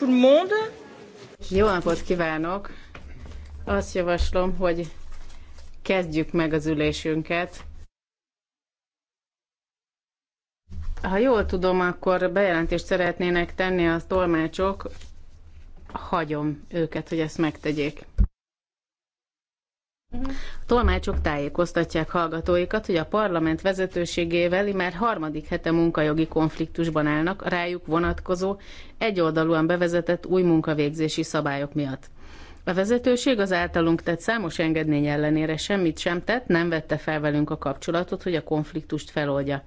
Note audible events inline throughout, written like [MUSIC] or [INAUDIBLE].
Tout le monde. Jó napot kívánok! Azt javaslom, hogy kezdjük meg az ülésünket. Ha jól tudom, akkor bejelentést szeretnének tenni a tolmácsok. Hagyom őket, hogy ezt megtegyék. A tolmácsok tájékoztatják hallgatóikat, hogy a parlament vezetőségével már harmadik hete munkajogi konfliktusban állnak rájuk vonatkozó, egyoldalúan bevezetett új munkavégzési szabályok miatt. A vezetőség az általunk tett számos engedmény ellenére semmit sem tett, nem vette fel velünk a kapcsolatot, hogy a konfliktust feloldja.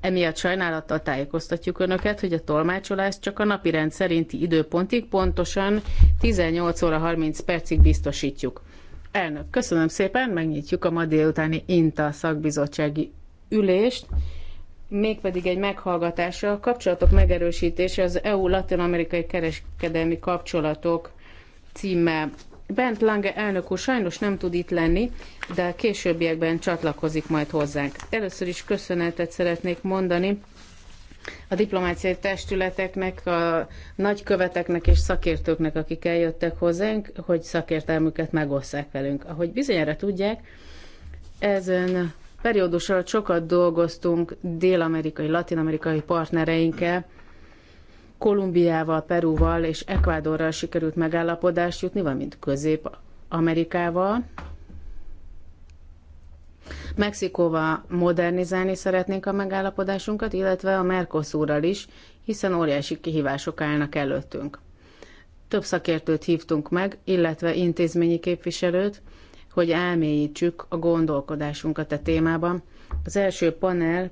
Emiatt sajnálattal tájékoztatjuk Önöket, hogy a tolmácsolás csak a napirend szerinti időpontig, pontosan 18 óra 30 percig biztosítjuk. Elnök, köszönöm szépen, megnyitjuk a ma délutáni INTA szakbizottsági ülést, mégpedig egy meghallgatásra a kapcsolatok megerősítése az EU-latin-amerikai kereskedelmi kapcsolatok címmel. Bent Lange elnök úr sajnos nem tud itt lenni, de későbbiekben csatlakozik majd hozzánk. Először is köszönetet szeretnék mondani a diplomáciai testületeknek, a nagyköveteknek és szakértőknek, akik eljöttek hozzánk, hogy szakértelmüket megosszák velünk. Ahogy bizonyára tudják, ezen periódus alatt sokat dolgoztunk dél-amerikai, latin-amerikai partnereinkkel, Kolumbiával, Perúval és Ekvádorral sikerült megállapodást jutni, valamint Közép-Amerikával, Mexikóval modernizálni szeretnénk a megállapodásunkat, illetve a Mercosurral is, hiszen óriási kihívások állnak előttünk. Több szakértőt hívtunk meg, illetve intézményi képviselőt, hogy elmélyítsük a gondolkodásunkat a e témában. Az első panel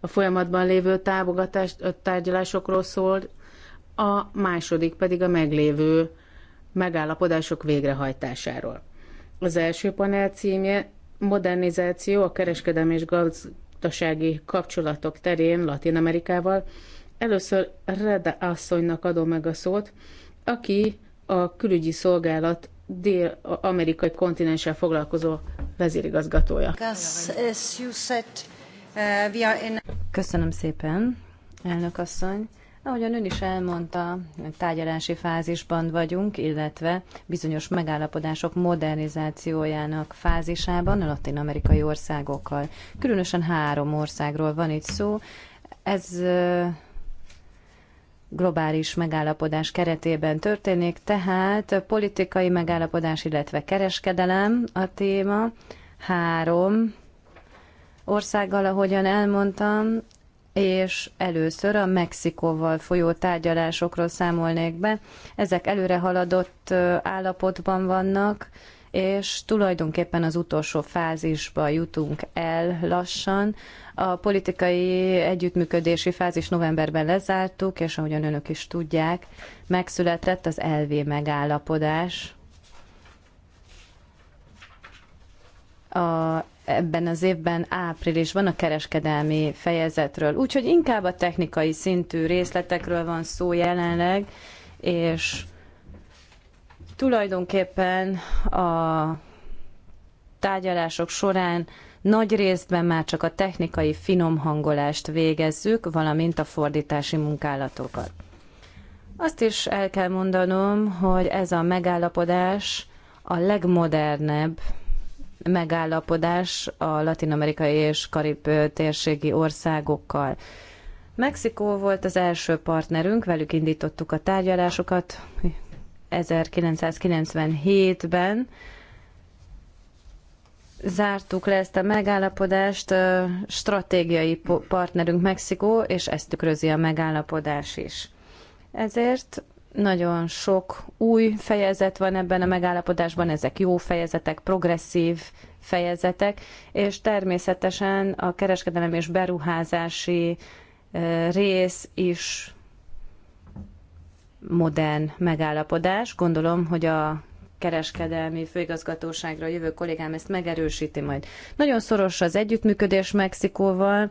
a folyamatban lévő támogatást, tárgyalásokról szól, a második pedig a meglévő megállapodások végrehajtásáról. Az első panel címje modernizáció a kereskedelmi és gazdasági kapcsolatok terén Latin Amerikával. Először Reda asszonynak adom meg a szót, aki a külügyi szolgálat dél-amerikai kontinenssel foglalkozó vezérigazgatója. Uh, Köszönöm szépen, elnök asszony. Ahogyan ön is elmondta, tárgyalási fázisban vagyunk, illetve bizonyos megállapodások modernizációjának fázisában a latin-amerikai országokkal. Különösen három országról van itt szó. Ez globális megállapodás keretében történik, tehát politikai megállapodás, illetve kereskedelem a téma. Három országgal, ahogyan elmondtam, és először a Mexikóval folyó tárgyalásokról számolnék be. Ezek előre haladott állapotban vannak, és tulajdonképpen az utolsó fázisba jutunk el lassan. A politikai együttműködési fázis novemberben lezártuk, és ahogyan önök is tudják, megszületett az LV megállapodás a ebben az évben áprilisban a kereskedelmi fejezetről. Úgyhogy inkább a technikai szintű részletekről van szó jelenleg, és tulajdonképpen a tárgyalások során nagy részben már csak a technikai finomhangolást végezzük, valamint a fordítási munkálatokat. Azt is el kell mondanom, hogy ez a megállapodás a legmodernebb megállapodás a latin-amerikai és karib térségi országokkal. Mexikó volt az első partnerünk, velük indítottuk a tárgyalásokat 1997-ben. Zártuk le ezt a megállapodást, stratégiai partnerünk Mexikó, és ezt tükrözi a megállapodás is. Ezért nagyon sok új fejezet van ebben a megállapodásban, ezek jó fejezetek, progresszív fejezetek, és természetesen a kereskedelem és beruházási rész is modern megállapodás. Gondolom, hogy a kereskedelmi főigazgatóságra jövő kollégám ezt megerősíti majd. Nagyon szoros az együttműködés Mexikóval,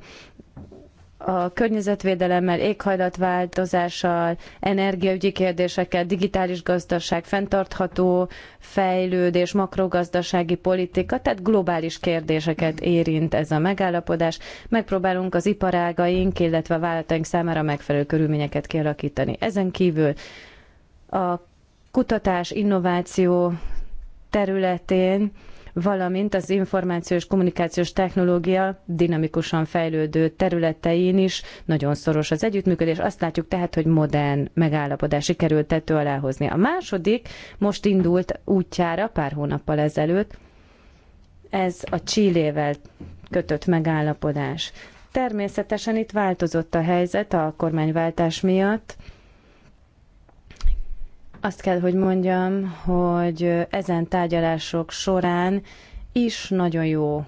a környezetvédelemmel, éghajlatváltozással, energiaügyi kérdésekkel, digitális gazdaság, fenntartható fejlődés, makrogazdasági politika, tehát globális kérdéseket érint ez a megállapodás. Megpróbálunk az iparágaink, illetve a vállalataink számára megfelelő körülményeket kialakítani. Ezen kívül a kutatás, innováció területén valamint az információs és kommunikációs technológia dinamikusan fejlődő területein is nagyon szoros az együttműködés. Azt látjuk tehát, hogy modern megállapodás sikerült tető alá hozni. A második most indult útjára pár hónappal ezelőtt, ez a Csillével kötött megállapodás. Természetesen itt változott a helyzet a kormányváltás miatt, azt kell, hogy mondjam, hogy ezen tárgyalások során is nagyon jó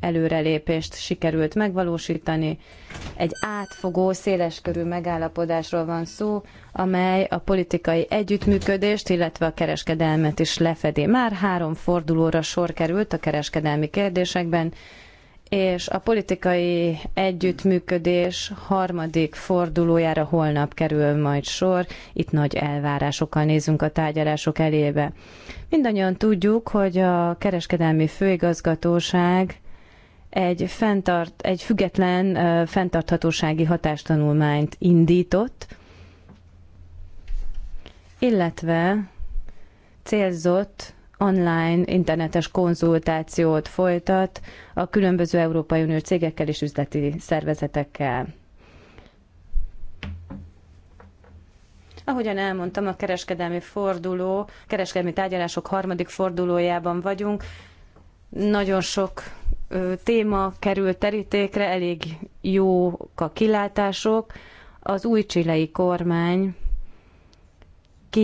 előrelépést sikerült megvalósítani. Egy átfogó, széleskörű megállapodásról van szó, amely a politikai együttműködést, illetve a kereskedelmet is lefedi. Már három fordulóra sor került a kereskedelmi kérdésekben, és a politikai együttműködés harmadik fordulójára holnap kerül majd sor. Itt nagy elvárásokkal nézünk a tárgyalások elébe. Mindannyian tudjuk, hogy a kereskedelmi főigazgatóság egy, fenntart, egy független uh, fenntarthatósági hatástanulmányt indított, illetve célzott online internetes konzultációt folytat a különböző Európai Unió cégekkel és üzleti szervezetekkel. Ahogyan elmondtam, a kereskedelmi forduló, kereskedelmi tárgyalások harmadik fordulójában vagyunk. Nagyon sok ö, téma kerül terítékre, elég jók a kilátások. Az új csilei kormány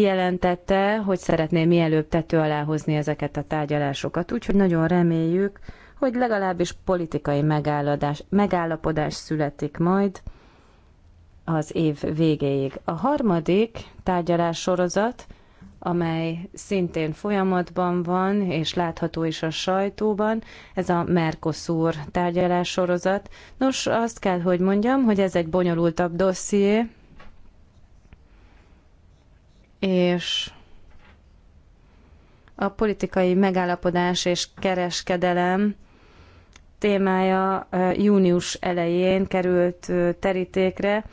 kijelentette, hogy szeretné mielőbb tető alá hozni ezeket a tárgyalásokat. Úgyhogy nagyon reméljük, hogy legalábbis politikai megállapodás, megállapodás születik majd az év végéig. A harmadik tárgyalás sorozat, amely szintén folyamatban van, és látható is a sajtóban, ez a Mercosur tárgyalás sorozat. Nos, azt kell, hogy mondjam, hogy ez egy bonyolultabb dosszié, és a politikai megállapodás és kereskedelem témája június elején került terítékre,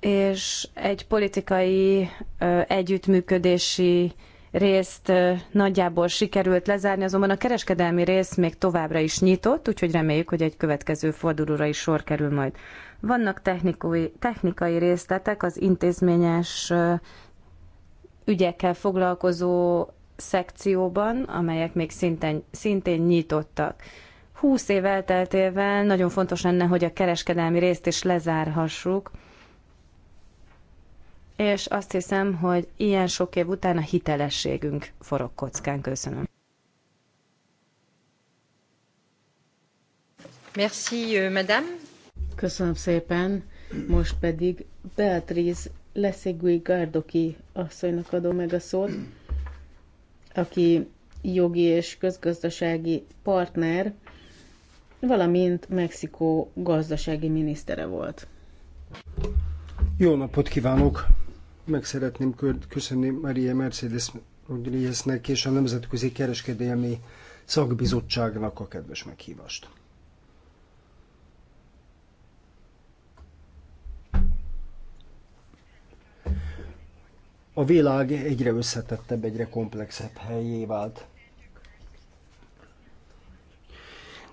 és egy politikai együttműködési részt nagyjából sikerült lezárni, azonban a kereskedelmi rész még továbbra is nyitott, úgyhogy reméljük, hogy egy következő fordulóra is sor kerül majd. Vannak technikai, technikai részletek az intézményes ügyekkel foglalkozó szekcióban, amelyek még szinten, szintén nyitottak. Húsz év elteltével nagyon fontos lenne, hogy a kereskedelmi részt is lezárhassuk, és azt hiszem, hogy ilyen sok év után a hitelességünk forog kockán. Köszönöm. Merci, euh, madame. Köszönöm szépen. Most pedig Beatriz Leszigui Gardoki asszonynak adom meg a szót, aki jogi és közgazdasági partner, valamint Mexikó gazdasági minisztere volt. Jó napot kívánok! Meg szeretném köszönni Maria Mercedes Rodrigueznek és a Nemzetközi Kereskedelmi Szakbizottságnak a kedves meghívást. a világ egyre összetettebb, egyre komplexebb helyé vált.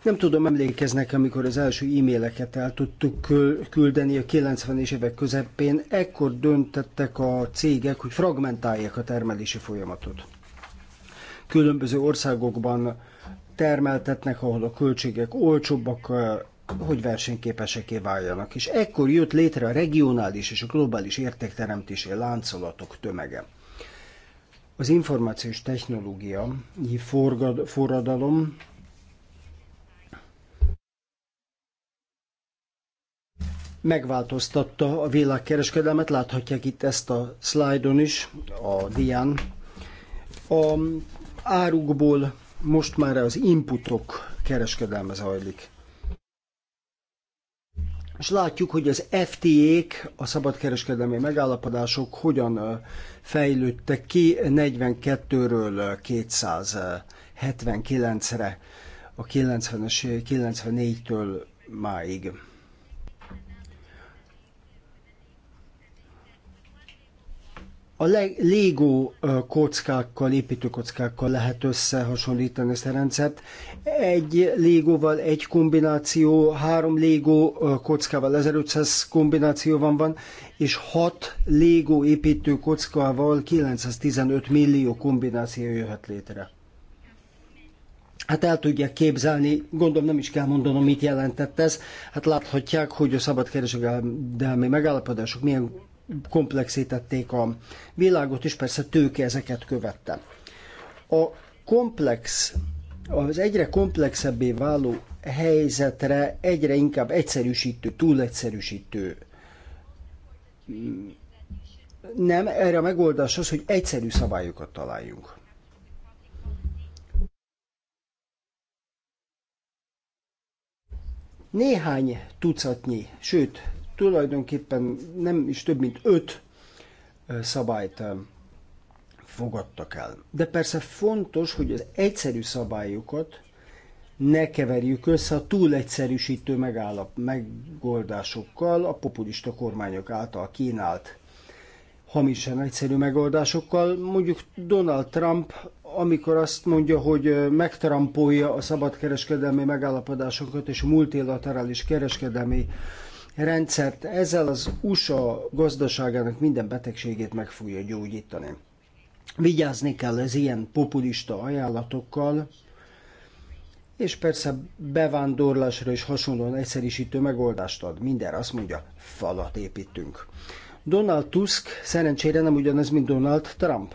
Nem tudom, emlékeznek, amikor az első e-maileket el tudtuk küldeni a 90-es évek közepén, ekkor döntettek a cégek, hogy fragmentálják a termelési folyamatot. Különböző országokban termeltetnek, ahol a költségek olcsóbbak, hogy versenyképeseké váljanak. És ekkor jött létre a regionális és a globális értékteremtési láncolatok tömege. Az információs technológia forgad, forradalom megváltoztatta a világkereskedelmet, láthatják itt ezt a szlájdon is, a dián. A árukból most már az inputok kereskedelme zajlik és látjuk, hogy az FTA-k, a szabadkereskedelmi megállapodások hogyan fejlődtek ki 42-ről 279-re, a 90-es, 94-től máig. A légó kockákkal, építőkockákkal lehet összehasonlítani ezt a rendszert egy légóval, egy kombináció, három légó kockával, 1500 kombinációban van, és hat légó építő kockával 915 millió kombináció jöhet létre. Hát el tudják képzelni, gondolom nem is kell mondanom, mit jelentett ez. Hát láthatják, hogy a szabadkereskedelmi megállapodások milyen komplexítették a világot, és persze tőke ezeket követte. A komplex az egyre komplexebbé váló helyzetre egyre inkább egyszerűsítő, túlegyszerűsítő. Nem, erre a megoldás az, hogy egyszerű szabályokat találjunk. Néhány tucatnyi, sőt, tulajdonképpen nem is több, mint öt szabályt fogadtak el. De persze fontos, hogy az egyszerű szabályokat ne keverjük össze a túl egyszerűsítő megállap, megoldásokkal, a populista kormányok által kínált hamisan egyszerű megoldásokkal. Mondjuk Donald Trump, amikor azt mondja, hogy megtrampolja a szabadkereskedelmi megállapodásokat és a multilaterális kereskedelmi rendszert, ezzel az USA gazdaságának minden betegségét meg fogja gyógyítani. Vigyázni kell az ilyen populista ajánlatokkal, és persze bevándorlásra és hasonlóan egyszerűsítő megoldást ad. Minden azt mondja, falat építünk. Donald Tusk szerencsére nem ugyanez, mint Donald Trump.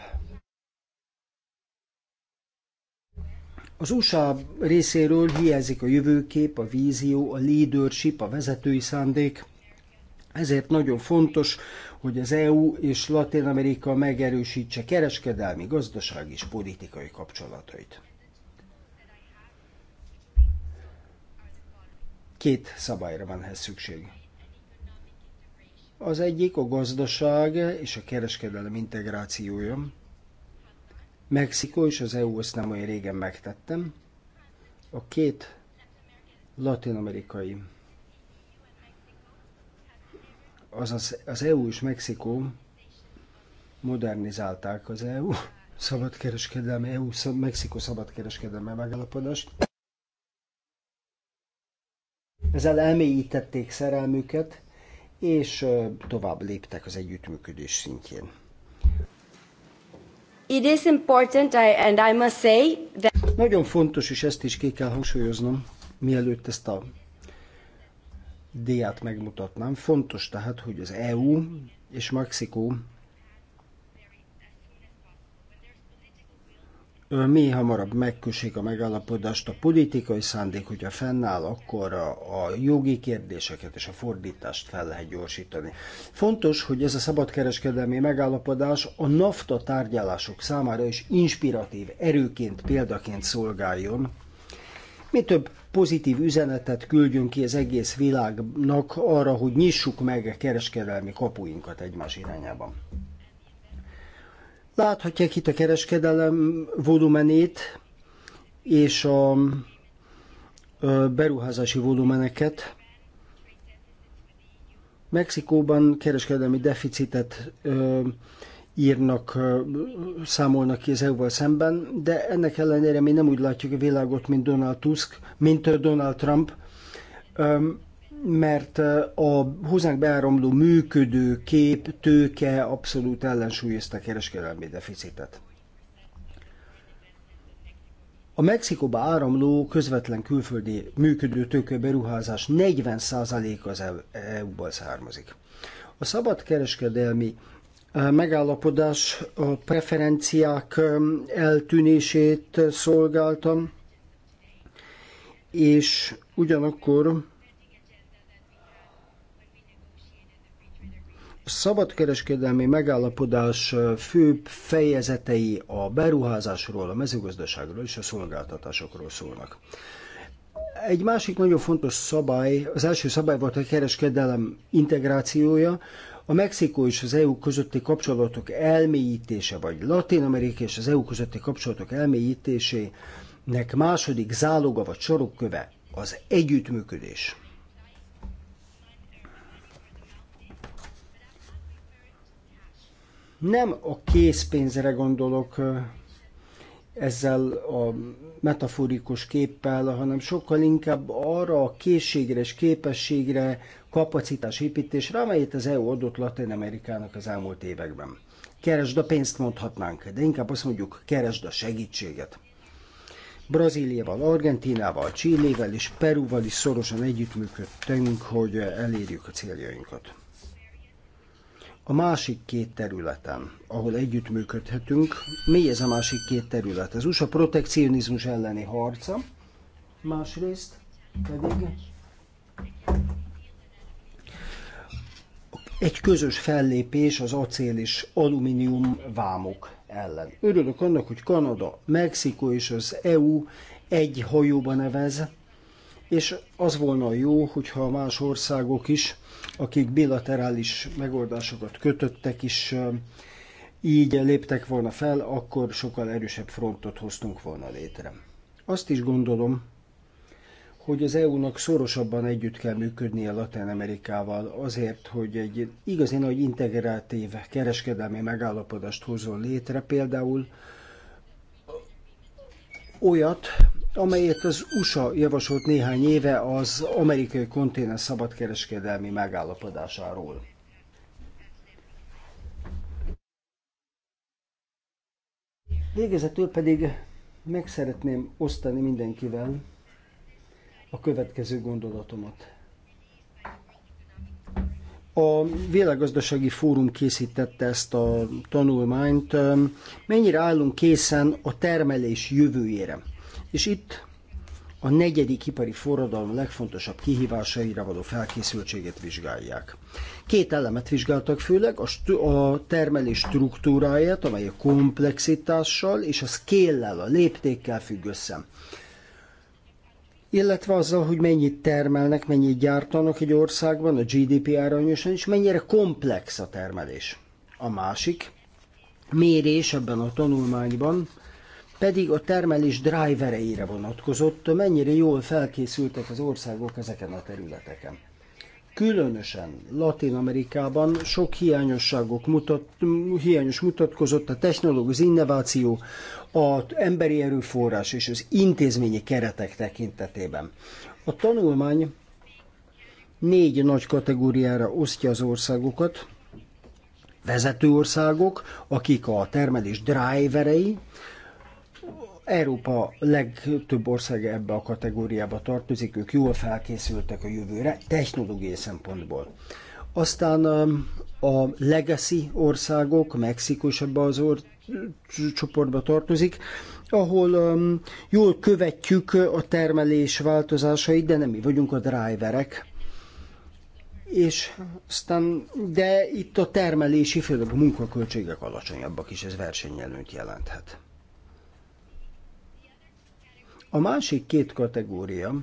Az USA részéről hiányzik a jövőkép, a vízió, a leadership, a vezetői szándék. Ezért nagyon fontos, hogy az EU és Latin Amerika megerősítse kereskedelmi, gazdasági és politikai kapcsolatait. Két szabályra van ehhez szükség. Az egyik a gazdaság és a kereskedelem integrációja. Mexikó és az EU ezt nem olyan régen megtettem. A két latin-amerikai az, az EU és Mexikó modernizálták az EU szabadkereskedelmi, EU Mexikó szabadkereskedelmi megállapodást. Ezzel elmélyítették szerelmüket, és tovább léptek az együttműködés szintjén. It is important, I, and I must say that... Nagyon fontos, és ezt is ki kell hangsúlyoznom, mielőtt ezt a diát megmutatnám. Fontos tehát, hogy az EU és Mexikó mi hamarabb megkössék a megállapodást, a politikai szándék, hogyha fennáll, akkor a, a jogi kérdéseket és a fordítást fel lehet gyorsítani. Fontos, hogy ez a szabadkereskedelmi megállapodás a NAFTA tárgyalások számára is inspiratív erőként, példaként szolgáljon. Mi több, pozitív üzenetet küldjünk ki az egész világnak arra, hogy nyissuk meg a kereskedelmi kapuinkat egymás irányában. Láthatják itt a kereskedelem volumenét és a beruházási volumeneket. Mexikóban kereskedelmi deficitet írnak, számolnak ki az EU-val szemben, de ennek ellenére mi nem úgy látjuk a világot, mint Donald Tusk, mint Donald Trump, mert a hozzánk beáramló működő kép, tőke abszolút ellensúlyozta a kereskedelmi deficitet. A Mexikóba áramló közvetlen külföldi működő beruházás 40% az EU-ból származik. A szabadkereskedelmi megállapodás a preferenciák um, eltűnését szolgáltam, és ugyanakkor A szabadkereskedelmi megállapodás uh, főbb fejezetei a beruházásról, a mezőgazdaságról és a szolgáltatásokról szólnak. Egy másik nagyon fontos szabály, az első szabály volt a kereskedelem integrációja, a Mexikó és az EU közötti kapcsolatok elmélyítése, vagy Latin Amerika és az EU közötti kapcsolatok elmélyítésének második záloga vagy sorokköve az együttműködés. Nem a készpénzre gondolok ezzel a metaforikus képpel, hanem sokkal inkább arra a készségre és képességre, kapacitásépítésre, amelyet az EU adott Latin Amerikának az elmúlt években. Keresd a pénzt mondhatnánk, de inkább azt mondjuk, keresd a segítséget. Brazíliával, Argentinával, Csillével és Peruval is szorosan együttműködtünk, hogy elérjük a céljainkat. A másik két területen, ahol együttműködhetünk, mi ez a másik két terület? Az USA protekcionizmus elleni harca, másrészt pedig egy közös fellépés az acél és alumínium vámok ellen. Örülök annak, hogy Kanada, Mexikó és az EU egy hajóba nevez, és az volna jó, hogyha más országok is, akik bilaterális megoldásokat kötöttek is, így léptek volna fel, akkor sokkal erősebb frontot hoztunk volna létre. Azt is gondolom, hogy az EU-nak szorosabban együtt kell működnie Latin Amerikával azért, hogy egy igazi nagy integratív kereskedelmi megállapodást hozzon létre, például olyat, amelyet az USA javasolt néhány éve az amerikai konténer szabadkereskedelmi megállapodásáról. Végezetül pedig meg szeretném osztani mindenkivel, a következő gondolatomat. A Világgazdasági Fórum készítette ezt a tanulmányt. Mennyire állunk készen a termelés jövőjére? És itt a negyedik ipari forradalom legfontosabb kihívásaira való felkészültséget vizsgálják. Két elemet vizsgáltak főleg, a, a termelés struktúráját, amely a komplexitással és a scale a léptékkel függ össze illetve azzal, hogy mennyit termelnek, mennyit gyártanak egy országban, a GDP arányosan, és mennyire komplex a termelés. A másik mérés ebben a tanulmányban pedig a termelés drivereire vonatkozott, mennyire jól felkészültek az országok ezeken a területeken. Különösen Latin Amerikában sok hiányosságok mutat, hiányos mutatkozott a az innováció, az emberi erőforrás és az intézményi keretek tekintetében. A tanulmány négy nagy kategóriára osztja az országokat. Vezető országok, akik a termelés driverei, Európa legtöbb ország ebbe a kategóriába tartozik, ők jól felkészültek a jövőre technológiai szempontból. Aztán um, a legacy országok, Mexikus ebbe az csoportba tartozik, ahol um, jól követjük a termelés változásait, de nem mi vagyunk a driverek. És aztán, de itt a termelési, főleg a munkaköltségek alacsonyabbak is, ez versenyelőnyt jelenthet. A másik két kategória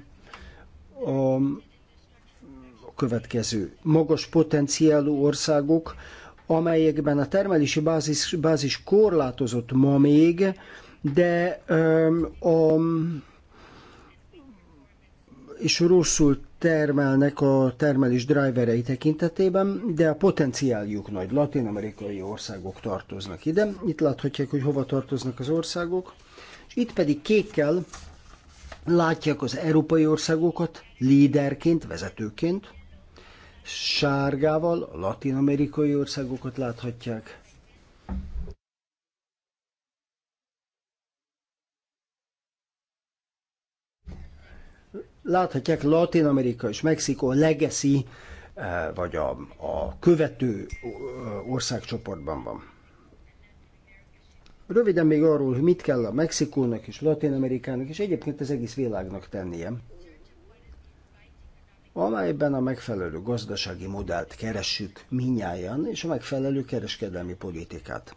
a, a következő. Magas potenciálú országok, amelyekben a termelési bázis, bázis korlátozott ma még, de um, a, és rosszul termelnek a termelés driverei tekintetében, de a potenciáljuk nagy. Latin-amerikai országok tartoznak ide. Itt láthatják, hogy hova tartoznak az országok. És itt pedig kékkel látják az európai országokat líderként, vezetőként, sárgával, a latin-amerikai országokat láthatják. Láthatják Latin-Amerika és Mexikó legacy, eh, vagy a, a követő országcsoportban van. Röviden még arról, hogy mit kell a Mexikónak és Latin-Amerikának, és egyébként az egész világnak tennie amelyben a megfelelő gazdasági modellt keressük minnyáján, és a megfelelő kereskedelmi politikát.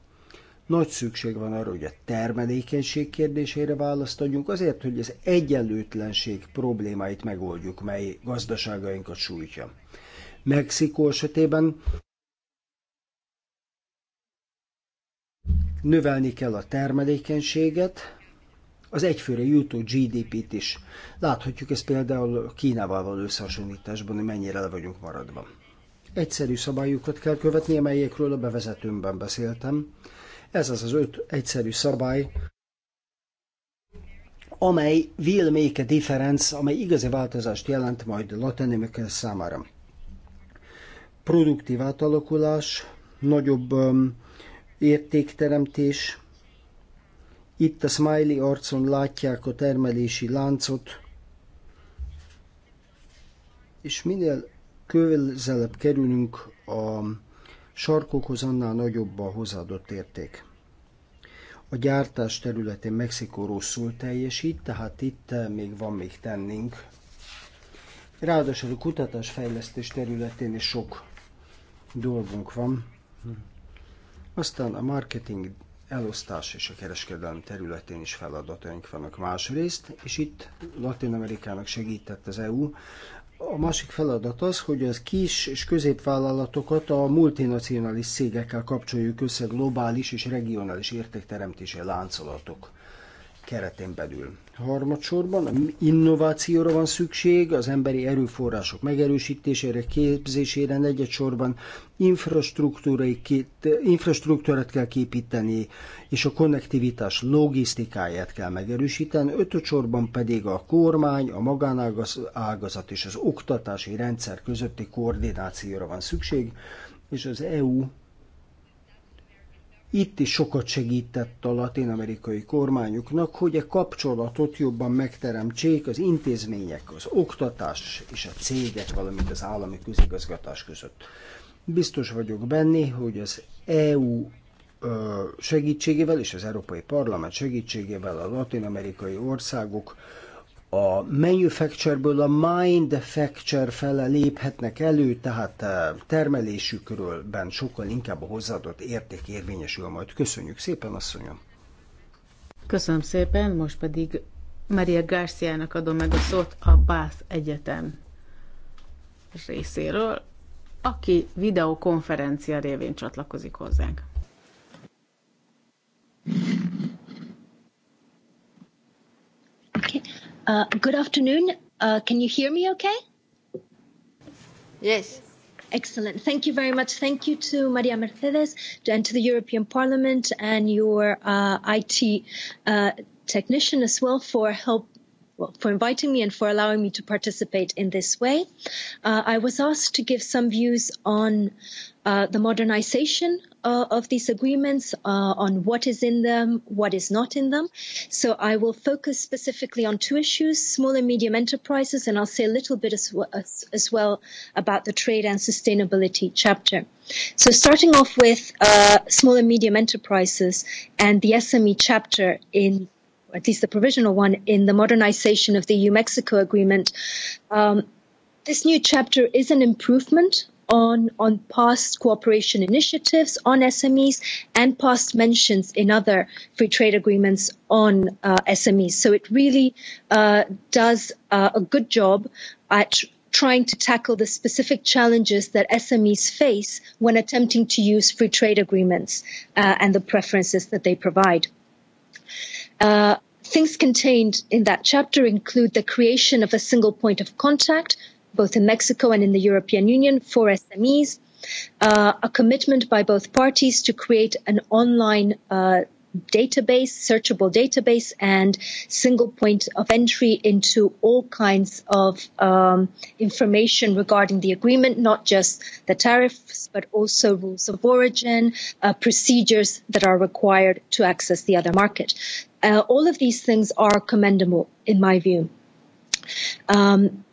Nagy szükség van arra, hogy a termelékenység kérdésére választ adjunk, azért, hogy az egyenlőtlenség problémáit megoldjuk, mely gazdaságainkat sújtja. Mexikó esetében növelni kell a termelékenységet, az egyfőre jutó GDP-t is. Láthatjuk ezt például Kínával való összehasonlításban, hogy mennyire le vagyunk maradva. Egyszerű szabályokat kell követni, amelyekről a bevezetőmben beszéltem. Ez az az öt egyszerű szabály, amely will make a difference, amely igazi változást jelent majd latin számára. Produktív átalakulás, nagyobb um, értékteremtés, itt a smiley arcon látják a termelési láncot, és minél közelebb kerülünk a sarkokhoz, annál nagyobb a hozzáadott érték. A gyártás területén Mexikó rosszul teljesít, tehát itt eh, még van még tennünk. Ráadásul a kutatásfejlesztés területén is sok dolgunk van. Aztán a marketing elosztás és a kereskedelmi területén is feladataink vannak másrészt, és itt Latin Amerikának segített az EU. A másik feladat az, hogy az kis és középvállalatokat a multinacionális cégekkel kapcsoljuk össze globális és regionális értékteremtési láncolatok keretén belül. Harmadsorban innovációra van szükség, az emberi erőforrások megerősítésére, képzésére, negyedsorban infrastruktúrát kell képíteni, és a konnektivitás logisztikáját kell megerősíteni, ötödsorban pedig a kormány, a magánágazat és az oktatási rendszer közötti koordinációra van szükség, és az EU itt is sokat segített a latin-amerikai kormányoknak, hogy a e kapcsolatot jobban megteremtsék az intézmények, az oktatás és a cégek, valamint az állami közigazgatás között. Biztos vagyok benne, hogy az EU segítségével és az Európai Parlament segítségével a latin-amerikai országok a manufactureből a factor fele léphetnek elő, tehát e, termelésükről ben sokkal inkább a hozzáadott érték érvényesül majd. Köszönjük szépen, asszonyom! Köszönöm szépen, most pedig Maria Garciának adom meg a szót a Bath Egyetem részéről, aki videokonferencia révén csatlakozik hozzánk. Uh, good afternoon. Uh, can you hear me okay? Yes. Excellent. Thank you very much. Thank you to Maria Mercedes and to the European Parliament and your uh, IT uh, technician as well for help well, for inviting me and for allowing me to participate in this way. Uh, I was asked to give some views on uh, the modernization uh, of these agreements, uh, on what is in them, what is not in them. So I will focus specifically on two issues, small and medium enterprises, and I'll say a little bit as, well, as, as well about the trade and sustainability chapter. So starting off with uh, small and medium enterprises and the SME chapter in at least the provisional one in the modernization of the EU Mexico agreement. Um, this new chapter is an improvement on, on past cooperation initiatives on SMEs and past mentions in other free trade agreements on uh, SMEs. So it really uh, does uh, a good job at trying to tackle the specific challenges that SMEs face when attempting to use free trade agreements uh, and the preferences that they provide. Uh, things contained in that chapter include the creation of a single point of contact both in Mexico and in the European Union for SMEs, uh, a commitment by both parties to create an online uh, database, searchable database, and single point of entry into all kinds of um, information regarding the agreement, not just the tariffs, but also rules of origin, uh, procedures that are required to access the other market. Uh, all of these things are commendable, in my view. Um,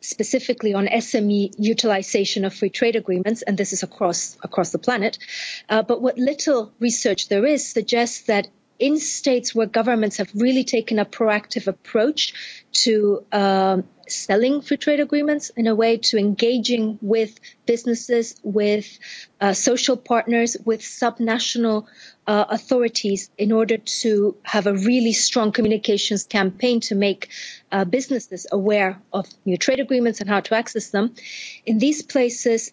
specifically on SME utilization of free trade agreements, and this is across across the planet. Uh, but what little research there is suggests that in states where governments have really taken a proactive approach to um, selling free trade agreements in a way to engaging with businesses, with uh, social partners, with subnational uh, authorities in order to have a really strong communications campaign to make uh, businesses aware of new trade agreements and how to access them. In these places,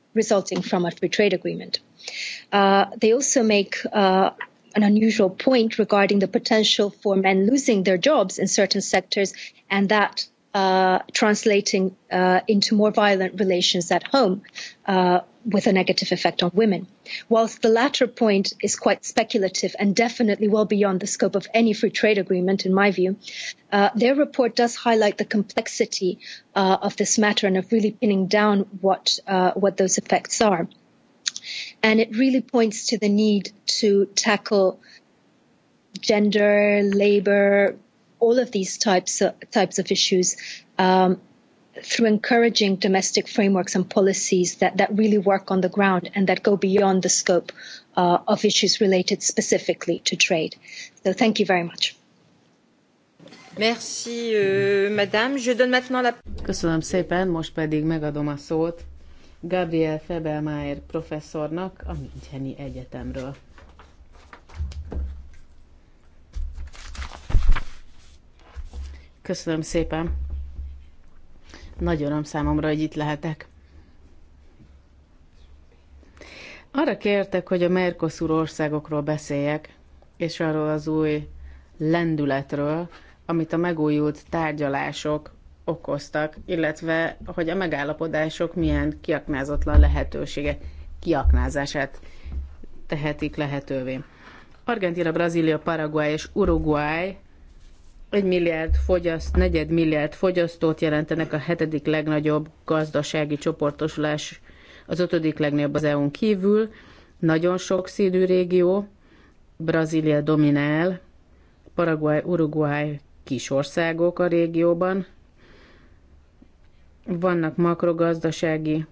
resulting from a free trade agreement. Uh, they also make uh, an unusual point regarding the potential for men losing their jobs in certain sectors and that uh, translating uh, into more violent relations at home uh, with a negative effect on women. Whilst the latter point is quite speculative and definitely well beyond the scope of any free trade agreement, in my view, uh, their report does highlight the complexity uh, of this matter and of really pinning down what uh, what those effects are. And it really points to the need to tackle gender, labor, all of these types of, types of issues um, through encouraging domestic frameworks and policies that, that really work on the ground and that go beyond the scope uh, of issues related specifically to trade. So thank you very much. Merci, euh, madame. Je donne maintenant la... Köszönöm szépen, most pedig megadom a szót Gabriel Febelmaier professzornak a Müncheni Egyetemről. Köszönöm szépen. Nagy öröm számomra, hogy itt lehetek. Arra kértek, hogy a Mercosur országokról beszéljek, és arról az új lendületről, amit a megújult tárgyalások okoztak, illetve hogy a megállapodások milyen kiaknázatlan lehetőséget, kiaknázását tehetik lehetővé. Argentina, Brazília, Paraguay és Uruguay egy milliárd fogyaszt, negyed milliárd fogyasztót jelentenek a hetedik legnagyobb gazdasági csoportosulás, az ötödik legnagyobb az EU-n kívül, nagyon sok szídű régió, Brazília dominál, Paraguay, Uruguay kis országok a régióban, vannak makrogazdasági,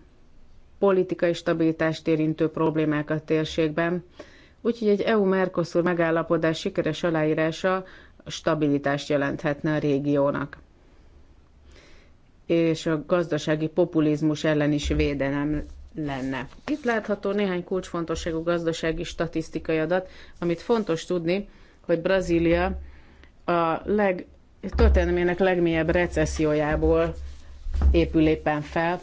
politikai stabilitást érintő problémák a térségben, úgyhogy egy EU-Mercosur megállapodás sikeres aláírása stabilitást jelenthetne a régiónak. És a gazdasági populizmus ellen is védenem lenne. Itt látható néhány kulcsfontosságú gazdasági statisztikai adat, amit fontos tudni, hogy Brazília a leg, történelmének legmélyebb recessziójából épül éppen fel,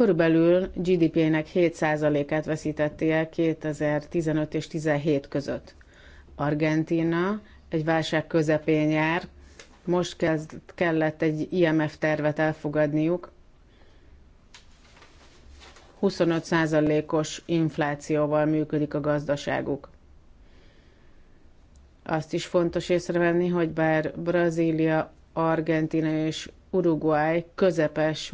körülbelül GDP-nek 7%-át veszítette el 2015 és 17 között. Argentina egy válság közepén jár, most kezd, kellett egy IMF tervet elfogadniuk, 25%-os inflációval működik a gazdaságuk. Azt is fontos észrevenni, hogy bár Brazília, Argentina és Uruguay közepes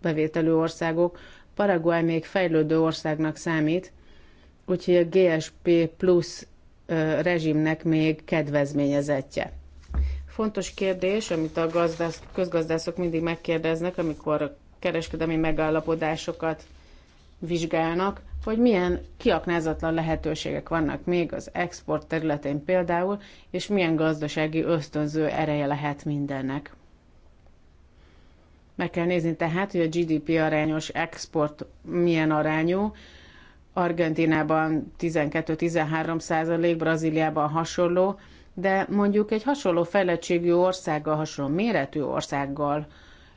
bevételű országok. Paraguay még fejlődő országnak számít, úgyhogy a GSP plusz rezsimnek még kedvezményezettje. Fontos kérdés, amit a gazdász, közgazdászok mindig megkérdeznek, amikor kereskedelmi megállapodásokat vizsgálnak, hogy milyen kiaknázatlan lehetőségek vannak még az export területén például, és milyen gazdasági ösztönző ereje lehet mindennek. Meg kell nézni tehát, hogy a GDP arányos export milyen arányú. Argentinában 12-13 százalék, Brazíliában hasonló, de mondjuk egy hasonló fejlettségű országgal, hasonló méretű országgal,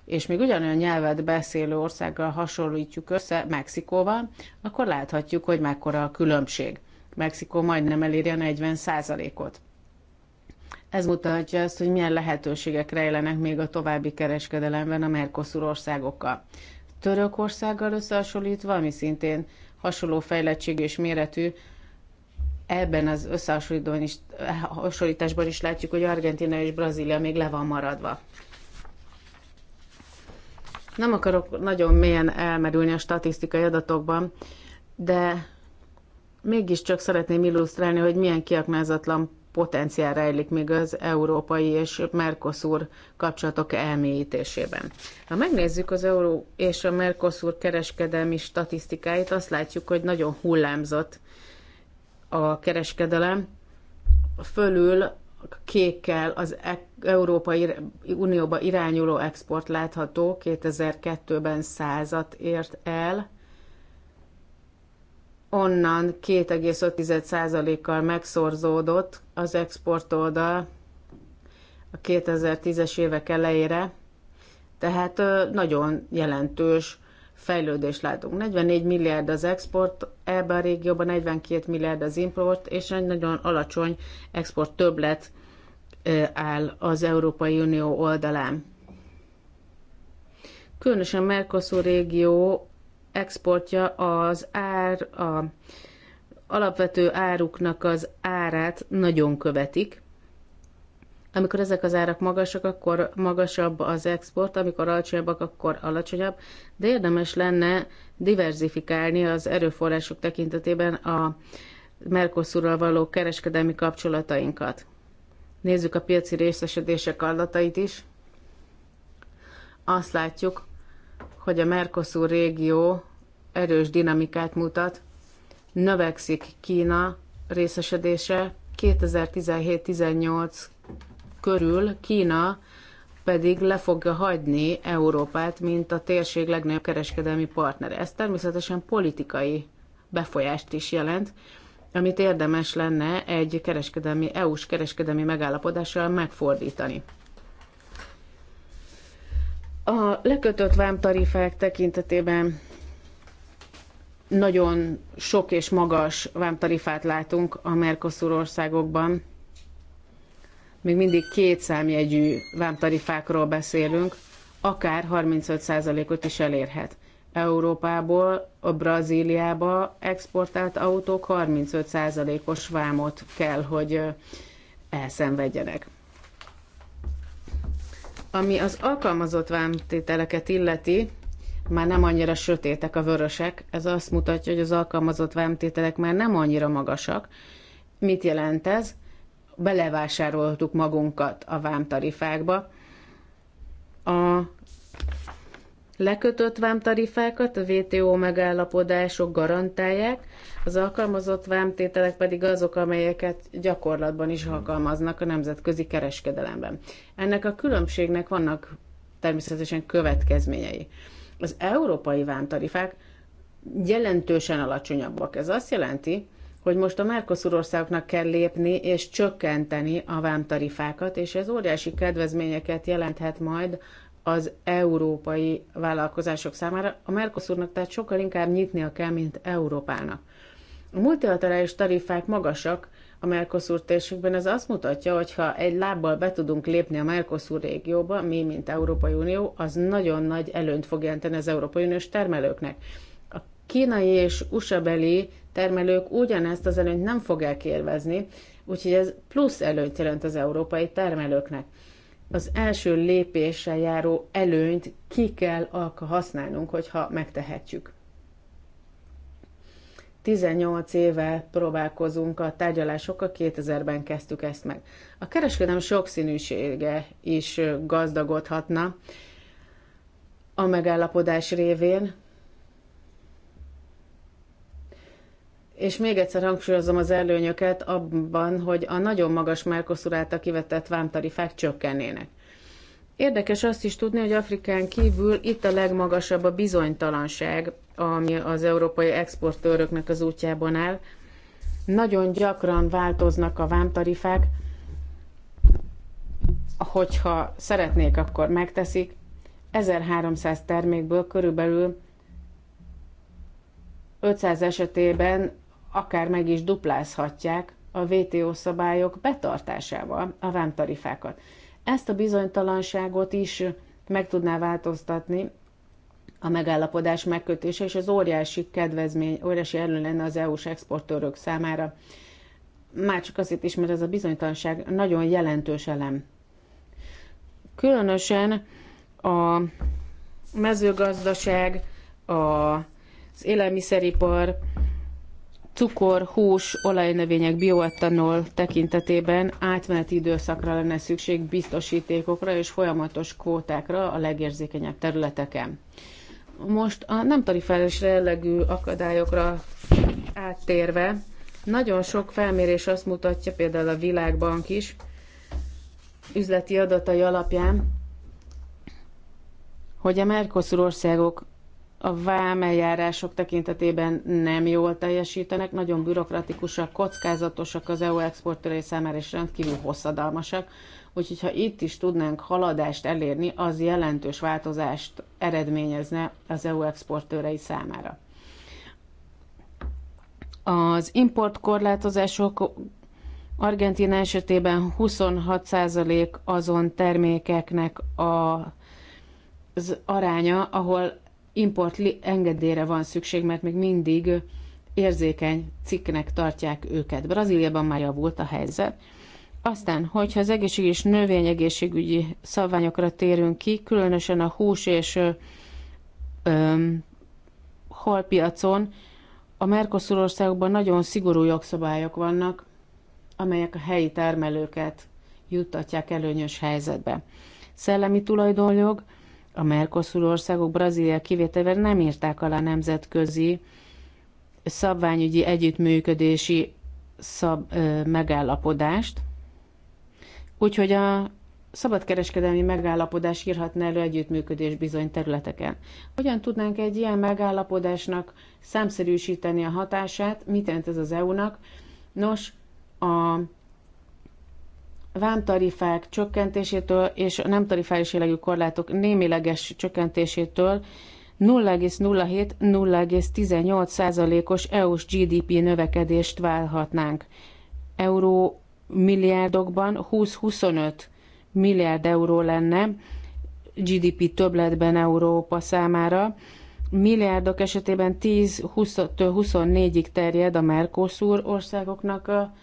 és még ugyanolyan nyelvet beszélő országgal hasonlítjuk össze Mexikóval, akkor láthatjuk, hogy mekkora a különbség. Mexikó majdnem eléri a 40 százalékot. Ez mutatja azt, hogy milyen lehetőségek rejlenek még a további kereskedelemben a Mercosur országokkal. Törökországgal összehasonlítva, ami szintén hasonló fejlettség és méretű, ebben az összehasonlításban is látjuk, hogy Argentina és Brazília még le van maradva. Nem akarok nagyon mélyen elmerülni a statisztikai adatokban, de mégiscsak szeretném illusztrálni, hogy milyen kiaknázatlan potenciál rejlik még az európai és Mercosur kapcsolatok elmélyítésében. Ha megnézzük az euró és a Mercosur kereskedelmi statisztikáit, azt látjuk, hogy nagyon hullámzott a kereskedelem. Fölül kékkel az Európai Unióba irányuló export látható, 2002-ben százat ért el, onnan 2,5%-kal megszorzódott az export oldal a 2010-es évek elejére, tehát nagyon jelentős fejlődést látunk. 44 milliárd az export, ebben a régióban 42 milliárd az import, és egy nagyon alacsony export többlet áll az Európai Unió oldalán. Különösen Mercosur régió exportja az ár, a alapvető áruknak az árát nagyon követik. Amikor ezek az árak magasak, akkor magasabb az export, amikor alacsonyabbak, akkor alacsonyabb, de érdemes lenne diversifikálni az erőforrások tekintetében a Mercosurral való kereskedelmi kapcsolatainkat. Nézzük a piaci részesedések adatait is. Azt látjuk, hogy a Mercosur régió erős dinamikát mutat, növekszik Kína részesedése, 2017-18 körül Kína pedig le fogja hagyni Európát, mint a térség legnagyobb kereskedelmi partnere. Ez természetesen politikai befolyást is jelent, amit érdemes lenne egy kereskedelmi, EU-s kereskedelmi megállapodással megfordítani. A lekötött vámtarifák tekintetében nagyon sok és magas vámtarifát látunk a Mercosur országokban. Még mindig két számjegyű vámtarifákról beszélünk, akár 35%-ot is elérhet. Európából a Brazíliába exportált autók 35%-os vámot kell, hogy elszenvedjenek. Ami az alkalmazott vámtételeket illeti, már nem annyira sötétek a vörösek, ez azt mutatja, hogy az alkalmazott vámtételek már nem annyira magasak. Mit jelent ez? Belevásároltuk magunkat a vámtarifákba. A Lekötött vámtarifákat a WTO megállapodások garantálják, az alkalmazott vámtételek pedig azok, amelyeket gyakorlatban is alkalmaznak a nemzetközi kereskedelemben. Ennek a különbségnek vannak természetesen következményei. Az európai vámtarifák jelentősen alacsonyabbak. Ez azt jelenti, hogy most a Mercosur országoknak kell lépni és csökkenteni a vámtarifákat, és ez óriási kedvezményeket jelenthet majd az európai vállalkozások számára. A Mercosurnak tehát sokkal inkább nyitnia kell, mint Európának. A multilaterális tarifák magasak a Mercosur térségben, ez azt mutatja, hogy ha egy lábbal be tudunk lépni a Mercosur régióba, mi, mint Európai Unió, az nagyon nagy előnyt fog jelenteni az Európai Uniós termelőknek. A kínai és USA beli termelők ugyanezt az előnyt nem fogják élvezni, úgyhogy ez plusz előnyt jelent az európai termelőknek az első lépéssel járó előnyt ki kell használnunk, hogyha megtehetjük. 18 éve próbálkozunk a tárgyalásokkal, 2000-ben kezdtük ezt meg. A kereskedelem sokszínűsége is gazdagodhatna a megállapodás révén, És még egyszer hangsúlyozom az előnyöket abban, hogy a nagyon magas Mercosur által kivetett vámtarifák csökkennének. Érdekes azt is tudni, hogy Afrikán kívül itt a legmagasabb a bizonytalanság, ami az európai exportőröknek az útjában áll. Nagyon gyakran változnak a vámtarifák, hogyha szeretnék, akkor megteszik. 1300 termékből körülbelül 500 esetében akár meg is duplázhatják a WTO szabályok betartásával a vámtarifákat. Ezt a bizonytalanságot is meg tudná változtatni a megállapodás megkötése, és az óriási kedvezmény, óriási elő lenne az EU-s exportőrök számára. Már csak azért is, mert ez a bizonytalanság nagyon jelentős elem. Különösen a mezőgazdaság, az élelmiszeripar, cukor, hús, olajnövények, bioetanol tekintetében átmeneti időszakra lenne szükség biztosítékokra és folyamatos kvótákra a legérzékenyebb területeken. Most a nem tarifális jellegű akadályokra áttérve, nagyon sok felmérés azt mutatja, például a Világbank is, üzleti adatai alapján, hogy a Mercosur országok a vámeljárások tekintetében nem jól teljesítenek, nagyon bürokratikusak, kockázatosak az EU exportőrei számára, és rendkívül hosszadalmasak. Úgyhogy ha itt is tudnánk haladást elérni, az jelentős változást eredményezne az EU exportőrei számára. Az importkorlátozások Argentina esetében 26% azon termékeknek a, az aránya, ahol import engedélyre van szükség, mert még mindig érzékeny cikknek tartják őket. Brazíliában már javult a helyzet. Aztán, hogyha az egészség és növényegészségügyi szabványokra térünk ki, különösen a hús és halpiacon, a Mercosur országokban nagyon szigorú jogszabályok vannak, amelyek a helyi termelőket juttatják előnyös helyzetbe. Szellemi tulajdonjog, a Mercosur országok Brazília kivételével nem írták alá nemzetközi szabványügyi együttműködési szab, ö, megállapodást, úgyhogy a szabadkereskedelmi megállapodás írhatna elő együttműködés bizony területeken. Hogyan tudnánk egy ilyen megállapodásnak számszerűsíteni a hatását, mit jelent ez az EU-nak? Nos, a vámtarifák csökkentésétől és a nem tarifális jellegű korlátok némileges csökkentésétől 0,07-0,18 százalékos EU-s GDP növekedést válhatnánk. Euró milliárdokban 20-25 milliárd euró lenne GDP többletben Európa számára. Milliárdok esetében 10-24-ig terjed a Mercosur országoknak a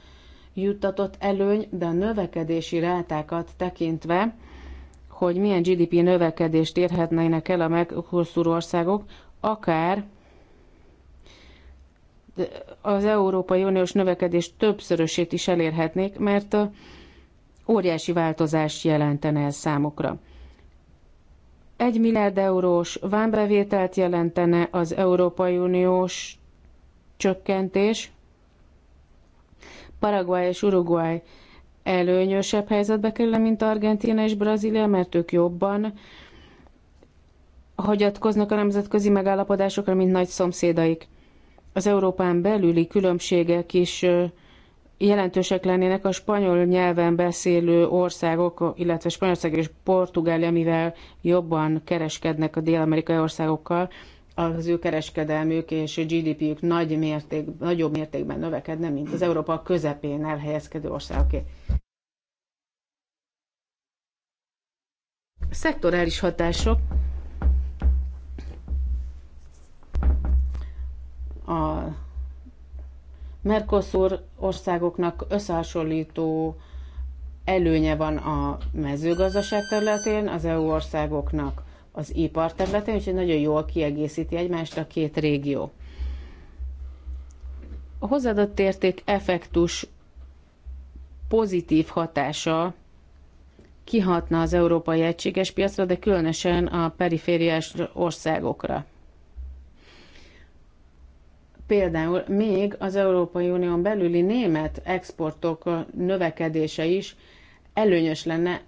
juttatott előny, de a növekedési rátákat tekintve, hogy milyen GDP növekedést érhetnének el a meghosszúró országok, akár az Európai Uniós növekedés többszörösét is elérhetnék, mert óriási változást jelentene ez számukra. Egy milliárd eurós vámbevételt jelentene az Európai Uniós csökkentés, Paraguay és Uruguay előnyösebb helyzetbe kerül, mint Argentina és Brazília, mert ők jobban hagyatkoznak a nemzetközi megállapodásokra, mint nagy szomszédaik. Az Európán belüli különbségek is jelentősek lennének a spanyol nyelven beszélő országok, illetve Spanyolország és Portugália, mivel jobban kereskednek a dél-amerikai országokkal, az ő kereskedelmük és a GDP-jük nagy mérték, nagyobb mértékben növekedne, mint az Európa közepén elhelyezkedő országoké. Szektorális hatások. A Mercosur országoknak összehasonlító előnye van a mezőgazdaság területén, az EU országoknak az ipar területén, úgyhogy nagyon jól kiegészíti egymást a két régió. A hozzáadott érték effektus pozitív hatása kihatna az európai egységes piacra, de különösen a perifériás országokra. Például még az Európai Unión belüli német exportok növekedése is előnyös lenne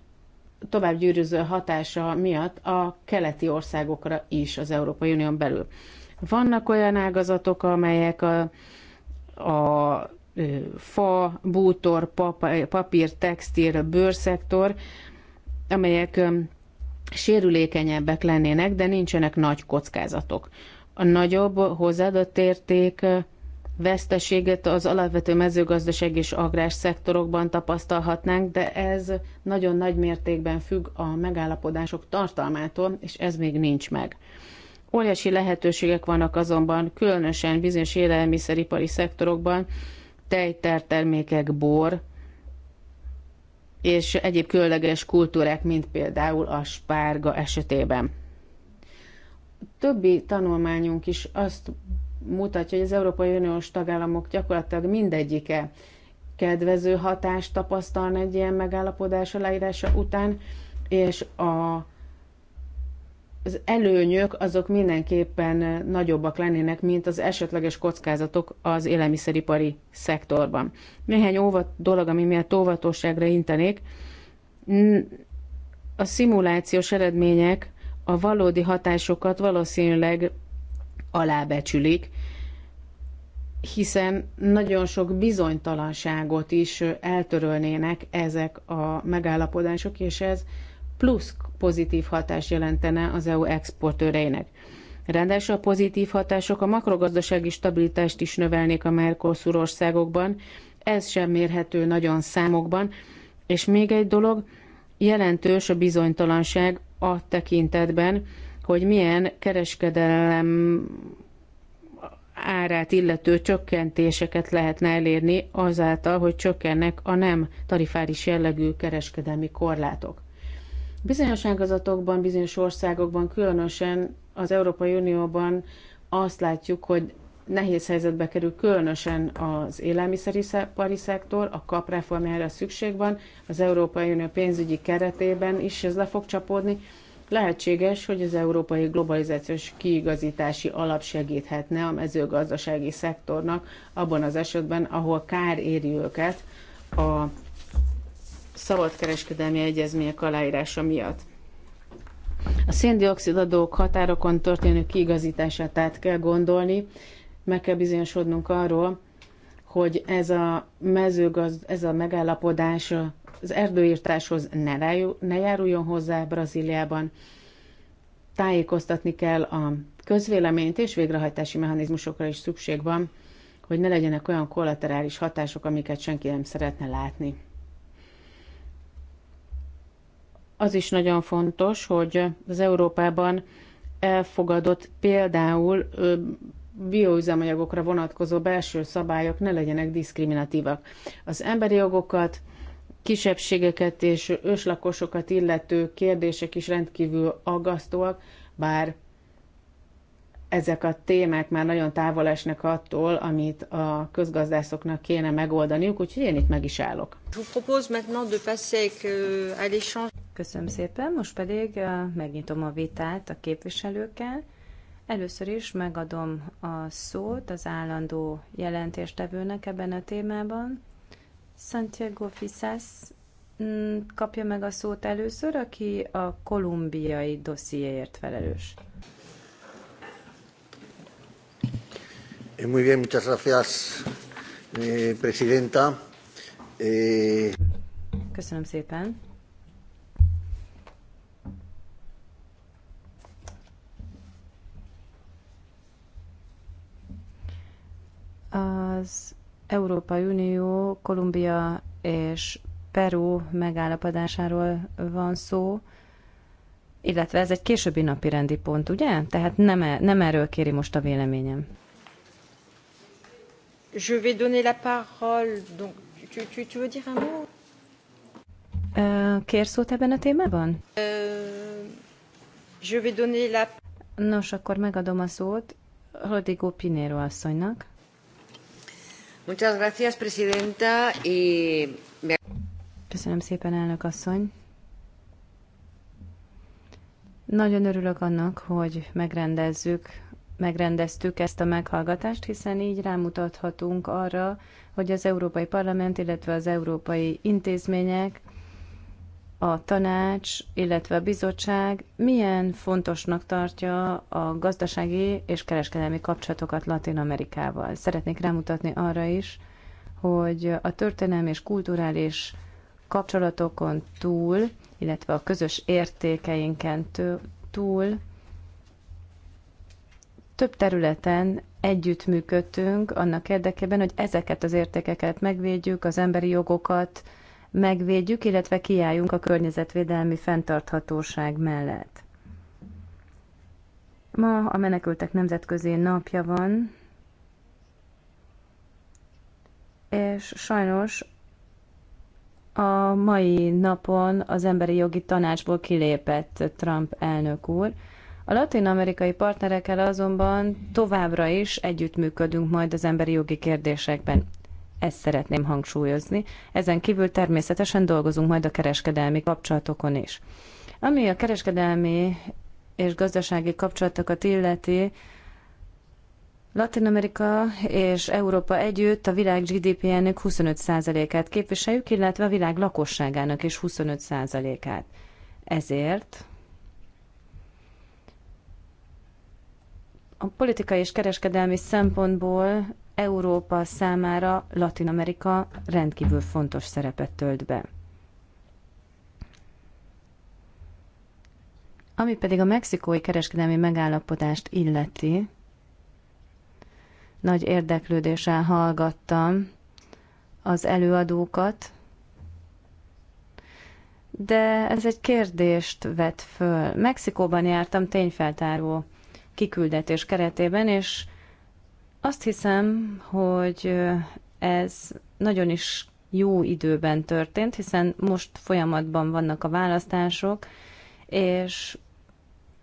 tovább gyűrűző hatása miatt a keleti országokra is az Európai Unión belül. Vannak olyan ágazatok, amelyek a, a fa, bútor, papír, textil, bőrszektor, amelyek sérülékenyebbek lennének, de nincsenek nagy kockázatok. A nagyobb hozzáadott érték veszteséget az alapvető mezőgazdaság és agrár szektorokban tapasztalhatnánk, de ez nagyon nagy mértékben függ a megállapodások tartalmától, és ez még nincs meg. Óriási lehetőségek vannak azonban, különösen bizonyos élelmiszeripari szektorokban, tejtertermékek, bor, és egyéb különleges kultúrák, mint például a spárga esetében. Többi tanulmányunk is azt mutatja, hogy az Európai Uniós tagállamok gyakorlatilag mindegyike kedvező hatást tapasztalna egy ilyen megállapodás aláírása után, és a, az előnyök azok mindenképpen nagyobbak lennének, mint az esetleges kockázatok az élelmiszeripari szektorban. Néhány óvat, dolog, ami miatt óvatosságra intenék, a szimulációs eredmények a valódi hatásokat valószínűleg alábecsülik, hiszen nagyon sok bizonytalanságot is eltörölnének ezek a megállapodások, és ez plusz pozitív hatás jelentene az EU exportőreinek. Ráadásul a pozitív hatások a makrogazdasági stabilitást is növelnék a Mercosur országokban, ez sem mérhető nagyon számokban, és még egy dolog, jelentős a bizonytalanság a tekintetben, hogy milyen kereskedelem árát illető csökkentéseket lehetne elérni azáltal, hogy csökkennek a nem tarifáris jellegű kereskedelmi korlátok. Bizonyos ágazatokban, bizonyos országokban, különösen az Európai Unióban azt látjuk, hogy nehéz helyzetbe kerül különösen az élelmiszeripari szektor, a kap reformjára szükség van, az Európai Unió pénzügyi keretében is ez le fog csapódni, Lehetséges, hogy az európai globalizációs kiigazítási alap segíthetne a mezőgazdasági szektornak abban az esetben, ahol kár éri őket a szabadkereskedelmi egyezmények aláírása miatt. A széndiokszid adók határokon történő kiigazítását át kell gondolni, meg kell bizonyosodnunk arról, hogy ez a mezőgazd, ez a megállapodás az erdőírtáshoz ne, rájú, ne járuljon hozzá Brazíliában. Tájékoztatni kell a közvéleményt, és végrehajtási mechanizmusokra is szükség van, hogy ne legyenek olyan kollaterális hatások, amiket senki nem szeretne látni. Az is nagyon fontos, hogy az Európában elfogadott például bioüzemanyagokra vonatkozó belső szabályok ne legyenek diszkriminatívak. Az emberi jogokat, kisebbségeket és őslakosokat illető kérdések is rendkívül aggasztóak, bár ezek a témák már nagyon távol esnek attól, amit a közgazdászoknak kéne megoldaniuk, úgyhogy én itt meg is állok. Euh, Köszönöm szépen, most pedig euh, megnyitom a vitát a képviselőkkel. Először is megadom a szót az állandó jelentéstevőnek ebben a témában, Santiago Fisas mm, kapja meg a szót először, aki a kolumbiai dossziéért felelős. Eh, muy bien, muchas gracias, eh, presidenta. Eh, Köszönöm szépen. Az Európai Unió, Kolumbia és Peru megállapodásáról van szó, illetve ez egy későbbi napi rendi pont, ugye? Tehát nem, e- nem erről kéri most a véleményem. Je vais donner la parole, donc tu, tu, tu veux dire un mot? Kér szót ebben a témában? Je vais donner la... Nos, akkor megadom a szót Rodrigo Pinero asszonynak. Muchas gracias, presidenta, y... Köszönöm szépen, elnök asszony. Nagyon örülök annak, hogy megrendezzük, megrendeztük ezt a meghallgatást, hiszen így rámutathatunk arra, hogy az Európai Parlament, illetve az európai intézmények a tanács, illetve a bizottság milyen fontosnak tartja a gazdasági és kereskedelmi kapcsolatokat Latin Amerikával. Szeretnék rámutatni arra is, hogy a történelmi és kulturális kapcsolatokon túl, illetve a közös értékeinken túl több területen együttműködtünk annak érdekében, hogy ezeket az értékeket megvédjük, az emberi jogokat, megvédjük, illetve kiálljunk a környezetvédelmi fenntarthatóság mellett. Ma a menekültek nemzetközi napja van, és sajnos a mai napon az emberi jogi tanácsból kilépett Trump elnök úr. A latin-amerikai partnerekkel azonban továbbra is együttműködünk majd az emberi jogi kérdésekben. Ezt szeretném hangsúlyozni. Ezen kívül természetesen dolgozunk majd a kereskedelmi kapcsolatokon is. Ami a kereskedelmi és gazdasági kapcsolatokat illeti, Latin Amerika és Európa együtt a világ GDP-jének 25%-át képviseljük, illetve a világ lakosságának is 25%-át. Ezért a politikai és kereskedelmi szempontból Európa számára Latin Amerika rendkívül fontos szerepet tölt be. Ami pedig a mexikói kereskedelmi megállapodást illeti, nagy érdeklődéssel hallgattam az előadókat, de ez egy kérdést vet föl. Mexikóban jártam tényfeltáró kiküldetés keretében, és azt hiszem, hogy ez nagyon is jó időben történt, hiszen most folyamatban vannak a választások, és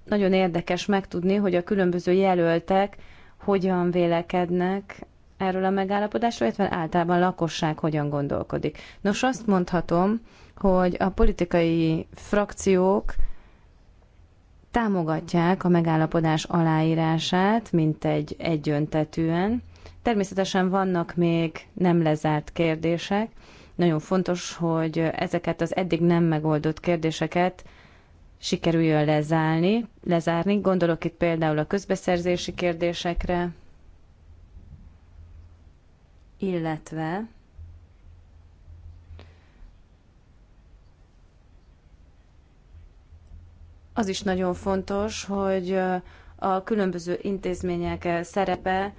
nagyon érdekes megtudni, hogy a különböző jelöltek hogyan vélekednek erről a megállapodásról, illetve általában a lakosság hogyan gondolkodik. Nos, azt mondhatom, hogy a politikai frakciók támogatják a megállapodás aláírását, mint egy egyöntetűen. Természetesen vannak még nem lezárt kérdések. Nagyon fontos, hogy ezeket az eddig nem megoldott kérdéseket sikerüljön lezárni. lezárni. Gondolok itt például a közbeszerzési kérdésekre, illetve Az is nagyon fontos, hogy a különböző intézmények szerepe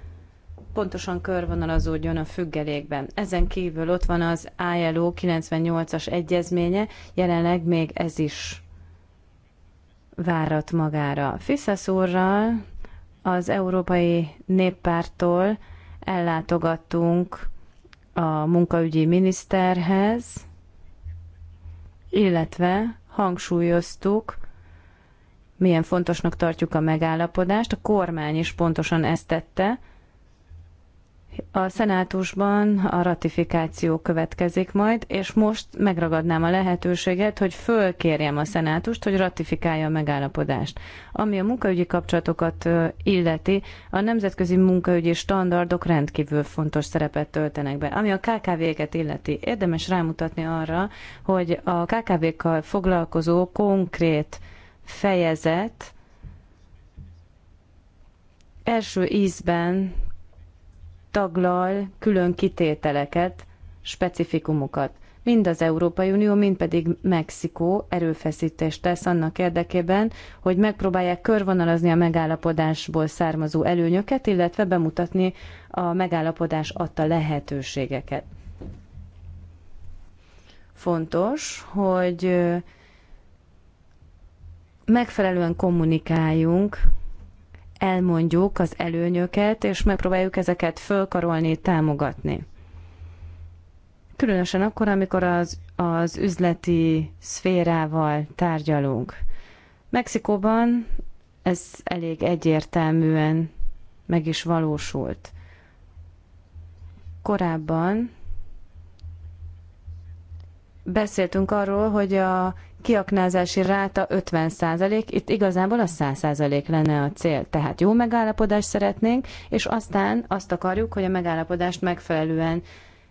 pontosan körvonalazódjon a függelékben. Ezen kívül ott van az ILO 98-as egyezménye, jelenleg még ez is várat magára. Fiszasz úrral az Európai Néppártól ellátogattunk a munkaügyi miniszterhez, illetve hangsúlyoztuk milyen fontosnak tartjuk a megállapodást. A kormány is pontosan ezt tette. A szenátusban a ratifikáció következik majd, és most megragadnám a lehetőséget, hogy fölkérjem a szenátust, hogy ratifikálja a megállapodást. Ami a munkaügyi kapcsolatokat illeti, a nemzetközi munkaügyi standardok rendkívül fontos szerepet töltenek be. Ami a KKV-ket illeti, érdemes rámutatni arra, hogy a KKV-kkal foglalkozó konkrét fejezet első ízben taglal külön kitételeket, specifikumokat. Mind az Európai Unió, mind pedig Mexikó erőfeszítést tesz annak érdekében, hogy megpróbálják körvonalazni a megállapodásból származó előnyöket, illetve bemutatni a megállapodás adta lehetőségeket. Fontos, hogy megfelelően kommunikáljunk, elmondjuk az előnyöket, és megpróbáljuk ezeket fölkarolni, támogatni. Különösen akkor, amikor az, az üzleti szférával tárgyalunk. Mexikóban ez elég egyértelműen meg is valósult. Korábban beszéltünk arról, hogy a kiaknázási ráta 50%, itt igazából a 100% lenne a cél. Tehát jó megállapodást szeretnénk, és aztán azt akarjuk, hogy a megállapodást megfelelően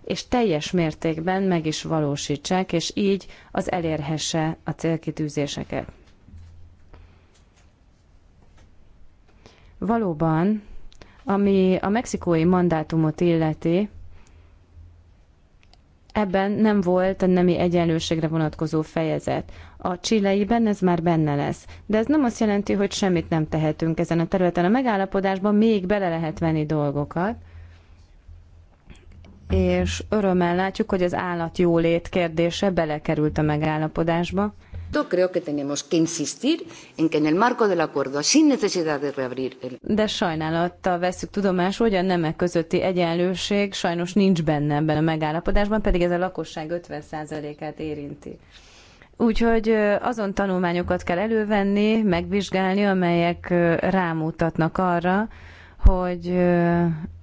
és teljes mértékben meg is valósítsák, és így az elérhesse a célkitűzéseket. Valóban, ami a mexikói mandátumot illeti, ebben nem volt a nemi egyenlőségre vonatkozó fejezet. A csileiben ez már benne lesz. De ez nem azt jelenti, hogy semmit nem tehetünk ezen a területen. A megállapodásban még bele lehet venni dolgokat, és örömmel látjuk, hogy az állat jólét kérdése belekerült a megállapodásba. Creo que tenemos que insistir en que en el marco del acuerdo, sin necesidad de reabrir el... De sajnálattal veszük tudomásul, hogy a nemek közötti egyenlőség sajnos nincs benne ebben a megállapodásban, pedig ez a lakosság 50%-át érinti. Úgyhogy azon tanulmányokat kell elővenni, megvizsgálni, amelyek rámutatnak arra, hogy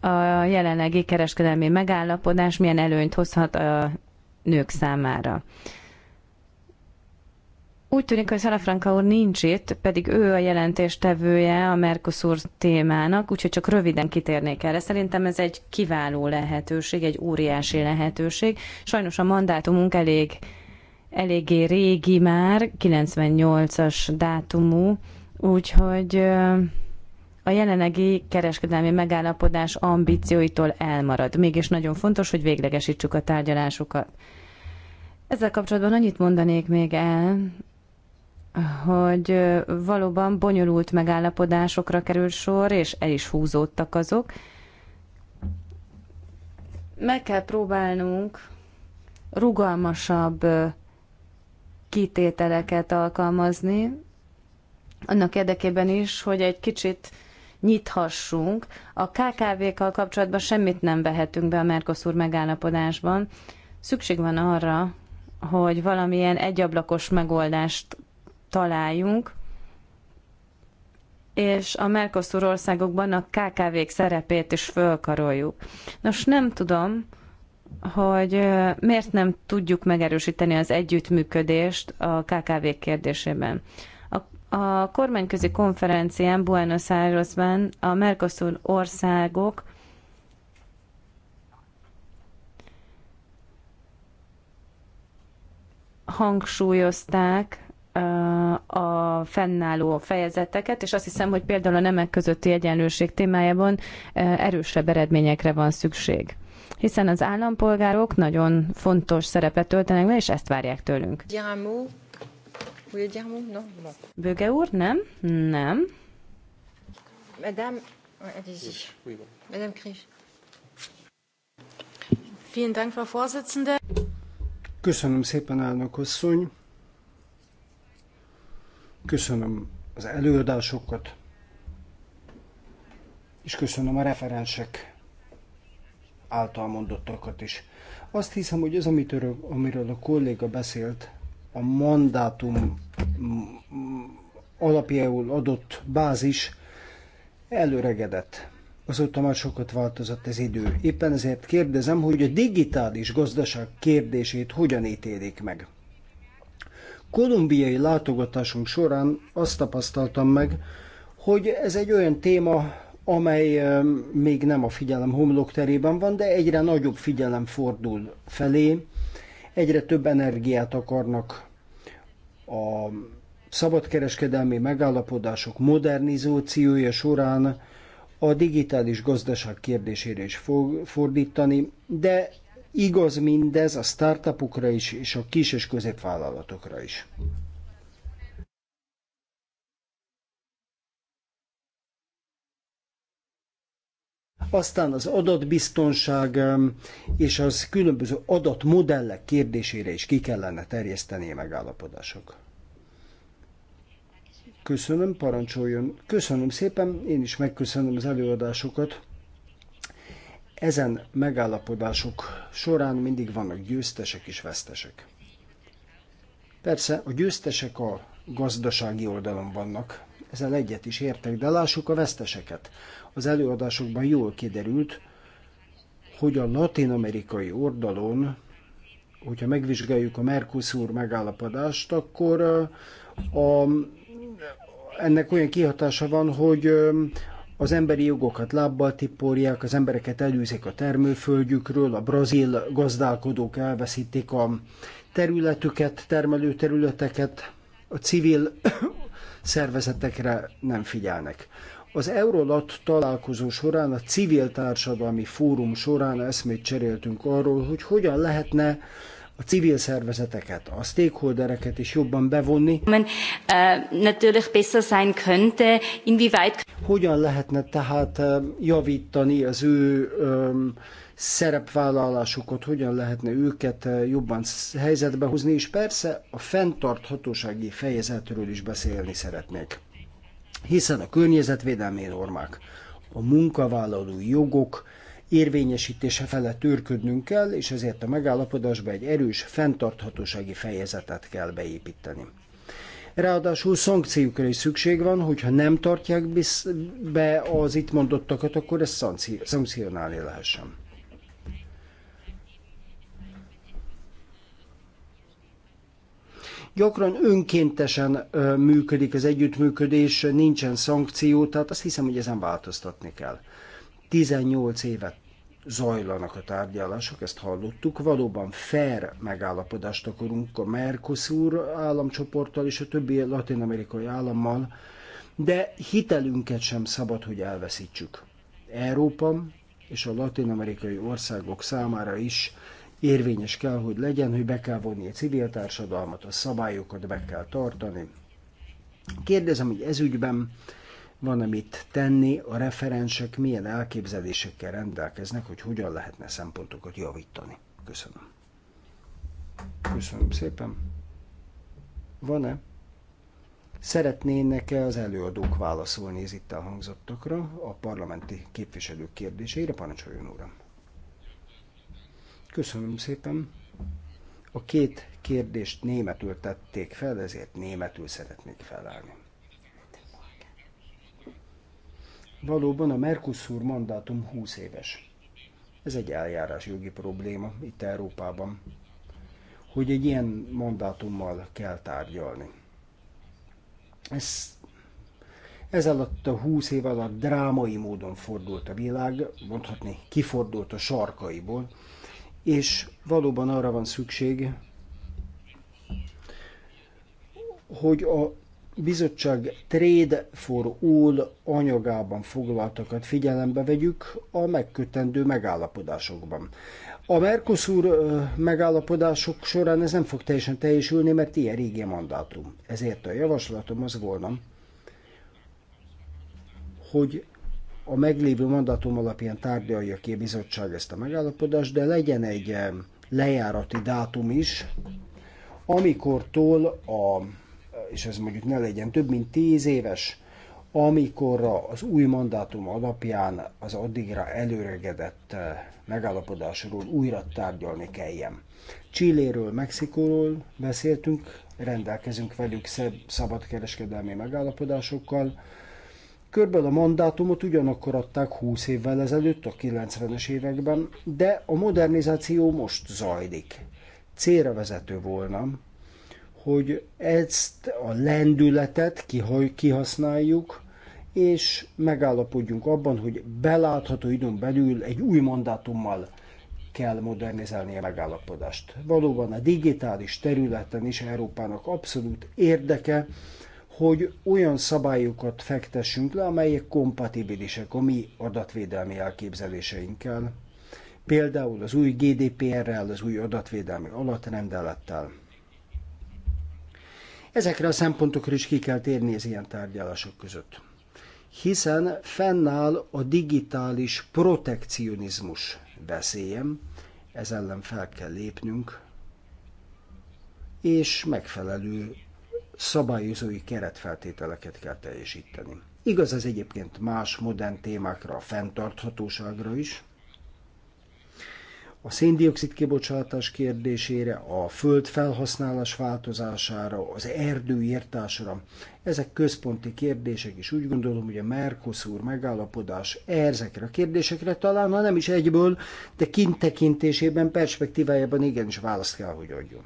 a jelenlegi kereskedelmi megállapodás milyen előnyt hozhat a nők számára. Úgy tűnik, hogy Szalafranka úr nincs itt, pedig ő a jelentéstevője a Mercosur témának, úgyhogy csak röviden kitérnék erre. Szerintem ez egy kiváló lehetőség, egy óriási lehetőség. Sajnos a mandátumunk elég, eléggé régi már, 98-as dátumú, úgyhogy a jelenlegi kereskedelmi megállapodás ambícióitól elmarad. Mégis nagyon fontos, hogy véglegesítsük a tárgyalásokat. Ezzel kapcsolatban annyit mondanék még el, hogy valóban bonyolult megállapodásokra kerül sor, és el is húzódtak azok. Meg kell próbálnunk rugalmasabb kitételeket alkalmazni, annak érdekében is, hogy egy kicsit nyithassunk. A KKV-kkal kapcsolatban semmit nem vehetünk be a Mercosur megállapodásban. Szükség van arra, hogy valamilyen egyablakos megoldást találjunk, és a Mercosur országokban a KKV-k szerepét is fölkaroljuk. Nos, nem tudom, hogy miért nem tudjuk megerősíteni az együttműködést a kkv kérdésében. A, a kormányközi konferencián Buenos Airesben a Mercosur országok hangsúlyozták a fennálló fejezeteket, és azt hiszem, hogy például a nemek közötti egyenlőség témájában erősebb eredményekre van szükség. Hiszen az állampolgárok nagyon fontos szerepet töltenek be, és ezt várják tőlünk. Böge úr, nem? Nem. Madame, oh, Madame Vielen Dank, Frau Vorsitzende. Köszönöm szépen, elnök asszony. Köszönöm az előadásokat, és köszönöm a referensek által mondottakat is. Azt hiszem, hogy az, amit örök, amiről a kolléga beszélt, a mandátum alapjául adott bázis előregedett. Azóta már sokat változott az idő. Éppen ezért kérdezem, hogy a digitális gazdaság kérdését hogyan ítélik meg kolumbiai látogatásunk során azt tapasztaltam meg, hogy ez egy olyan téma, amely még nem a figyelem homlokterében van, de egyre nagyobb figyelem fordul felé, egyre több energiát akarnak a szabadkereskedelmi megállapodások modernizációja során a digitális gazdaság kérdésére is fordítani, de Igaz mindez a startupokra is, és a kis- és középvállalatokra is. Aztán az adatbiztonság és az különböző adatmodellek kérdésére is ki kellene terjeszteni a megállapodások. Köszönöm, parancsoljon. Köszönöm szépen, én is megköszönöm az előadásokat. Ezen megállapodások során mindig vannak győztesek és vesztesek. Persze a győztesek a gazdasági oldalon vannak, ezzel egyet is értek, de lássuk a veszteseket. Az előadásokban jól kiderült, hogy a latin-amerikai oldalon, hogyha megvizsgáljuk a Mercosur megállapodást, akkor a, ennek olyan kihatása van, hogy az emberi jogokat lábbal tipporják, az embereket elűzik a termőföldjükről, a brazil gazdálkodók elveszítik a területüket, termelőterületeket, a civil [COUGHS] szervezetekre nem figyelnek. Az Eurolat találkozó során, a civil társadalmi fórum során eszmét cseréltünk arról, hogy hogyan lehetne a civil szervezeteket, a stakeholdereket is jobban bevonni. Eh, natürlich besser sein könnte, inwieweit... Hogyan lehetne tehát eh, javítani az ő szerepvállalásukat, hogyan lehetne őket eh, jobban helyzetbe hozni, és persze a fenntarthatósági fejezetről is beszélni szeretnék. Hiszen a környezetvédelmi normák, a munkavállalói jogok, érvényesítése felett őrködnünk kell, és ezért a megállapodásba egy erős fenntarthatósági fejezetet kell beépíteni. Ráadásul szankciókra is szükség van, hogyha nem tartják be az itt mondottakat, akkor ezt szankcionálni lehessen. gyakran önkéntesen működik az együttműködés, nincsen szankció, tehát azt hiszem, hogy ezen változtatni kell. 18 évet zajlanak a tárgyalások, ezt hallottuk, valóban fair megállapodást akarunk a Mercosur államcsoporttal és a többi latin-amerikai állammal, de hitelünket sem szabad, hogy elveszítsük. Európa és a latin-amerikai országok számára is érvényes kell, hogy legyen, hogy be kell vonni a civil társadalmat, a szabályokat be kell tartani. Kérdezem, hogy ez ügyben van -e mit tenni, a referensek milyen elképzelésekkel rendelkeznek, hogy hogyan lehetne szempontokat javítani. Köszönöm. Köszönöm szépen. Van-e? Szeretnének-e az előadók válaszolni az itt elhangzottakra, a parlamenti képviselők kérdéseire? Parancsoljon, uram! Köszönöm szépen! A két kérdést németül tették fel, ezért németül szeretnék felállni. Valóban a Mercosur mandátum 20 éves. Ez egy eljárás jogi probléma itt Európában, hogy egy ilyen mandátummal kell tárgyalni. Ez, ez alatt a 20 év alatt drámai módon fordult a világ, mondhatni, kifordult a sarkaiból, és valóban arra van szükség, hogy a bizottság Trade for All anyagában foglaltakat figyelembe vegyük a megkötendő megállapodásokban. A Mercosur megállapodások során ez nem fog teljesen teljesülni, mert ilyen régi mandátum. Ezért a javaslatom az volna, hogy a meglévő mandátum alapján tárgyalja ki a bizottság ezt a megállapodást, de legyen egy lejárati dátum is, amikortól a és ez meg ne legyen több mint tíz éves, amikor az új mandátum alapján az addigra előregedett eh, megállapodásról újra tárgyalni kelljen. Csilléről, Mexikóról beszéltünk, rendelkezünk velük szabadkereskedelmi megállapodásokkal. Körből a mandátumot ugyanakkor adták 20 évvel ezelőtt, a 90-es években, de a modernizáció most zajlik. Célra vezető volna, hogy ezt a lendületet kihasználjuk, és megállapodjunk abban, hogy belátható időn belül egy új mandátummal kell modernizálni a megállapodást. Valóban a digitális területen is Európának abszolút érdeke, hogy olyan szabályokat fektessünk le, amelyek kompatibilisek a mi adatvédelmi elképzeléseinkkel, például az új GDPR-rel, az új adatvédelmi alatrendelettel. Ezekre a szempontokra is ki kell térni az ilyen tárgyalások között. Hiszen fennáll a digitális protekcionizmus veszélyem, ez ellen fel kell lépnünk, és megfelelő szabályozói keretfeltételeket kell teljesíteni. Igaz ez egyébként más modern témákra, a fenntarthatóságra is, a széndiokszid kibocsátás kérdésére, a föld felhasználás változására, az írtásra. Ezek központi kérdések, és úgy gondolom, hogy a Mercosur megállapodás ezekre a kérdésekre talán, ha nem is egyből, de kint tekintésében, perspektívájában igenis választ kell, hogy adjon.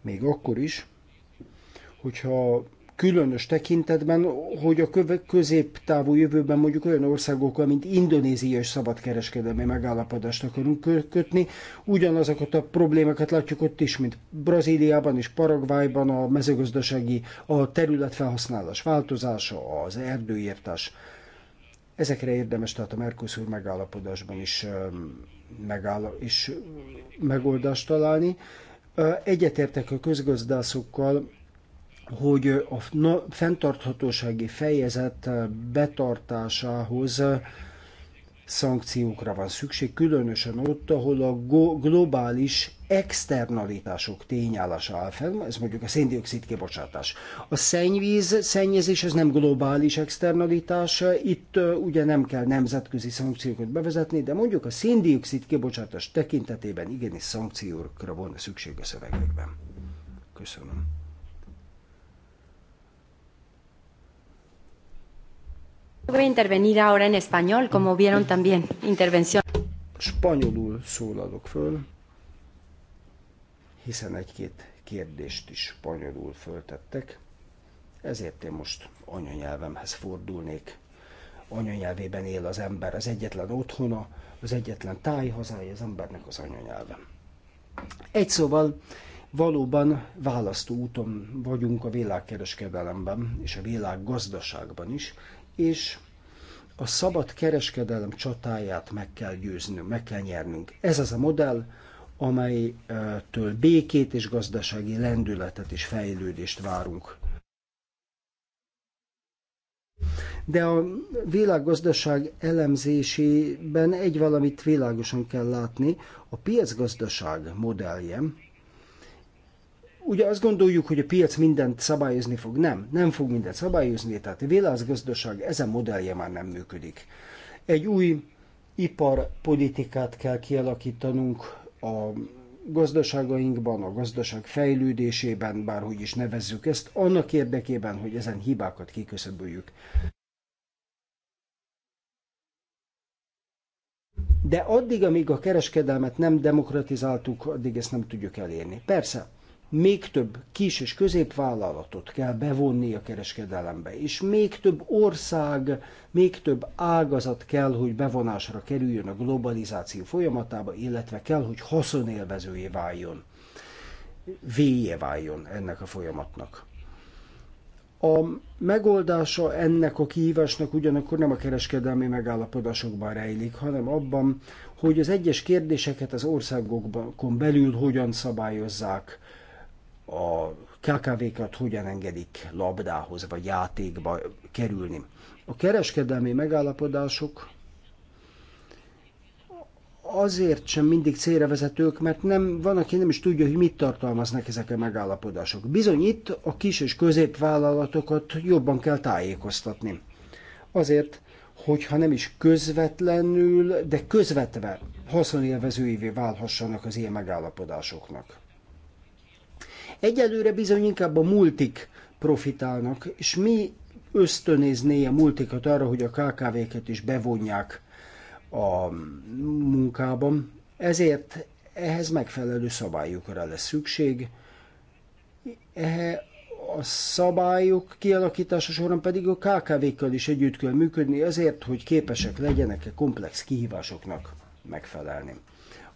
Még akkor is, hogyha különös tekintetben, hogy a középtávú jövőben mondjuk olyan országokkal, mint Indonézia és szabadkereskedelmi megállapodást akarunk kötni. Ugyanazokat a problémákat látjuk ott is, mint Brazíliában és Paraguayban a mezőgazdasági, a területfelhasználás változása, az erdőírtás. Ezekre érdemes tehát a Mercosur megállapodásban is, megáll- is megoldást találni. Egyetértek a közgazdászokkal, hogy a fenntarthatósági fejezet eh, betartásához eh, szankciókra van szükség, különösen ott, ahol a globális externalitások tényállása áll fel, ez mondjuk a széndiokszid kibocsátás. A szennyvíz, szennyezés ez nem globális externalitás, eh, itt ugye nem kell nemzetközi szankciókat bevezetni, de mondjuk a széndiokszid kibocsátás tekintetében igenis szankciókra volna szükség a szövegekben. Köszönöm. Voy a intervenir ahora en español, como vieron también, intervención. Spanyolul szólalok föl, hiszen egy-két kérdést is spanyolul föltettek, ezért én most anyanyelvemhez fordulnék. Anyanyelvében él az ember, az egyetlen otthona, az egyetlen tájhazája az embernek az anyanyelve. Egy szóval, valóban választó úton vagyunk a világkereskedelemben és a világgazdaságban is, és a szabad kereskedelem csatáját meg kell győznünk, meg kell nyernünk. Ez az a modell, amelytől békét és gazdasági lendületet és fejlődést várunk. De a világgazdaság elemzésében egy valamit világosan kell látni, a piacgazdaság modellje, Ugye azt gondoljuk, hogy a piac mindent szabályozni fog. Nem, nem fog mindent szabályozni, tehát a világgazdaság ezen modellje már nem működik. Egy új iparpolitikát kell kialakítanunk a gazdaságainkban, a gazdaság fejlődésében, bárhogy is nevezzük ezt, annak érdekében, hogy ezen hibákat kiköszöböljük. De addig, amíg a kereskedelmet nem demokratizáltuk, addig ezt nem tudjuk elérni. Persze, még több kis és középvállalatot kell bevonni a kereskedelembe, és még több ország, még több ágazat kell, hogy bevonásra kerüljön a globalizáció folyamatába, illetve kell, hogy haszonélvezője váljon, véje váljon ennek a folyamatnak. A megoldása ennek a kihívásnak ugyanakkor nem a kereskedelmi megállapodásokban rejlik, hanem abban, hogy az egyes kérdéseket az országokon belül hogyan szabályozzák, a KKV-kat hogyan engedik labdához vagy játékba kerülni. A kereskedelmi megállapodások azért sem mindig célra vezetők, mert nem, van, aki nem is tudja, hogy mit tartalmaznak ezek a megállapodások. Bizony itt a kis és középvállalatokat jobban kell tájékoztatni. Azért, hogyha nem is közvetlenül, de közvetve haszonélvezőivé válhassanak az ilyen megállapodásoknak. Egyelőre bizony inkább a multik profitálnak, és mi ösztönézné a multikat arra, hogy a KKV-ket is bevonják a munkában. Ezért ehhez megfelelő szabályokra lesz szükség. Ehhe a szabályok kialakítása során pedig a KKV-kkal is együtt kell működni, azért, hogy képesek legyenek a e komplex kihívásoknak megfelelni.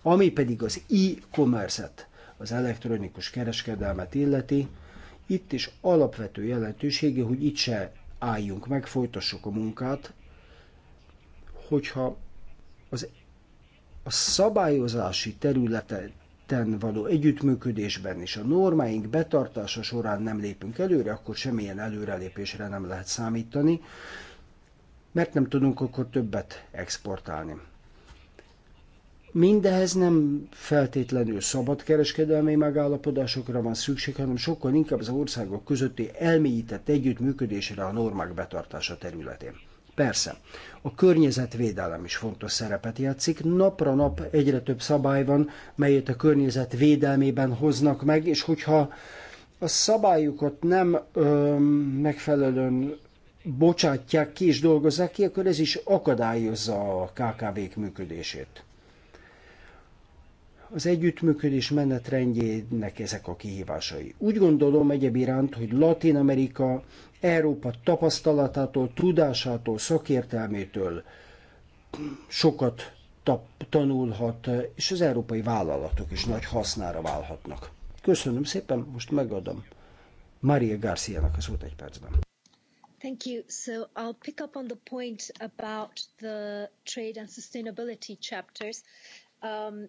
Ami pedig az e-commerce-et az elektronikus kereskedelmet illeti, itt is alapvető jelentősége, hogy itt se álljunk meg, folytassuk a munkát, hogyha az, a szabályozási területen való együttműködésben és a normáink betartása során nem lépünk előre, akkor semmilyen előrelépésre nem lehet számítani, mert nem tudunk akkor többet exportálni. Mindehez nem feltétlenül szabad kereskedelmi megállapodásokra van szükség, hanem sokkal inkább az országok közötti elmélyített együttműködésre a normák betartása területén. Persze, a környezetvédelem is fontos szerepet játszik. Napra nap egyre több szabály van, melyet a környezet védelmében hoznak meg, és hogyha a szabályokat nem ö, megfelelően bocsátják ki és dolgozzák ki, akkor ez is akadályozza a KKV-k működését az együttműködés menetrendjének ezek a kihívásai. Úgy gondolom egyéb iránt, hogy Latin Amerika Európa tapasztalatától, tudásától, szakértelmétől sokat tap- tanulhat, és az európai vállalatok is nagy hasznára válhatnak. Köszönöm szépen, most megadom Maria Garcia-nak a szót egy percben. Thank you. So I'll pick up on the point about the trade and sustainability chapters. Um,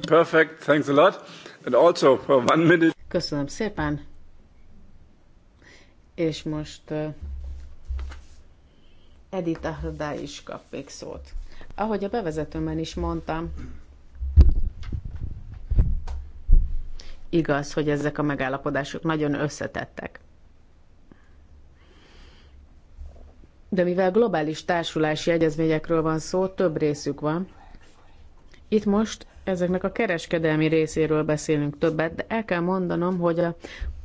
Perfect, thanks a lot. And also for one minute. Köszönöm szépen. És most uh, Edith Ahrdá is kap még szót. Ahogy a bevezetőmben is mondtam, igaz, hogy ezek a megállapodások nagyon összetettek. De mivel globális társulási egyezményekről van szó, több részük van. Itt most ezeknek a kereskedelmi részéről beszélünk többet, de el kell mondanom, hogy a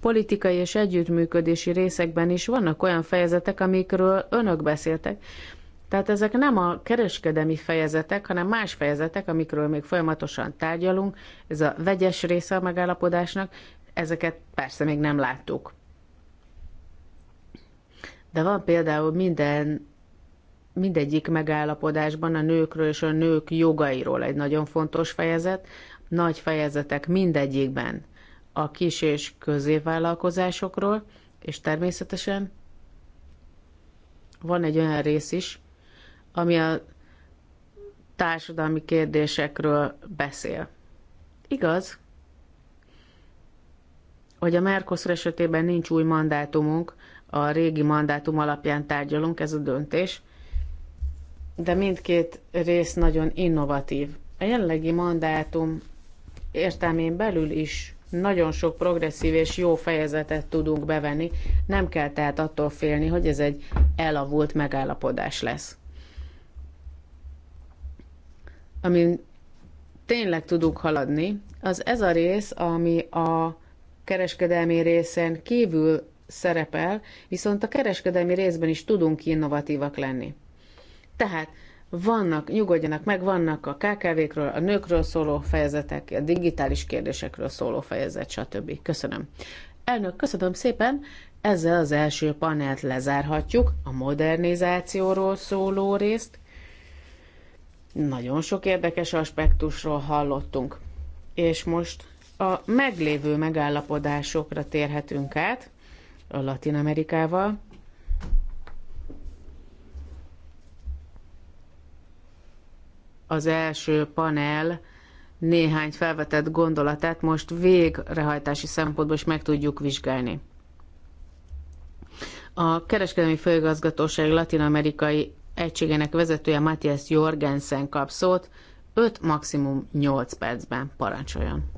politikai és együttműködési részekben is vannak olyan fejezetek, amikről önök beszéltek. Tehát ezek nem a kereskedelmi fejezetek, hanem más fejezetek, amikről még folyamatosan tárgyalunk. Ez a vegyes része a megállapodásnak, ezeket persze még nem láttuk. De van például minden mindegyik megállapodásban a nőkről és a nők jogairól egy nagyon fontos fejezet, nagy fejezetek mindegyikben a kis és középvállalkozásokról, és természetesen van egy olyan rész is, ami a társadalmi kérdésekről beszél. Igaz, hogy a Mercosur esetében nincs új mandátumunk, a régi mandátum alapján tárgyalunk, ez a döntés, de mindkét rész nagyon innovatív. A jelenlegi mandátum értelmén belül is nagyon sok progresszív és jó fejezetet tudunk bevenni, nem kell tehát attól félni, hogy ez egy elavult megállapodás lesz. Amin tényleg tudunk haladni, az ez a rész, ami a kereskedelmi részen kívül szerepel, viszont a kereskedelmi részben is tudunk innovatívak lenni. Tehát vannak, nyugodjanak meg, vannak a KKV-kről, a nőkről szóló fejezetek, a digitális kérdésekről szóló fejezet, stb. Köszönöm. Elnök, köszönöm szépen. Ezzel az első panelt lezárhatjuk, a modernizációról szóló részt. Nagyon sok érdekes aspektusról hallottunk. És most a meglévő megállapodásokra térhetünk át, a Latin Amerikával, az első panel néhány felvetett gondolatát most végrehajtási szempontból is meg tudjuk vizsgálni. A kereskedelmi főigazgatóság latinamerikai egységének vezetője Matthias Jorgensen kap szót, 5 maximum 8 percben parancsoljon.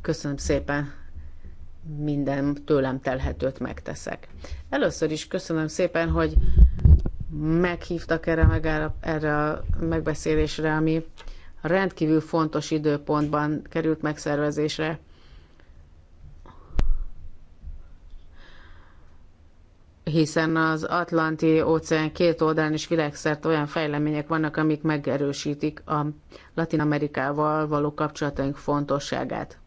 Köszönöm szépen, minden tőlem telhetőt megteszek. Először is köszönöm szépen, hogy meghívtak erre, meg erre a megbeszélésre, ami rendkívül fontos időpontban került megszervezésre. hiszen az Atlanti óceán két oldalán is világszerte olyan fejlemények vannak, amik megerősítik a Latin Amerikával való kapcsolataink fontosságát.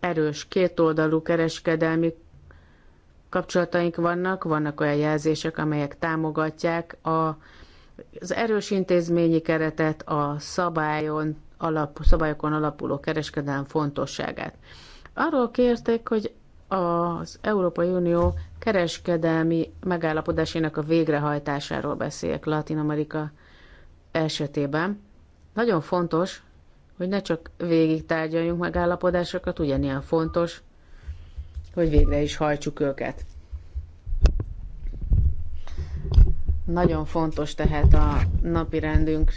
Erős kétoldalú kereskedelmi kapcsolataink vannak, vannak olyan jelzések, amelyek támogatják a, az erős intézményi keretet, a szabályon alap, szabályokon alapuló kereskedelem fontosságát. Arról kérték, hogy az Európai Unió kereskedelmi megállapodásának a végrehajtásáról beszéljek Latin Amerika esetében. Nagyon fontos, hogy ne csak végig tárgyaljunk megállapodásokat, ugyanilyen fontos, hogy végre is hajtsuk őket. Nagyon fontos tehát a napi rendünk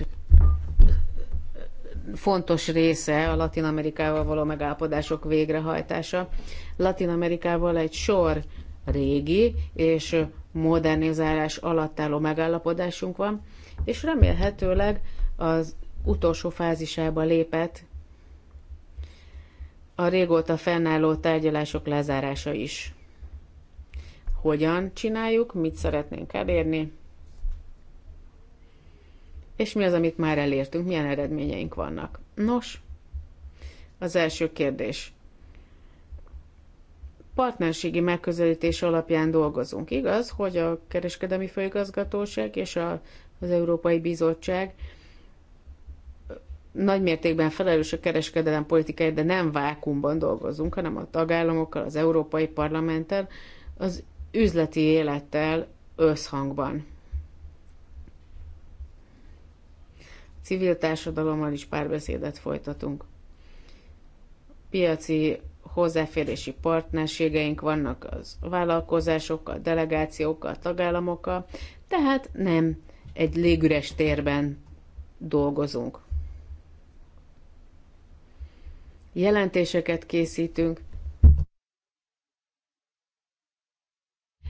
fontos része a Latin Amerikával való megállapodások végrehajtása. Latin Amerikával egy sor régi és modernizálás alatt álló megállapodásunk van, és remélhetőleg az utolsó fázisába lépett a régóta fennálló tárgyalások lezárása is. Hogyan csináljuk, mit szeretnénk elérni, és mi az, amit már elértünk, milyen eredményeink vannak. Nos, az első kérdés. Partnerségi megközelítés alapján dolgozunk. Igaz, hogy a kereskedelmi főigazgatóság és a, az Európai Bizottság nagy mértékben felelős a kereskedelem politikai, de nem vákumban dolgozunk, hanem a tagállamokkal, az Európai Parlamenttel, az üzleti élettel összhangban. Civil társadalommal is párbeszédet folytatunk. Piaci hozzáférési partnerségeink vannak az vállalkozásokkal, delegációkkal, tagállamokkal, tehát nem egy légüres térben dolgozunk. jelentéseket készítünk.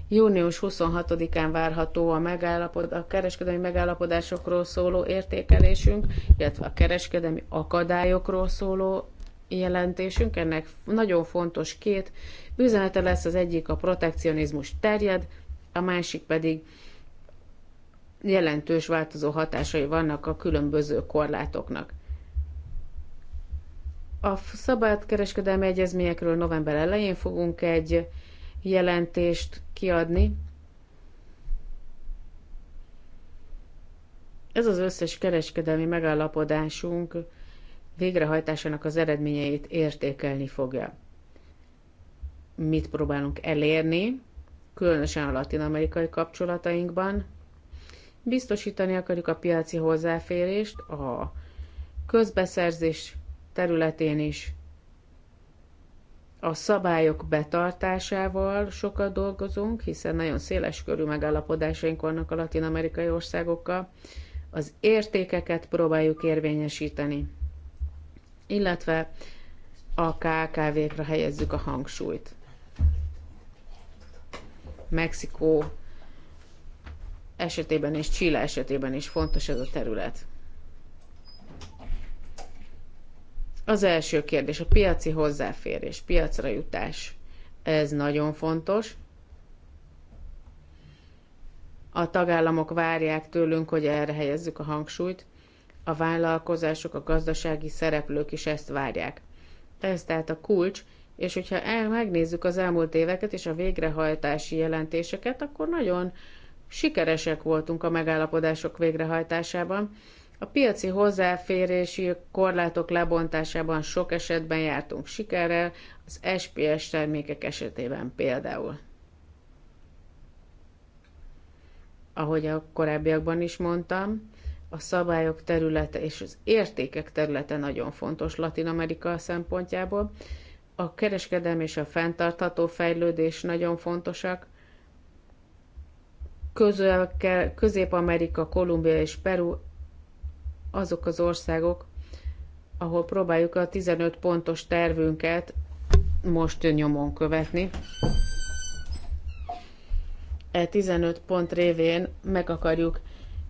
Június 26-án várható a, megállapod, a kereskedelmi megállapodásokról szóló értékelésünk, illetve a kereskedelmi akadályokról szóló jelentésünk. Ennek nagyon fontos két üzenete lesz, az egyik a protekcionizmus terjed, a másik pedig jelentős változó hatásai vannak a különböző korlátoknak. A kereskedelmi egyezményekről november elején fogunk egy jelentést kiadni. Ez az összes kereskedelmi megállapodásunk végrehajtásának az eredményeit értékelni fogja. Mit próbálunk elérni, különösen a latin-amerikai kapcsolatainkban. Biztosítani akarjuk a piaci hozzáférést, a közbeszerzés területén is a szabályok betartásával sokat dolgozunk, hiszen nagyon széles körű megállapodásaink vannak a latin-amerikai országokkal, az értékeket próbáljuk érvényesíteni, illetve a KKV-kra helyezzük a hangsúlyt. Mexikó esetében és Chile esetében is fontos ez a terület. Az első kérdés a piaci hozzáférés, piacra jutás. Ez nagyon fontos. A tagállamok várják tőlünk, hogy erre helyezzük a hangsúlyt. A vállalkozások, a gazdasági szereplők is ezt várják. Ez tehát a kulcs, és hogyha el, megnézzük az elmúlt éveket és a végrehajtási jelentéseket, akkor nagyon sikeresek voltunk a megállapodások végrehajtásában, a piaci hozzáférési korlátok lebontásában sok esetben jártunk sikerrel, az SPS termékek esetében például. Ahogy a korábbiakban is mondtam, a szabályok területe és az értékek területe nagyon fontos Latin Amerika szempontjából. A kereskedelem és a fenntartható fejlődés nagyon fontosak. Közép-Amerika, Kolumbia és Peru azok az országok, ahol próbáljuk a 15 pontos tervünket most nyomon követni. E 15 pont révén meg akarjuk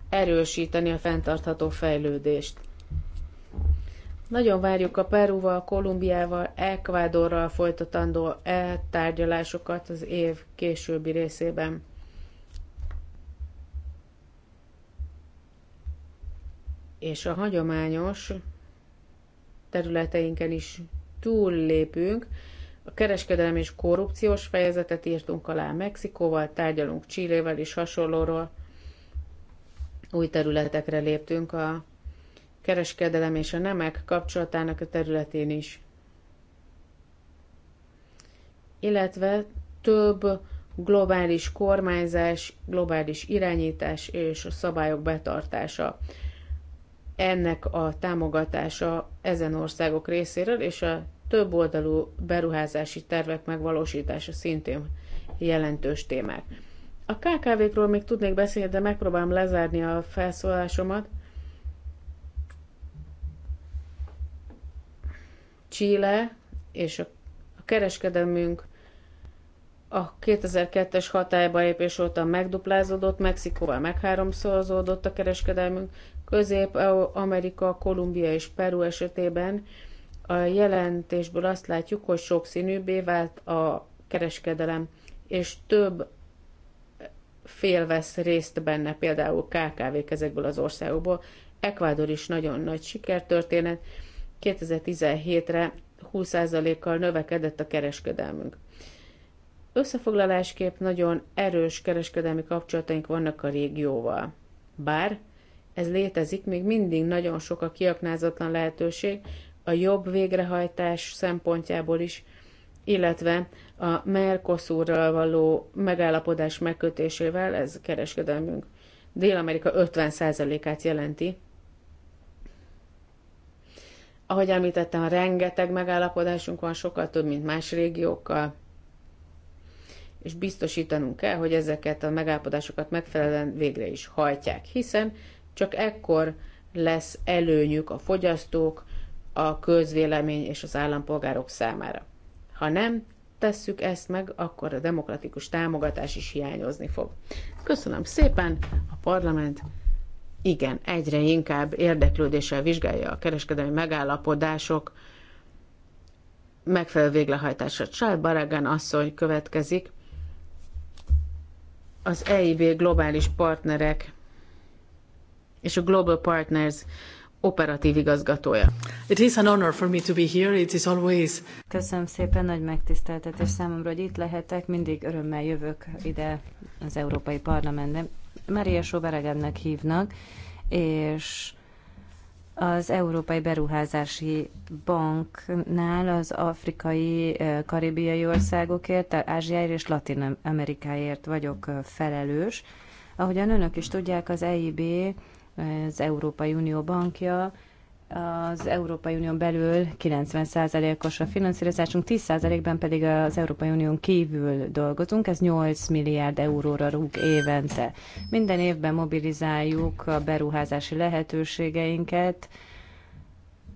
erősíteni a fenntartható fejlődést. Nagyon várjuk a Perúval, Kolumbiával, Ecuadorral folytatandó e tárgyalásokat az év későbbi részében. és a hagyományos területeinken is túllépünk. A kereskedelem és korrupciós fejezetet írtunk alá Mexikóval, tárgyalunk Csillével és hasonlóról. Új területekre léptünk a kereskedelem és a nemek kapcsolatának a területén is. Illetve több globális kormányzás, globális irányítás és a szabályok betartása ennek a támogatása ezen országok részéről, és a több oldalú beruházási tervek megvalósítása szintén jelentős témák. A KKV-król még tudnék beszélni, de megpróbálom lezárni a felszólásomat. Chile és a kereskedelmünk a 2002-es hatályba lépés óta megduplázódott, Mexikóval megháromszorozódott a kereskedelmünk, Közép-Amerika, Kolumbia és Peru esetében a jelentésből azt látjuk, hogy sokszínűbbé vált a kereskedelem, és több fél vesz részt benne, például kkv ezekből az országokból. Ekvádor is nagyon nagy sikertörténet. 2017-re 20%-kal növekedett a kereskedelmünk. Összefoglalásképp nagyon erős kereskedelmi kapcsolataink vannak a régióval. Bár ez létezik, még mindig nagyon sok a kiaknázatlan lehetőség a jobb végrehajtás szempontjából is, illetve a Mercosurral való megállapodás megkötésével, ez kereskedelmünk Dél-Amerika 50%-át jelenti. Ahogy említettem, rengeteg megállapodásunk van, sokkal több, mint más régiókkal, és biztosítanunk kell, hogy ezeket a megállapodásokat megfelelően végre is hajtják, hiszen csak ekkor lesz előnyük a fogyasztók, a közvélemény és az állampolgárok számára. Ha nem tesszük ezt meg, akkor a demokratikus támogatás is hiányozni fog. Köszönöm szépen, a parlament igen, egyre inkább érdeklődéssel vizsgálja a kereskedelmi megállapodások megfelelő véglehajtását. Charles Baragán asszony következik. Az EIB globális partnerek és a Global Partners operatív igazgatója. It is an honor for me to be here. It is always... Köszönöm szépen, nagy megtiszteltetés számomra, hogy itt lehetek. Mindig örömmel jövök ide az Európai Parlamentbe. Maria Soberegennek hívnak, és az Európai Beruházási Banknál az afrikai, karibiai országokért, Ázsiáért és Latin Amerikáért vagyok felelős. Ahogyan önök is tudják, az EIB az Európai Unió bankja, az Európai Unión belül 90%-os a finanszírozásunk, 10%-ben pedig az Európai Unión kívül dolgozunk, ez 8 milliárd euróra rúg évente. Minden évben mobilizáljuk a beruházási lehetőségeinket,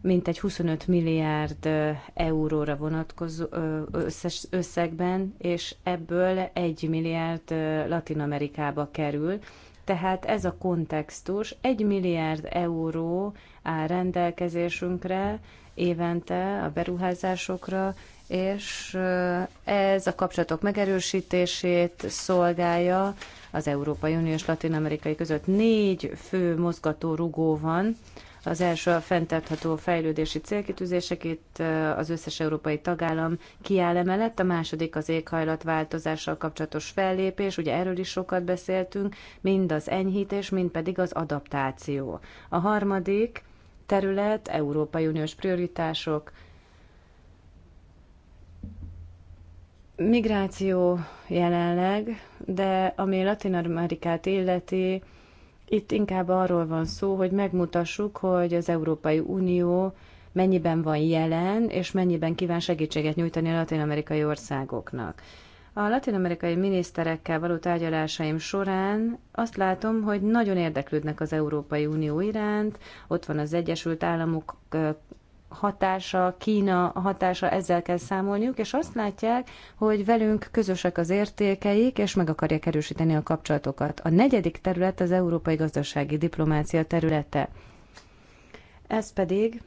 mintegy 25 milliárd euróra vonatkozó összes összegben, és ebből 1 milliárd Latin Amerikába kerül. Tehát ez a kontextus, egy milliárd euró áll rendelkezésünkre évente a beruházásokra, és ez a kapcsolatok megerősítését szolgálja az Európai Unió és Latin Amerikai között. Négy fő mozgatórugó van, az első a fenntartható fejlődési célkitűzések, itt az összes európai tagállam kiáll emellett, a második az éghajlatváltozással kapcsolatos fellépés, ugye erről is sokat beszéltünk, mind az enyhítés, mind pedig az adaptáció. A harmadik terület Európai Uniós prioritások, migráció jelenleg, de ami Latin Amerikát illeti, itt inkább arról van szó, hogy megmutassuk, hogy az Európai Unió mennyiben van jelen, és mennyiben kíván segítséget nyújtani a latin-amerikai országoknak. A latin-amerikai miniszterekkel való tárgyalásaim során azt látom, hogy nagyon érdeklődnek az Európai Unió iránt, ott van az Egyesült Államok hatása, Kína hatása, ezzel kell számolniuk, és azt látják, hogy velünk közösek az értékeik, és meg akarják erősíteni a kapcsolatokat. A negyedik terület az európai gazdasági diplomácia területe. Ez pedig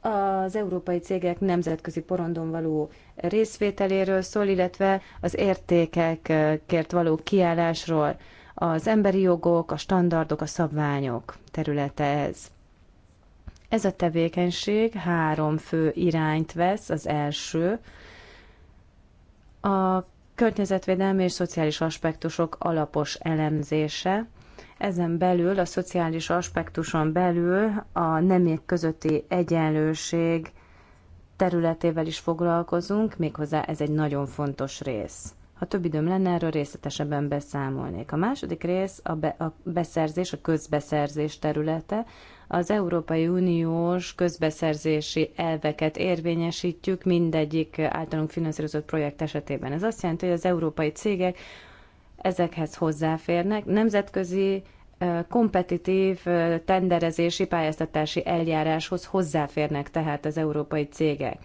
az európai cégek nemzetközi porondon való részvételéről szól, illetve az értékekért való kiállásról, az emberi jogok, a standardok, a szabványok területe ez. Ez a tevékenység három fő irányt vesz. Az első a környezetvédelmi és szociális aspektusok alapos elemzése. Ezen belül, a szociális aspektuson belül a nemek közötti egyenlőség területével is foglalkozunk, méghozzá ez egy nagyon fontos rész. Ha több időm lenne, erről részletesebben beszámolnék. A második rész a, be, a beszerzés, a közbeszerzés területe, az Európai Uniós közbeszerzési elveket érvényesítjük mindegyik általunk finanszírozott projekt esetében. Ez azt jelenti, hogy az európai cégek ezekhez hozzáférnek, nemzetközi kompetitív tenderezési pályáztatási eljáráshoz hozzáférnek tehát az európai cégek.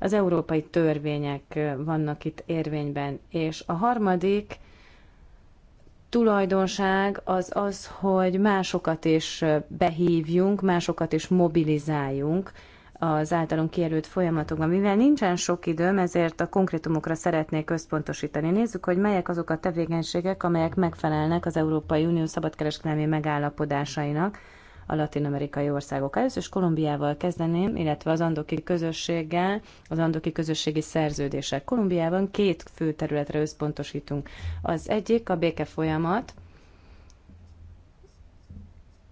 Az európai törvények vannak itt érvényben. És a harmadik tulajdonság az az, hogy másokat is behívjunk, másokat is mobilizáljunk az általunk kijelölt folyamatokban. Mivel nincsen sok időm, ezért a konkrétumokra szeretnék összpontosítani. Nézzük, hogy melyek azok a tevékenységek, amelyek megfelelnek az Európai Unió szabadkereskedelmi megállapodásainak, a latin-amerikai országok. Először is Kolumbiával kezdeném, illetve az andoki közösséggel, az andoki közösségi szerződések. Kolumbiában két fő területre összpontosítunk. Az egyik a béke folyamat,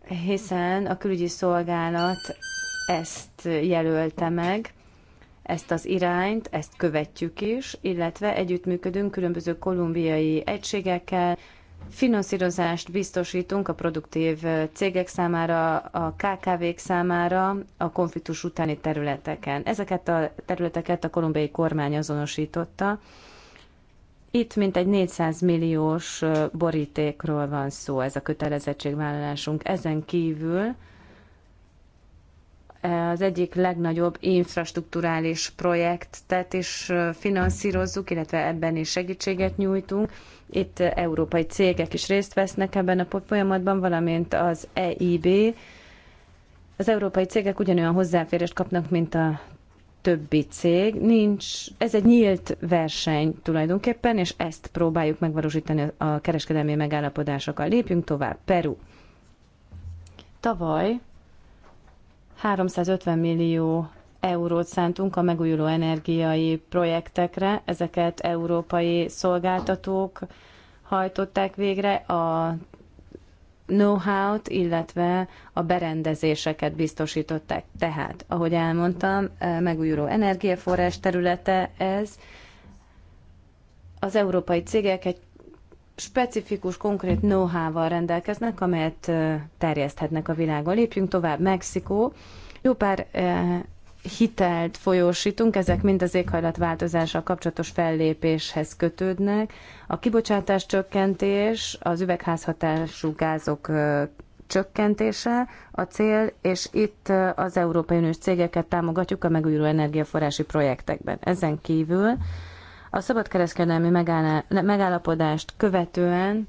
hiszen a külügyi szolgálat ezt jelölte meg, ezt az irányt, ezt követjük is, illetve együttműködünk különböző kolumbiai egységekkel, Finanszírozást biztosítunk a produktív cégek számára, a KKV-k számára, a konfliktus utáni területeken. Ezeket a területeket a kolumbiai kormány azonosította. Itt mintegy 400 milliós borítékról van szó, ez a kötelezettségvállalásunk. Ezen kívül az egyik legnagyobb infrastruktúrális projektet is finanszírozzuk, illetve ebben is segítséget nyújtunk. Itt európai cégek is részt vesznek ebben a folyamatban, valamint az EIB. Az európai cégek ugyanolyan hozzáférést kapnak, mint a többi cég. Nincs, ez egy nyílt verseny tulajdonképpen, és ezt próbáljuk megvalósítani a kereskedelmi megállapodásokkal. Lépjünk tovább. Peru. Tavaly 350 millió eurót szántunk a megújuló energiai projektekre, ezeket európai szolgáltatók hajtották végre, a know-how-t, illetve a berendezéseket biztosították. Tehát, ahogy elmondtam, eh, megújuló energiaforrás területe ez. Az európai cégek egy specifikus, konkrét know-how-val rendelkeznek, amelyet terjeszthetnek a világon. Lépjünk tovább, Mexikó. Jó pár hitelt folyósítunk, ezek mind az éghajlatváltozással kapcsolatos fellépéshez kötődnek. A kibocsátás csökkentés, az üvegházhatású gázok csökkentése a cél, és itt az Európai Uniós cégeket támogatjuk a megújuló energiaforrási projektekben. Ezen kívül a szabadkereskedelmi megállapodást követően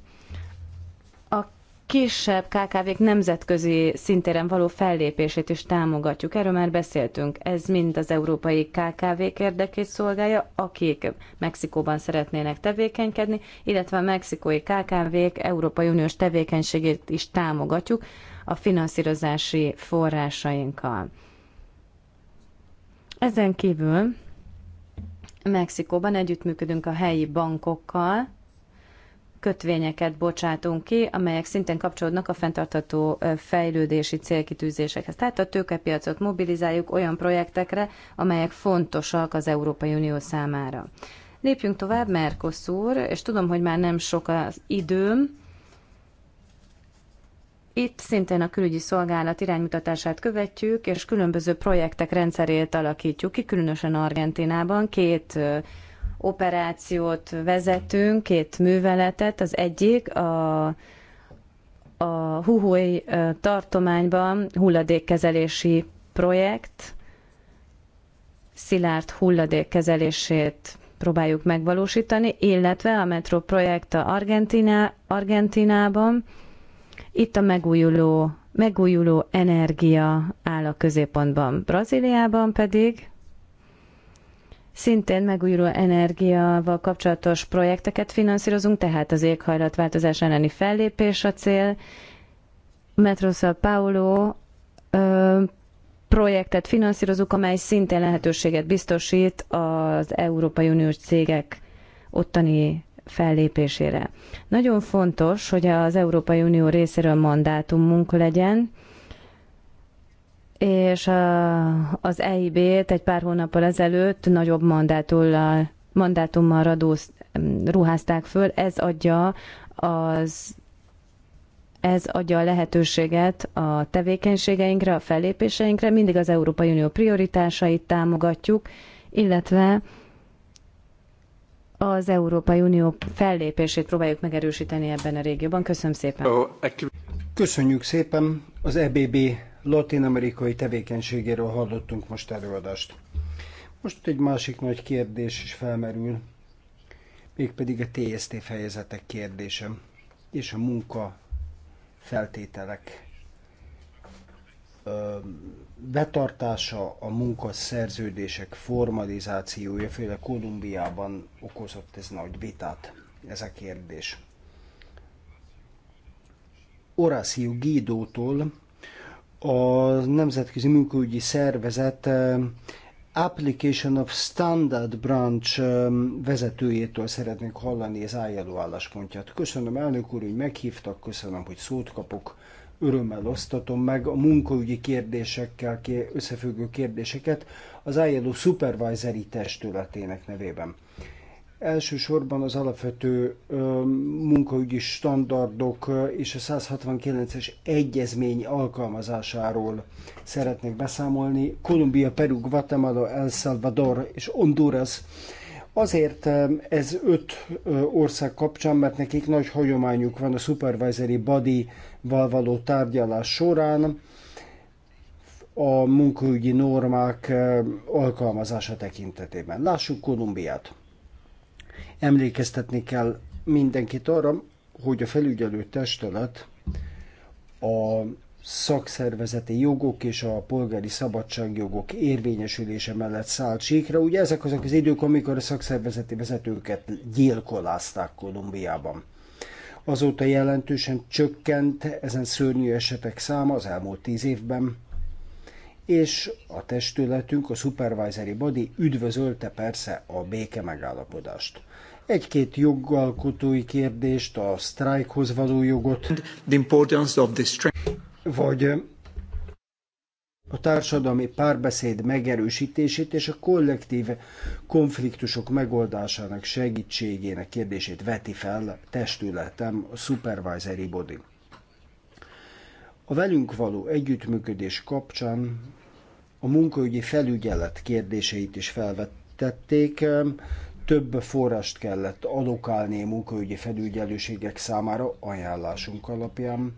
a kisebb KKV-k nemzetközi szintéren való fellépését is támogatjuk. Erről már beszéltünk. Ez mind az európai KKV-k érdekét szolgálja, akik Mexikóban szeretnének tevékenykedni, illetve a mexikói KKV-k Európai Uniós tevékenységét is támogatjuk a finanszírozási forrásainkkal. Ezen kívül Mexikóban együttműködünk a helyi bankokkal, kötvényeket bocsátunk ki, amelyek szintén kapcsolódnak a fenntartható fejlődési célkitűzésekhez. Tehát a tőkepiacot mobilizáljuk olyan projektekre, amelyek fontosak az Európai Unió számára. Lépjünk tovább, Mercosur, és tudom, hogy már nem sok az időm, itt szintén a külügyi szolgálat iránymutatását követjük, és különböző projektek rendszerét alakítjuk ki, különösen Argentinában. Két operációt vezetünk, két műveletet. Az egyik a, a Huhuy tartományban hulladékkezelési projekt, szilárd hulladékkezelését próbáljuk megvalósítani, illetve a Metro projekt a Argentina, Argentinában, itt a megújuló, megújuló energia áll a középpontban. Brazíliában pedig szintén megújuló energiával kapcsolatos projekteket finanszírozunk, tehát az éghajlatváltozás elleni fellépés a cél. Metro São Paulo ö, projektet finanszírozunk, amely szintén lehetőséget biztosít az Európai Uniós cégek ottani fellépésére. Nagyon fontos, hogy az Európai Unió részéről mandátumunk legyen, és az EIB-t egy pár hónappal ezelőtt nagyobb mandátummal radóz, ruházták föl. Ez adja az ez adja a lehetőséget a tevékenységeinkre, a fellépéseinkre, mindig az Európai Unió prioritásait támogatjuk, illetve az Európai Unió fellépését próbáljuk megerősíteni ebben a régióban. Köszönöm szépen! Köszönjük szépen! Az EBB latin-amerikai tevékenységéről hallottunk most előadást. Most egy másik nagy kérdés is felmerül, mégpedig a TST fejezetek kérdése és a munka feltételek betartása a munkaszerződések formalizációja, főleg Kolumbiában okozott ez nagy vitát, ez a kérdés. Horácio Guido-tól a Nemzetközi Munkaügyi Szervezet eh, Application of Standard Branch eh, vezetőjétől szeretnék hallani az álljadó álláspontját. Köszönöm elnök úr, hogy meghívtak, köszönöm, hogy szót kapok örömmel osztatom meg a munkaügyi kérdésekkel összefüggő kérdéseket az ILO Supervisory Testületének nevében. Elsősorban az alapvető munkaügyi standardok és a 169-es egyezmény alkalmazásáról szeretnék beszámolni. Kolumbia, Peru, Guatemala, El Salvador és Honduras Azért ez öt ország kapcsán, mert nekik nagy hagyományuk van a supervisory body-val való tárgyalás során a munkaügyi normák alkalmazása tekintetében. Lássuk Kolumbiát. Emlékeztetni kell mindenkit arra, hogy a felügyelő testület a szakszervezeti jogok és a polgári szabadságjogok érvényesülése mellett szállt síkra. Ugye ezek azok az idők, amikor a szakszervezeti vezetőket gyilkolázták Kolumbiában. Azóta jelentősen csökkent ezen szörnyű esetek száma az elmúlt tíz évben, és a testületünk, a Supervisory Body üdvözölte persze a béke megállapodást. Egy-két joggalkotói kérdést, a sztrájkhoz való jogot, vagy a társadalmi párbeszéd megerősítését és a kollektív konfliktusok megoldásának segítségének kérdését veti fel testületem, a supervisory body. A velünk való együttműködés kapcsán a munkaügyi felügyelet kérdéseit is felvetették. több forrást kellett alokálni a munkaügyi felügyelőségek számára ajánlásunk alapján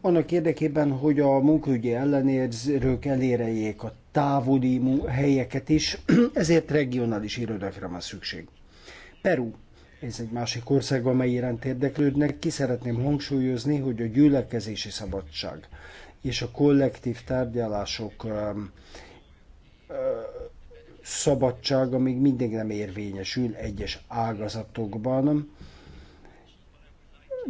annak érdekében, hogy a munkaügyi ellenérzők elérejék a távoli helyeket is, [CLEARS THROAT] ezért regionális irodákra van szükség. Peru. Ez egy másik ország, amely iránt érdeklődnek. Ki szeretném hangsúlyozni, hogy a gyülekezési szabadság és a kollektív tárgyalások um, uh, szabadsága még mindig nem érvényesül egyes ágazatokban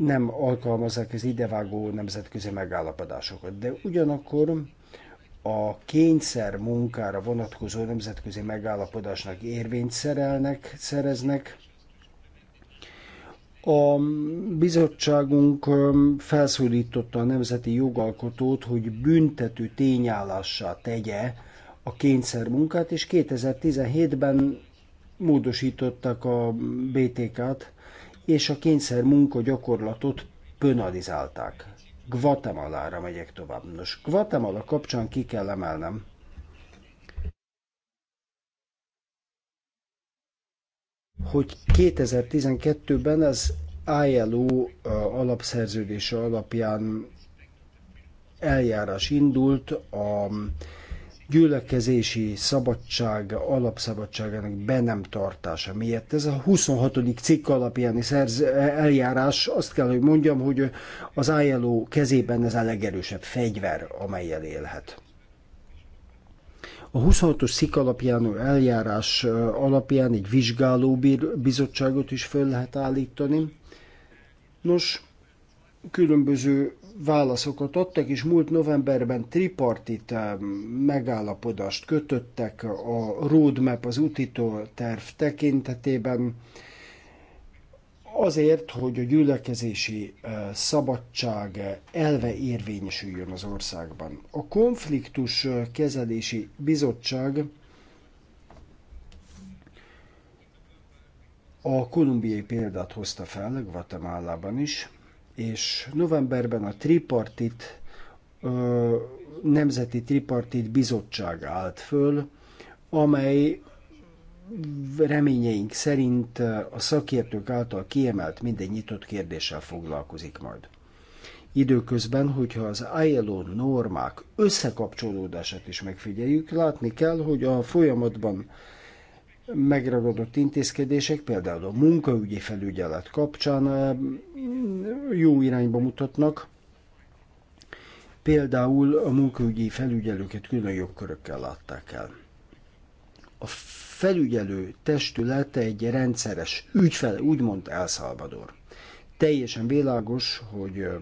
nem alkalmazzák az idevágó nemzetközi megállapodásokat. De ugyanakkor a kényszer munkára vonatkozó nemzetközi megállapodásnak érvényt szerelnek, szereznek. A bizottságunk um, felszólította a nemzeti jogalkotót, hogy büntető tényállássá tegye a munkát, és 2017-ben módosítottak a BTK-t, és a kényszer munka gyakorlatot penalizálták. Guatemala-ra megyek tovább. Nos, Guatemala kapcsán ki kell emelnem, hogy 2012-ben az ILO alapszerződése alapján eljárás indult a gyülekezési szabadság alapszabadságának be nem tartása miatt. Ez a 26. cikk alapjáni szerz, eljárás, azt kell, hogy mondjam, hogy az ILO kezében ez a legerősebb fegyver, amelyel élhet. A 26-os szik alapján eljárás alapján egy vizsgáló bizottságot is föl lehet állítani. Nos, különböző válaszokat adtak, és múlt novemberben tripartit eh, megállapodást kötöttek a roadmap, az útító terv tekintetében, azért, hogy a gyülekezési eh, szabadság elve érvényesüljön az országban. A konfliktus eh, kezelési bizottság a kolumbiai példát hozta fel, Guatemala-ban is, és novemberben a tripartit, ö, Nemzeti Tripartit Bizottság állt föl, amely reményeink szerint a szakértők által kiemelt minden nyitott kérdéssel foglalkozik majd. Időközben, hogyha az ILO normák összekapcsolódását is megfigyeljük, látni kell, hogy a folyamatban megragadott intézkedések, például a munkaügyi felügyelet kapcsán eh, jó irányba mutatnak, például a munkaügyi felügyelőket külön jogkörökkel látták el. A felügyelő testülete egy rendszeres ügyfele, úgymond El Salvador. Teljesen világos, hogy eh,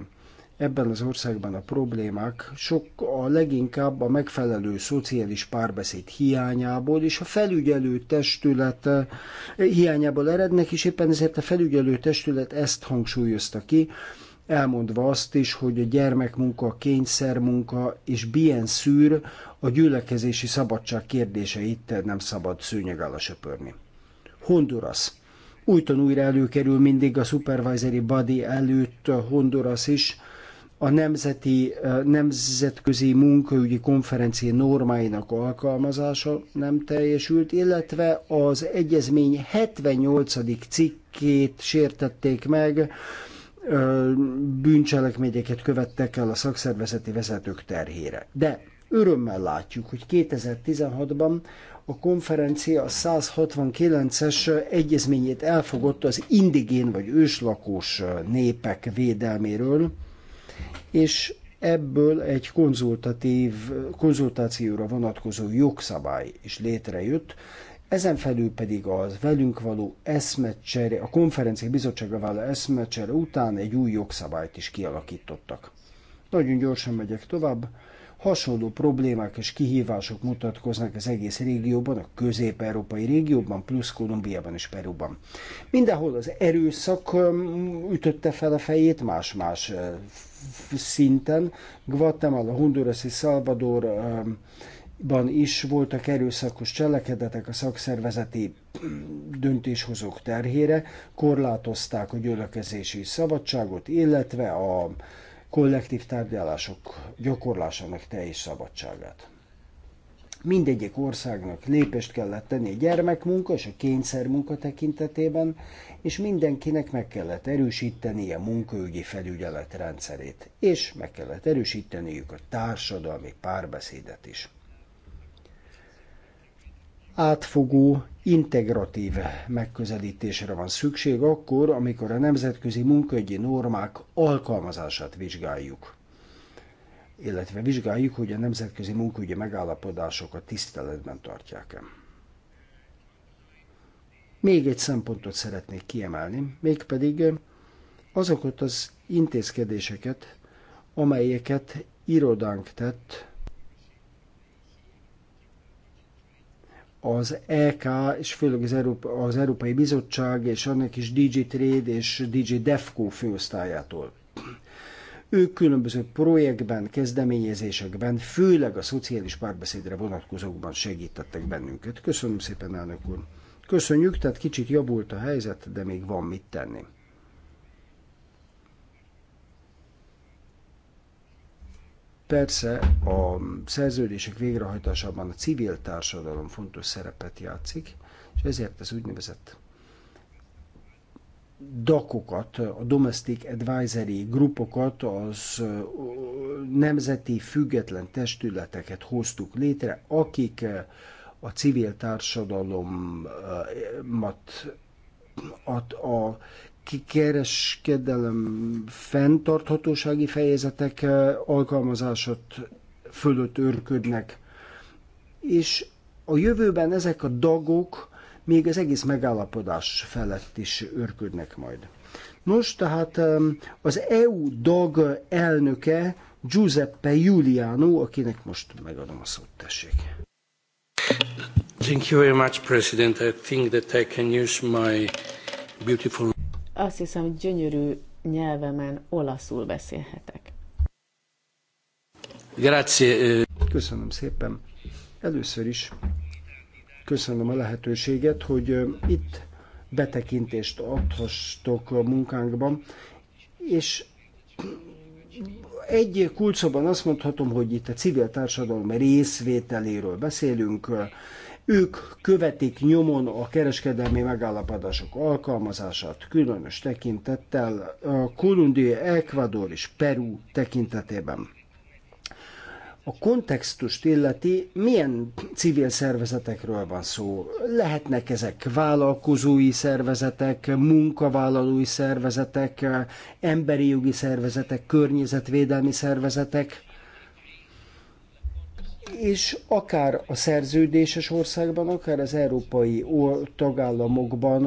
ebben az országban a problémák sok a leginkább a megfelelő szociális párbeszéd hiányából és a felügyelő testület eh, hiányából erednek, és éppen ezért a felügyelő testület ezt hangsúlyozta ki, elmondva azt is, hogy a gyermekmunka, a kényszermunka és bien szűr a gyülekezési szabadság kérdéseit nem szabad szőnyeg alá söpörni. Honduras újton újra előkerül mindig a supervisory body előtt Honduras is, a nemzeti, nemzetközi munkaügyi konferencia normáinak alkalmazása nem teljesült, illetve az egyezmény 78. cikkét sértették meg, bűncselekményeket követtek el a szakszervezeti vezetők terhére. De örömmel látjuk, hogy 2016-ban a konferencia a 169-es egyezményét elfogadta az indigén vagy őslakos népek védelméről, és ebből egy konzultatív, konzultációra vonatkozó jogszabály is létrejött, ezen felül pedig az velünk való eszmecsere, a konferencia bizottsága váló eszmecsere után egy új jogszabályt is kialakítottak. Nagyon gyorsan megyek tovább. Hasonló problémák és kihívások mutatkoznak az egész régióban, a közép-európai régióban, plusz Kolumbiában és Peruban. Mindenhol az erőszak um, ütötte fel a fejét más-más uh, szinten. Guatemala, Honduras és Salvador um, ban is voltak erőszakos cselekedetek a szakszervezeti um, döntéshozók terhére, korlátozták a gyülekezési szabadságot, illetve a kollektív tárgyalások gyakorlásának teljes szabadságát. Mindegyik országnak lépést kellett tenni a gyermekmunka és a kényszermunka tekintetében, és mindenkinek meg kellett erősíteni a munkaügyi felügyelet rendszerét, és meg kellett erősíteniük a társadalmi párbeszédet is átfogó, integratív megközelítésre van szükség akkor, amikor a nemzetközi munkaügyi normák alkalmazását vizsgáljuk illetve vizsgáljuk, hogy a nemzetközi munkaügyi megállapodásokat tiszteletben tartják-e. Még egy szempontot szeretnék kiemelni, mégpedig azokat az intézkedéseket, amelyeket irodánk tett az EK, és főleg az, Európa, az Európai Bizottság, és annak is DJ Trade és DJ DEFCO főosztályától. Ők különböző projektben, kezdeményezésekben, főleg a szociális párbeszédre vonatkozókban segítettek bennünket. Köszönöm szépen, elnök úr! Köszönjük, tehát kicsit javult a helyzet, de még van mit tenni. Persze a szerződések végrehajtásában a civil társadalom fontos szerepet játszik, és ezért az úgynevezett dakokat, a domestic advisory grupokat, az nemzeti független testületeket hoztuk létre, akik a civil társadalomat a, a kereskedelem fenntarthatósági fejezetek eh, alkalmazását fölött őrködnek. És a jövőben ezek a dagok még az egész megállapodás felett is őrködnek majd. Nos, tehát az EU dag elnöke Giuseppe Giuliano, akinek most megadom a szót, tessék. Thank you very much, President. I think that I can use my beautiful... Azt hiszem, hogy gyönyörű nyelvemen olaszul beszélhetek. Grazie. Köszönöm szépen. Először is köszönöm a lehetőséget, hogy itt betekintést adhatok a munkánkban, és egy kulcsban azt mondhatom, hogy itt a civil társadalom részvételéről beszélünk, ők követik nyomon a kereskedelmi megállapodások alkalmazását, különös tekintettel a Kolumbia, Ecuador és Peru tekintetében. A kontextust illeti, milyen civil szervezetekről van szó? Lehetnek ezek vállalkozói szervezetek, munkavállalói szervezetek, emberi jogi szervezetek, környezetvédelmi szervezetek, és akár a szerződéses országban, akár az európai tagállamokban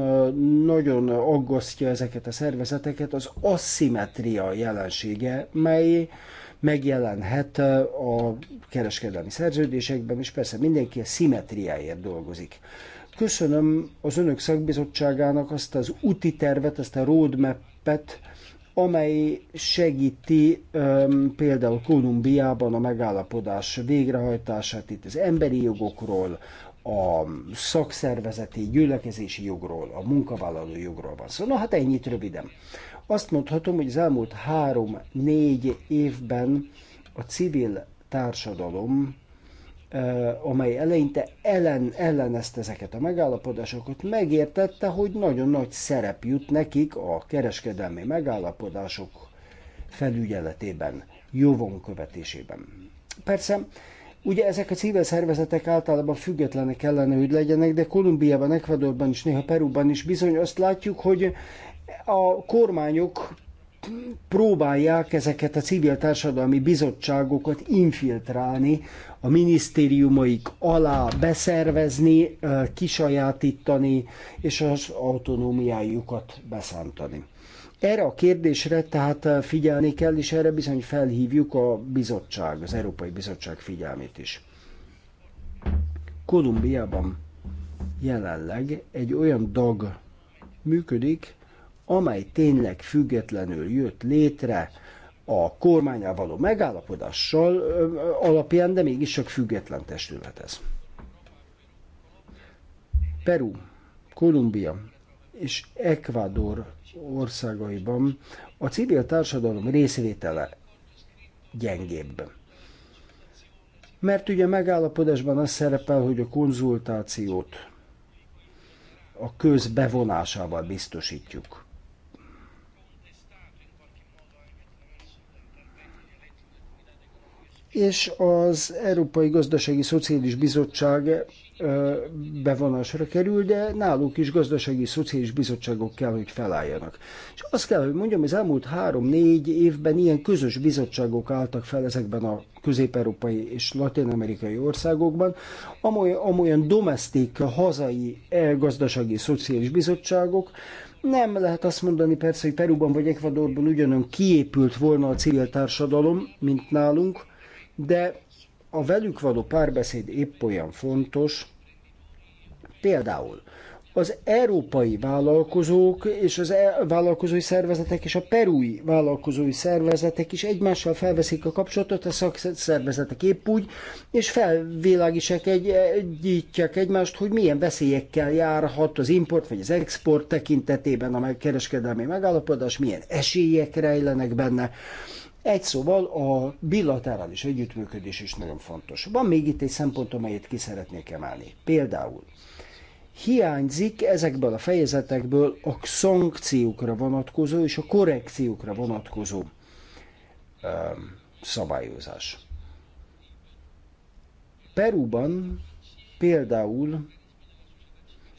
nagyon aggasztja ezeket a szervezeteket az aszimetria jelensége, mely megjelenhet a kereskedelmi szerződésekben, és persze mindenki a szimetriáért dolgozik. Köszönöm az önök szakbizottságának azt az úti tervet, azt a roadmap-et, amely segíti um, például Kolumbiában a megállapodás végrehajtását, itt az emberi jogokról, a szakszervezeti gyülekezési jogról, a munkavállaló jogról van szó. Szóval, na hát ennyit röviden. Azt mondhatom, hogy az elmúlt három-négy évben a civil társadalom amely eleinte ellen, ellenezte ezeket a megállapodásokat, megértette, hogy nagyon nagy szerep jut nekik a kereskedelmi megállapodások felügyeletében, jóvon követésében. Persze, ugye ezek a civil szervezetek általában függetlenek kellene, hogy legyenek, de Kolumbiában, Ecuadorban is, néha Perúban is bizony azt látjuk, hogy a kormányok próbálják ezeket a civil társadalmi bizottságokat infiltrálni, a minisztériumaik alá beszervezni, kisajátítani, és az autonómiájukat beszántani. Erre a kérdésre tehát figyelni kell, és erre bizony felhívjuk a bizottság, az Európai Bizottság figyelmét is. Kolumbiában jelenleg egy olyan dag működik, amely tényleg függetlenül jött létre a kormányával való megállapodással alapján, de mégis csak független testület ez. Peru, Kolumbia és Ecuador országaiban a civil társadalom részvétele gyengébb. Mert ugye megállapodásban az szerepel, hogy a konzultációt a köz bevonásával biztosítjuk. és az Európai Gazdasági Szociális Bizottság bevonásra kerül, de náluk is gazdasági szociális bizottságok kell, hogy felálljanak. És azt kell, hogy mondjam, az elmúlt három-négy évben ilyen közös bizottságok álltak fel ezekben a közép-európai és latin-amerikai országokban, amolyan, amolyan domestik, hazai e, gazdasági szociális bizottságok, nem lehet azt mondani persze, hogy Perúban vagy Ecuadorban ugyanolyan kiépült volna a civil társadalom, mint nálunk, de a velük való párbeszéd épp olyan fontos, például az európai vállalkozók és az e vállalkozói szervezetek és a perui vállalkozói szervezetek is egymással felveszik a kapcsolatot, a szakszervezetek épp úgy, és felvilágítsák egy, egyítják egymást, hogy milyen veszélyekkel járhat az import vagy az export tekintetében a kereskedelmi megállapodás, milyen esélyek rejlenek benne egy szóval a bilaterális együttműködés is nagyon fontos. Van még itt egy szempont, amelyet ki szeretnék emelni. Például hiányzik ezekből a fejezetekből a szankciókra vonatkozó és a korrekciókra vonatkozó um, szabályozás. Perúban például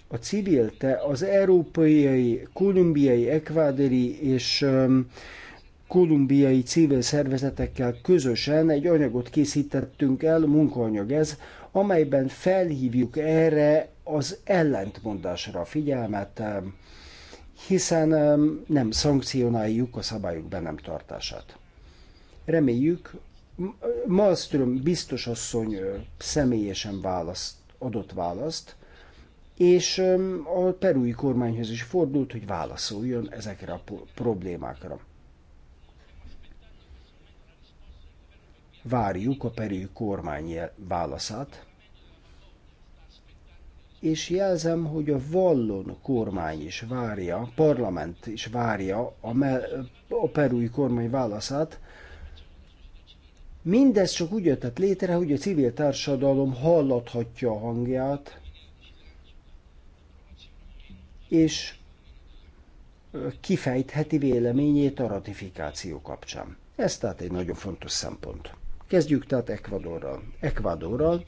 a civil te az európai, kolumbiai, ekvádori és um, kolumbiai civil szervezetekkel közösen egy anyagot készítettünk el, munkaanyag ez, amelyben felhívjuk erre az ellentmondásra a figyelmet, hiszen nem szankcionáljuk a szabályok be nem tartását. Reméljük, Malmström biztos asszony személyesen választ, adott választ, és a perui kormányhoz is fordult, hogy válaszoljon ezekre a problémákra. Várjuk a perű kormány válaszát, és jelzem, hogy a Vallon kormány is várja, a parlament is várja a, me- a perúi kormány válaszát. Mindez csak úgy jöttett létre, hogy a civil társadalom hallathatja a hangját, és kifejtheti véleményét a ratifikáció kapcsán. Ez tehát egy nagyon fontos szempont. Kezdjük tehát Ecuadorral. Ecuadorral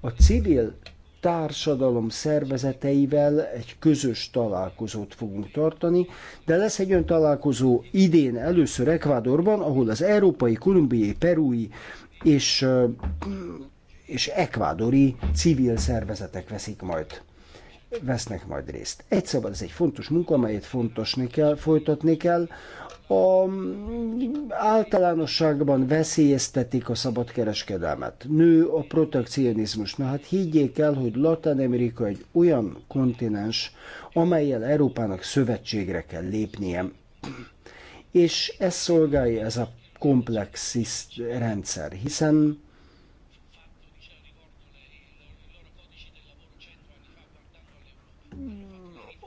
a civil társadalom szervezeteivel egy közös találkozót fogunk tartani, de lesz egy olyan találkozó idén először Ekvadorban, ahol az európai, kolumbiai, perui és, és ekvádori civil szervezetek veszik majd vesznek majd részt. Egyszerűen ez egy fontos munka, amelyet fontosni kell, folytatni kell a, általánosságban veszélyeztetik a szabadkereskedelmet. Nő a protekcionizmus. Na hát higgyék el, hogy Latin Amerika egy olyan kontinens, amelyel Európának szövetségre kell lépnie. És ezt szolgálja ez a komplexis rendszer, hiszen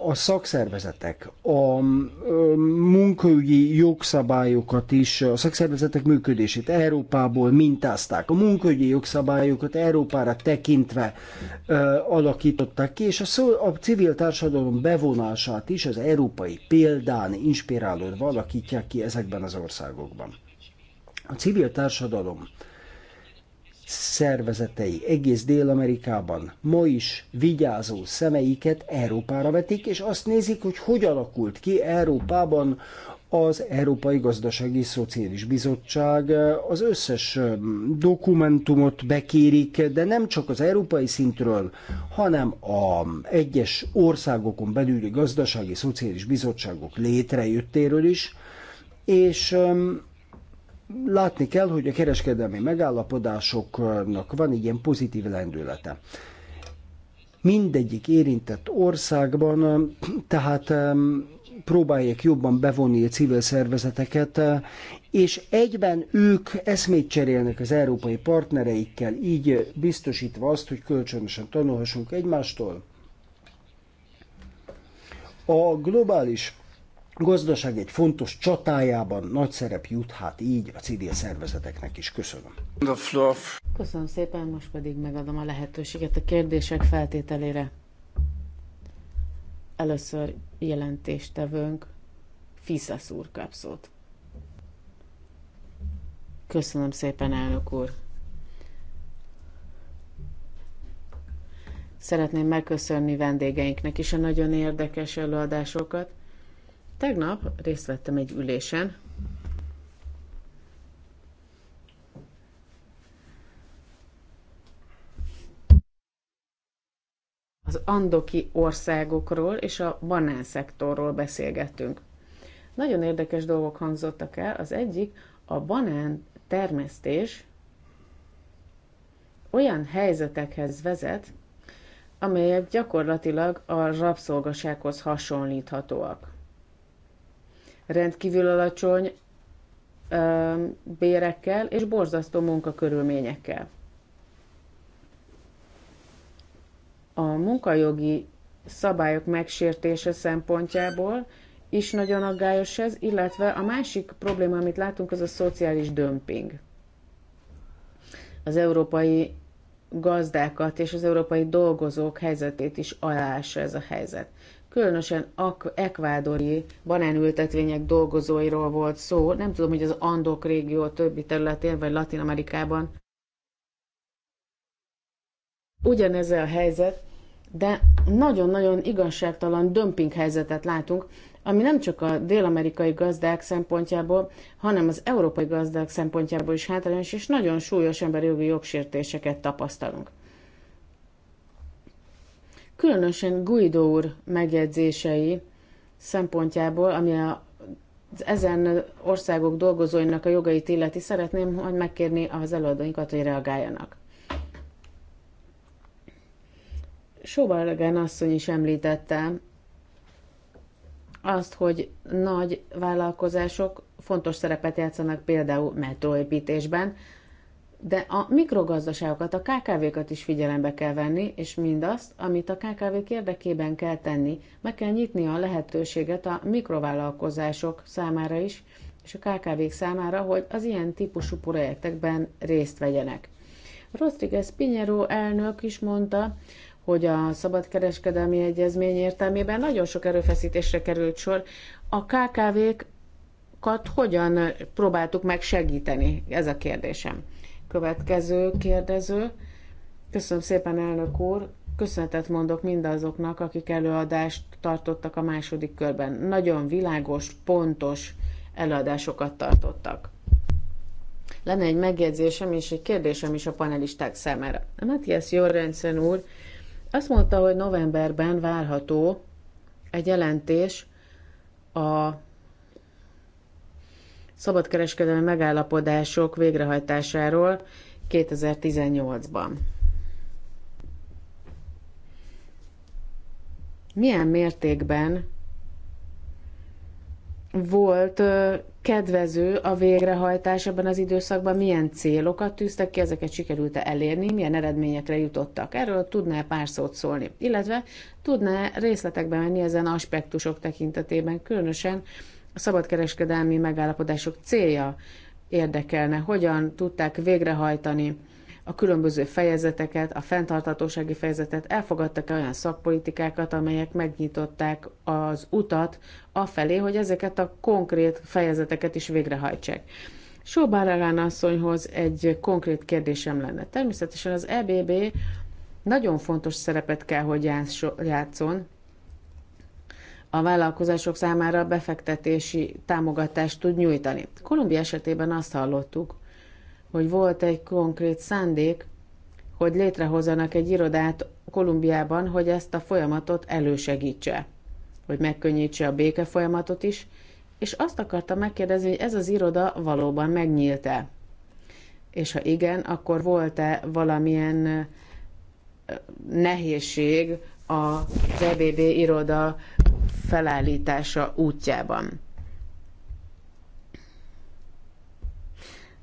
a szakszervezetek a munkaügyi jogszabályokat is, a szakszervezetek működését Európából mintázták. A munkaügyi jogszabályokat Európára tekintve ö, alakították ki, és a, szó, a civil társadalom bevonását is az európai példán inspirálódva alakítják ki ezekben az országokban. A civil társadalom szervezetei egész Dél-Amerikában ma is vigyázó szemeiket Európára vetik, és azt nézik, hogy hogy alakult ki Európában az Európai Gazdasági Szociális Bizottság az összes um, dokumentumot bekérik, de nem csak az európai szintről, hanem a um, egyes országokon belüli gazdasági szociális bizottságok létrejöttéről is, és um, látni kell, hogy a kereskedelmi megállapodásoknak van ilyen pozitív lendülete. Mindegyik érintett országban, tehát próbálják jobban bevonni a civil szervezeteket, és egyben ők eszmét cserélnek az európai partnereikkel, így biztosítva azt, hogy kölcsönösen tanulhassunk egymástól. A globális gazdaság egy fontos csatájában nagy szerep jut, hát így a civil szervezeteknek is köszönöm. Köszönöm szépen, most pedig megadom a lehetőséget a kérdések feltételére. Először jelentéstevőnk Fiszasz úr kapszót. Köszönöm szépen, elnök úr. Szeretném megköszönni vendégeinknek is a nagyon érdekes előadásokat Tegnap részt vettem egy ülésen, az andoki országokról és a banán szektorról beszélgettünk. Nagyon érdekes dolgok hangzottak el. Az egyik a banán termesztés olyan helyzetekhez vezet, amelyek gyakorlatilag a rabszolgasághoz hasonlíthatóak rendkívül alacsony bérekkel és borzasztó munkakörülményekkel. A munkajogi szabályok megsértése szempontjából is nagyon aggályos ez, illetve a másik probléma, amit látunk, az a szociális dömping. Az európai gazdákat és az európai dolgozók helyzetét is alása ez a helyzet különösen ak- ekvádori banánültetvények dolgozóiról volt szó. Nem tudom, hogy az Andok régió többi területén, vagy Latin Amerikában ugyanez a helyzet, de nagyon-nagyon igazságtalan dömping helyzetet látunk, ami nem csak a dél-amerikai gazdák szempontjából, hanem az európai gazdák szempontjából is hátrányos, és nagyon súlyos emberi jogi jogsértéseket tapasztalunk. Különösen Guido úr megjegyzései szempontjából, ami a az ezen országok dolgozóinak a jogait illeti, szeretném hogy megkérni az előadóinkat, hogy reagáljanak. Sobalgen asszony is említette azt, hogy nagy vállalkozások fontos szerepet játszanak például metróépítésben, de a mikrogazdaságokat, a KKV-kat is figyelembe kell venni, és mindazt, amit a KKV-k érdekében kell tenni, meg kell nyitni a lehetőséget a mikrovállalkozások számára is, és a KKV-k számára, hogy az ilyen típusú projektekben részt vegyenek. Rodriguez Pinheiro elnök is mondta, hogy a szabadkereskedelmi egyezmény értelmében nagyon sok erőfeszítésre került sor. A KKV-kat hogyan próbáltuk meg segíteni? Ez a kérdésem. Következő kérdező. Köszönöm szépen, elnök úr. Köszönetet mondok mindazoknak, akik előadást tartottak a második körben. Nagyon világos, pontos előadásokat tartottak. Lenne egy megjegyzésem és egy kérdésem is a panelisták számára. A Matthias Jorrensen úr azt mondta, hogy novemberben várható egy jelentés a szabadkereskedelmi megállapodások végrehajtásáról 2018-ban. Milyen mértékben volt kedvező a végrehajtás ebben az időszakban, milyen célokat tűztek ki, ezeket sikerült-e elérni, milyen eredményekre jutottak. Erről tudná pár szót szólni, illetve tudná részletekbe menni ezen aspektusok tekintetében, különösen a szabadkereskedelmi megállapodások célja érdekelne, hogyan tudták végrehajtani a különböző fejezeteket, a fenntartatósági fejezetet, elfogadtak -e olyan szakpolitikákat, amelyek megnyitották az utat afelé, hogy ezeket a konkrét fejezeteket is végrehajtsák. Sóbáralán asszonyhoz egy konkrét kérdésem lenne. Természetesen az EBB nagyon fontos szerepet kell, hogy játszon, a vállalkozások számára befektetési támogatást tud nyújtani. Kolumbia esetében azt hallottuk, hogy volt egy konkrét szándék, hogy létrehozzanak egy irodát Kolumbiában, hogy ezt a folyamatot elősegítse, hogy megkönnyítse a béke folyamatot is, és azt akarta megkérdezni, hogy ez az iroda valóban megnyílt-e. És ha igen, akkor volt-e valamilyen nehézség az EBB iroda felállítása útjában.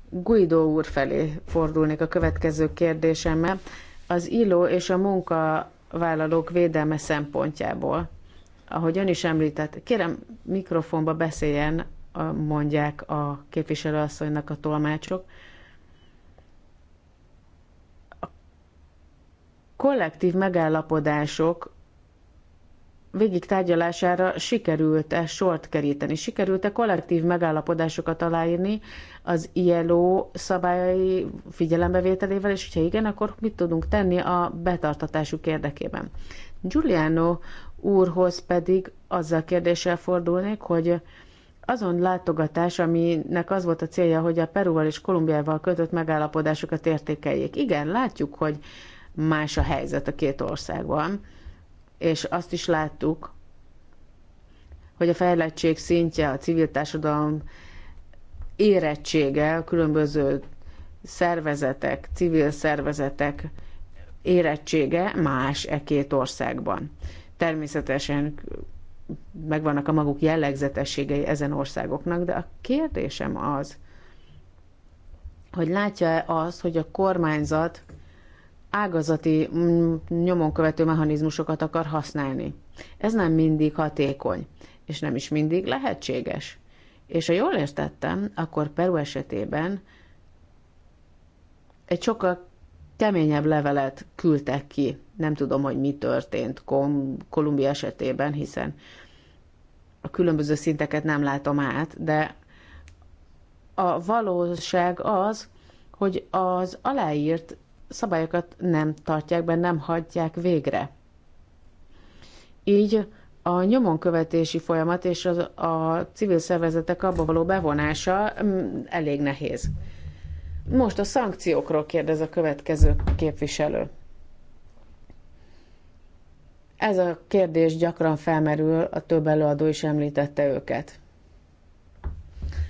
Guido úr felé fordulnék a következő kérdésemmel. Az illó és a munkavállalók védelme szempontjából, ahogy ön is említett, kérem mikrofonba beszéljen, mondják a képviselőasszonynak a tolmácsok. kollektív megállapodások végig tárgyalására sikerült-e sort keríteni? Sikerült-e kollektív megállapodásokat aláírni az ILO szabályai figyelembevételével, és hogyha igen, akkor mit tudunk tenni a betartatásuk érdekében? Giuliano úrhoz pedig azzal kérdéssel fordulnék, hogy azon látogatás, aminek az volt a célja, hogy a Perúval és Kolumbiával kötött megállapodásokat értékeljék. Igen, látjuk, hogy más a helyzet a két országban és azt is láttuk, hogy a fejlettség szintje, a civil társadalom érettsége, a különböző szervezetek, civil szervezetek érettsége más e két országban. Természetesen megvannak a maguk jellegzetességei ezen országoknak, de a kérdésem az, hogy látja-e az, hogy a kormányzat ágazati mm, nyomon követő mechanizmusokat akar használni. Ez nem mindig hatékony, és nem is mindig lehetséges. És ha jól értettem, akkor Peru esetében egy sokkal keményebb levelet küldtek ki. Nem tudom, hogy mi történt Kom- Kolumbia esetében, hiszen a különböző szinteket nem látom át, de a valóság az, hogy az aláírt szabályokat nem tartják be, nem hagyják végre. Így a nyomonkövetési folyamat és az, a civil szervezetek abba való bevonása mm, elég nehéz. Most a szankciókról kérdez a következő képviselő. Ez a kérdés gyakran felmerül, a több előadó is említette őket.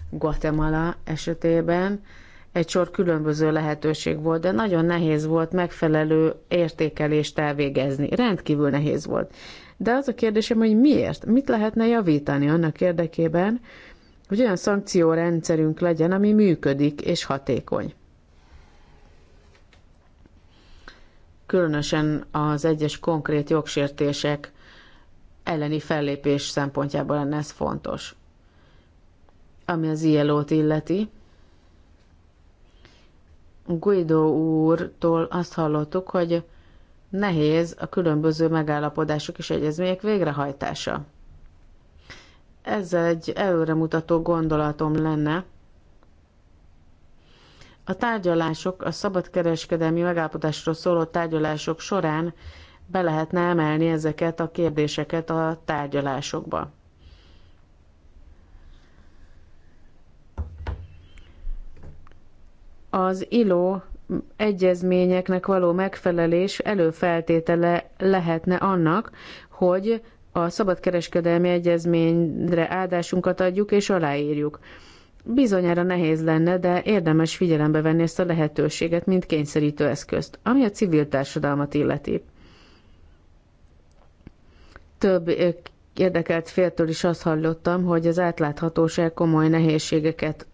Guatemala esetében egy sor különböző lehetőség volt, de nagyon nehéz volt megfelelő értékelést elvégezni. Rendkívül nehéz volt. De az a kérdésem, hogy miért? Mit lehetne javítani annak érdekében, hogy olyan szankciórendszerünk legyen, ami működik és hatékony? Különösen az egyes konkrét jogsértések elleni fellépés szempontjából lenne ez fontos. Ami az ilo illeti, Guido úrtól azt hallottuk, hogy nehéz a különböző megállapodások és egyezmények végrehajtása. Ez egy előremutató gondolatom lenne. A tárgyalások, a szabadkereskedelmi megállapodásról szóló tárgyalások során be lehetne emelni ezeket a kérdéseket a tárgyalásokba. az ILO egyezményeknek való megfelelés előfeltétele lehetne annak, hogy a szabadkereskedelmi egyezményre áldásunkat adjuk és aláírjuk. Bizonyára nehéz lenne, de érdemes figyelembe venni ezt a lehetőséget, mint kényszerítő eszközt, ami a civil társadalmat illeti. Több érdekelt féltől is azt hallottam, hogy az átláthatóság komoly nehézségeket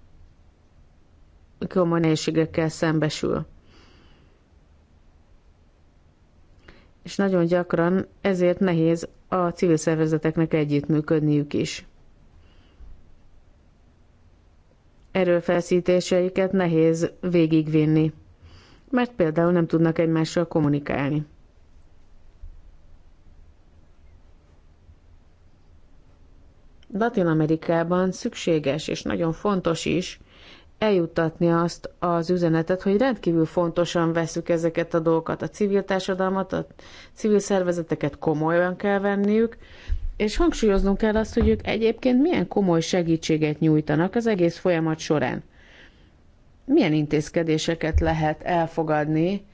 komoly nehézségekkel szembesül. És nagyon gyakran ezért nehéz a civil szervezeteknek együttműködniük is. Erőfeszítéseiket nehéz végigvinni, mert például nem tudnak egymással kommunikálni. Latin Amerikában szükséges és nagyon fontos is, eljuttatni azt az üzenetet, hogy rendkívül fontosan veszük ezeket a dolgokat, a civil társadalmat, a civil szervezeteket komolyan kell venniük, és hangsúlyoznunk kell azt, hogy ők egyébként milyen komoly segítséget nyújtanak az egész folyamat során. Milyen intézkedéseket lehet elfogadni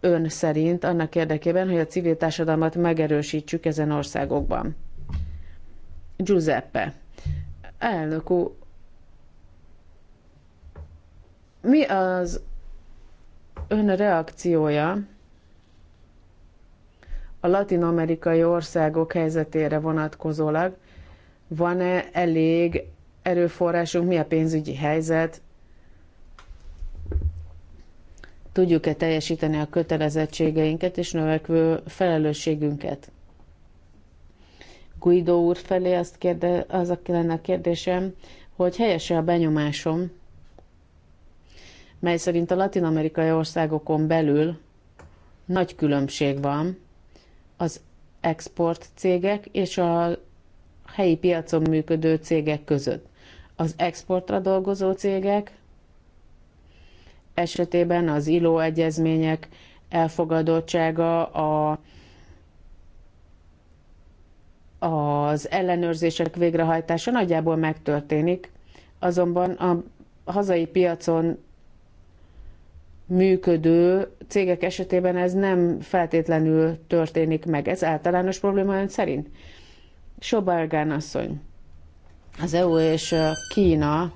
ön szerint annak érdekében, hogy a civil társadalmat megerősítsük ezen országokban? Giuseppe. Elnök úr, mi az ön reakciója a latin-amerikai országok helyzetére vonatkozólag? Van-e elég erőforrásunk, mi a pénzügyi helyzet? Tudjuk-e teljesíteni a kötelezettségeinket és növekvő felelősségünket? Guido úr felé azt kérde, az a lenne a kérdésem, hogy helyese a benyomásom, mely szerint a latin-amerikai országokon belül nagy különbség van az export cégek és a helyi piacon működő cégek között. Az exportra dolgozó cégek esetében az ILO egyezmények elfogadottsága, a, az ellenőrzések végrehajtása nagyjából megtörténik, azonban a hazai piacon működő cégek esetében ez nem feltétlenül történik meg. Ez általános probléma ön szerint? Sobargán asszony, az EU és Kína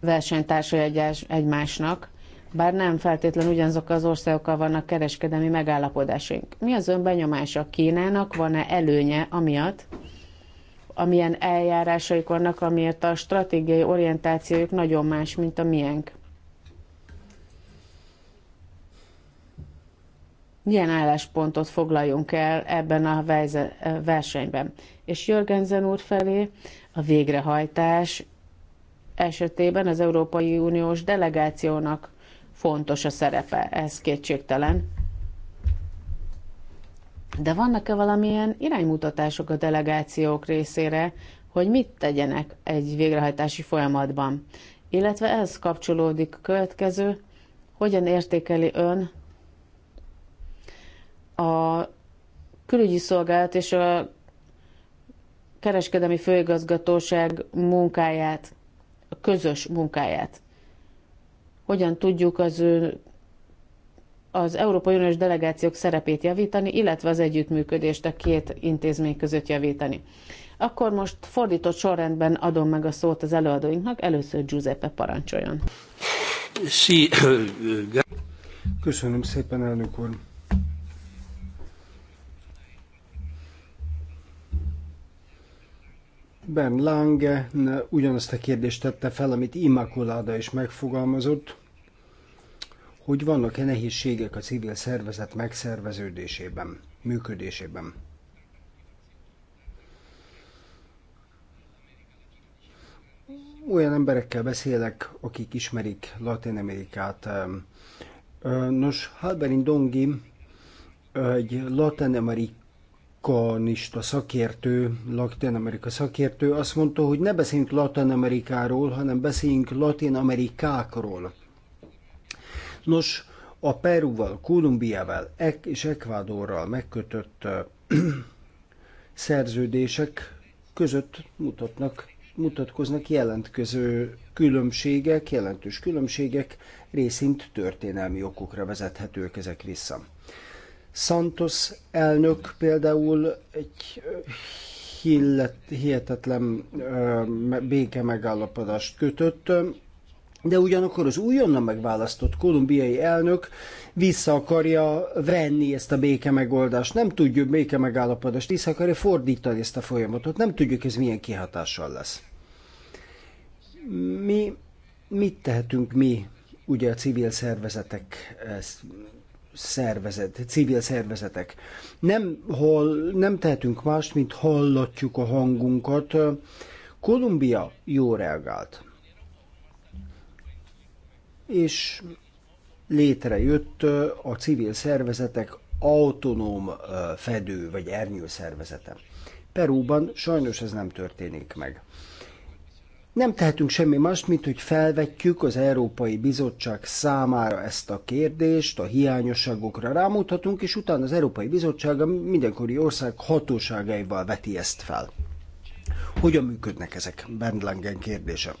versenytársai egymásnak, bár nem feltétlenül ugyanazok az országokkal vannak kereskedelmi megállapodásunk. Mi az ön benyomása Kínának? Van-e előnye amiatt, amilyen eljárásaik vannak, amiért a stratégiai orientációjuk nagyon más, mint a miénk? milyen álláspontot foglaljunk el ebben a eh, versenyben. És Jörgenzen úr felé a végrehajtás esetében az Európai Uniós delegációnak fontos a szerepe, ez kétségtelen. De vannak-e valamilyen iránymutatások a delegációk részére, hogy mit tegyenek egy végrehajtási folyamatban? Illetve ez kapcsolódik a következő, hogyan értékeli ön a külügyi szolgálat és a kereskedelmi főigazgatóság munkáját, a közös munkáját. Hogyan tudjuk az az Európai Uniós delegációk szerepét javítani, illetve az együttműködést a két intézmény között javítani. Akkor most fordított sorrendben adom meg a szót az előadóinknak, először Giuseppe parancsoljon. Köszönöm szépen, elnök úr. Ben Lange ugyanazt a kérdést tette fel, amit Immaculada is megfogalmazott, hogy vannak-e nehézségek a civil szervezet megszerveződésében, működésében. Olyan emberekkel beszélek, akik ismerik Latin Amerikát. Nos, Halberin Dongi egy latin afganista szakértő, Latin Amerika szakértő azt mondta, hogy ne beszéljünk Latin Amerikáról, hanem beszéljünk Latin Amerikákról. Nos, a Peruval, Kolumbiával és Ekvádorral megkötött [CLEARS THROAT] szerződések között mutatnak, mutatkoznak jelentkező különbségek, jelentős különbségek, részint történelmi okokra vezethetők ezek vissza. Santos elnök például egy hihetetlen béke megállapodást kötött, de ugyanakkor az újonnan megválasztott kolumbiai elnök vissza akarja venni ezt a béke megoldást, nem tudjuk béke megállapodást, vissza akarja fordítani ezt a folyamatot, nem tudjuk ez milyen kihatással lesz. Mi mit tehetünk mi, ugye a civil szervezetek szervezet, civil szervezetek. Nem, hol nem tehetünk mást, mint hallatjuk a hangunkat. Kolumbia jó reagált. És létrejött a civil szervezetek autonóm fedő vagy ernyő szervezete. Perúban sajnos ez nem történik meg. Nem tehetünk semmi más, mint hogy felvetjük az Európai Bizottság számára ezt a kérdést, a hiányosságokra rámutatunk, és utána az Európai Bizottság a mindenkori ország hatóságaival veti ezt fel. Hogyan működnek ezek? Bendlangen kérdése.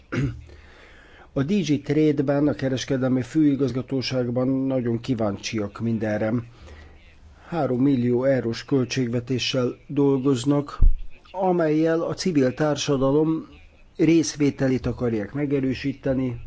A DG Trade-ben, a kereskedelmi főigazgatóságban nagyon kíváncsiak mindenre. 3 millió eurós költségvetéssel dolgoznak, amelyel a civil társadalom részvételét akarják megerősíteni,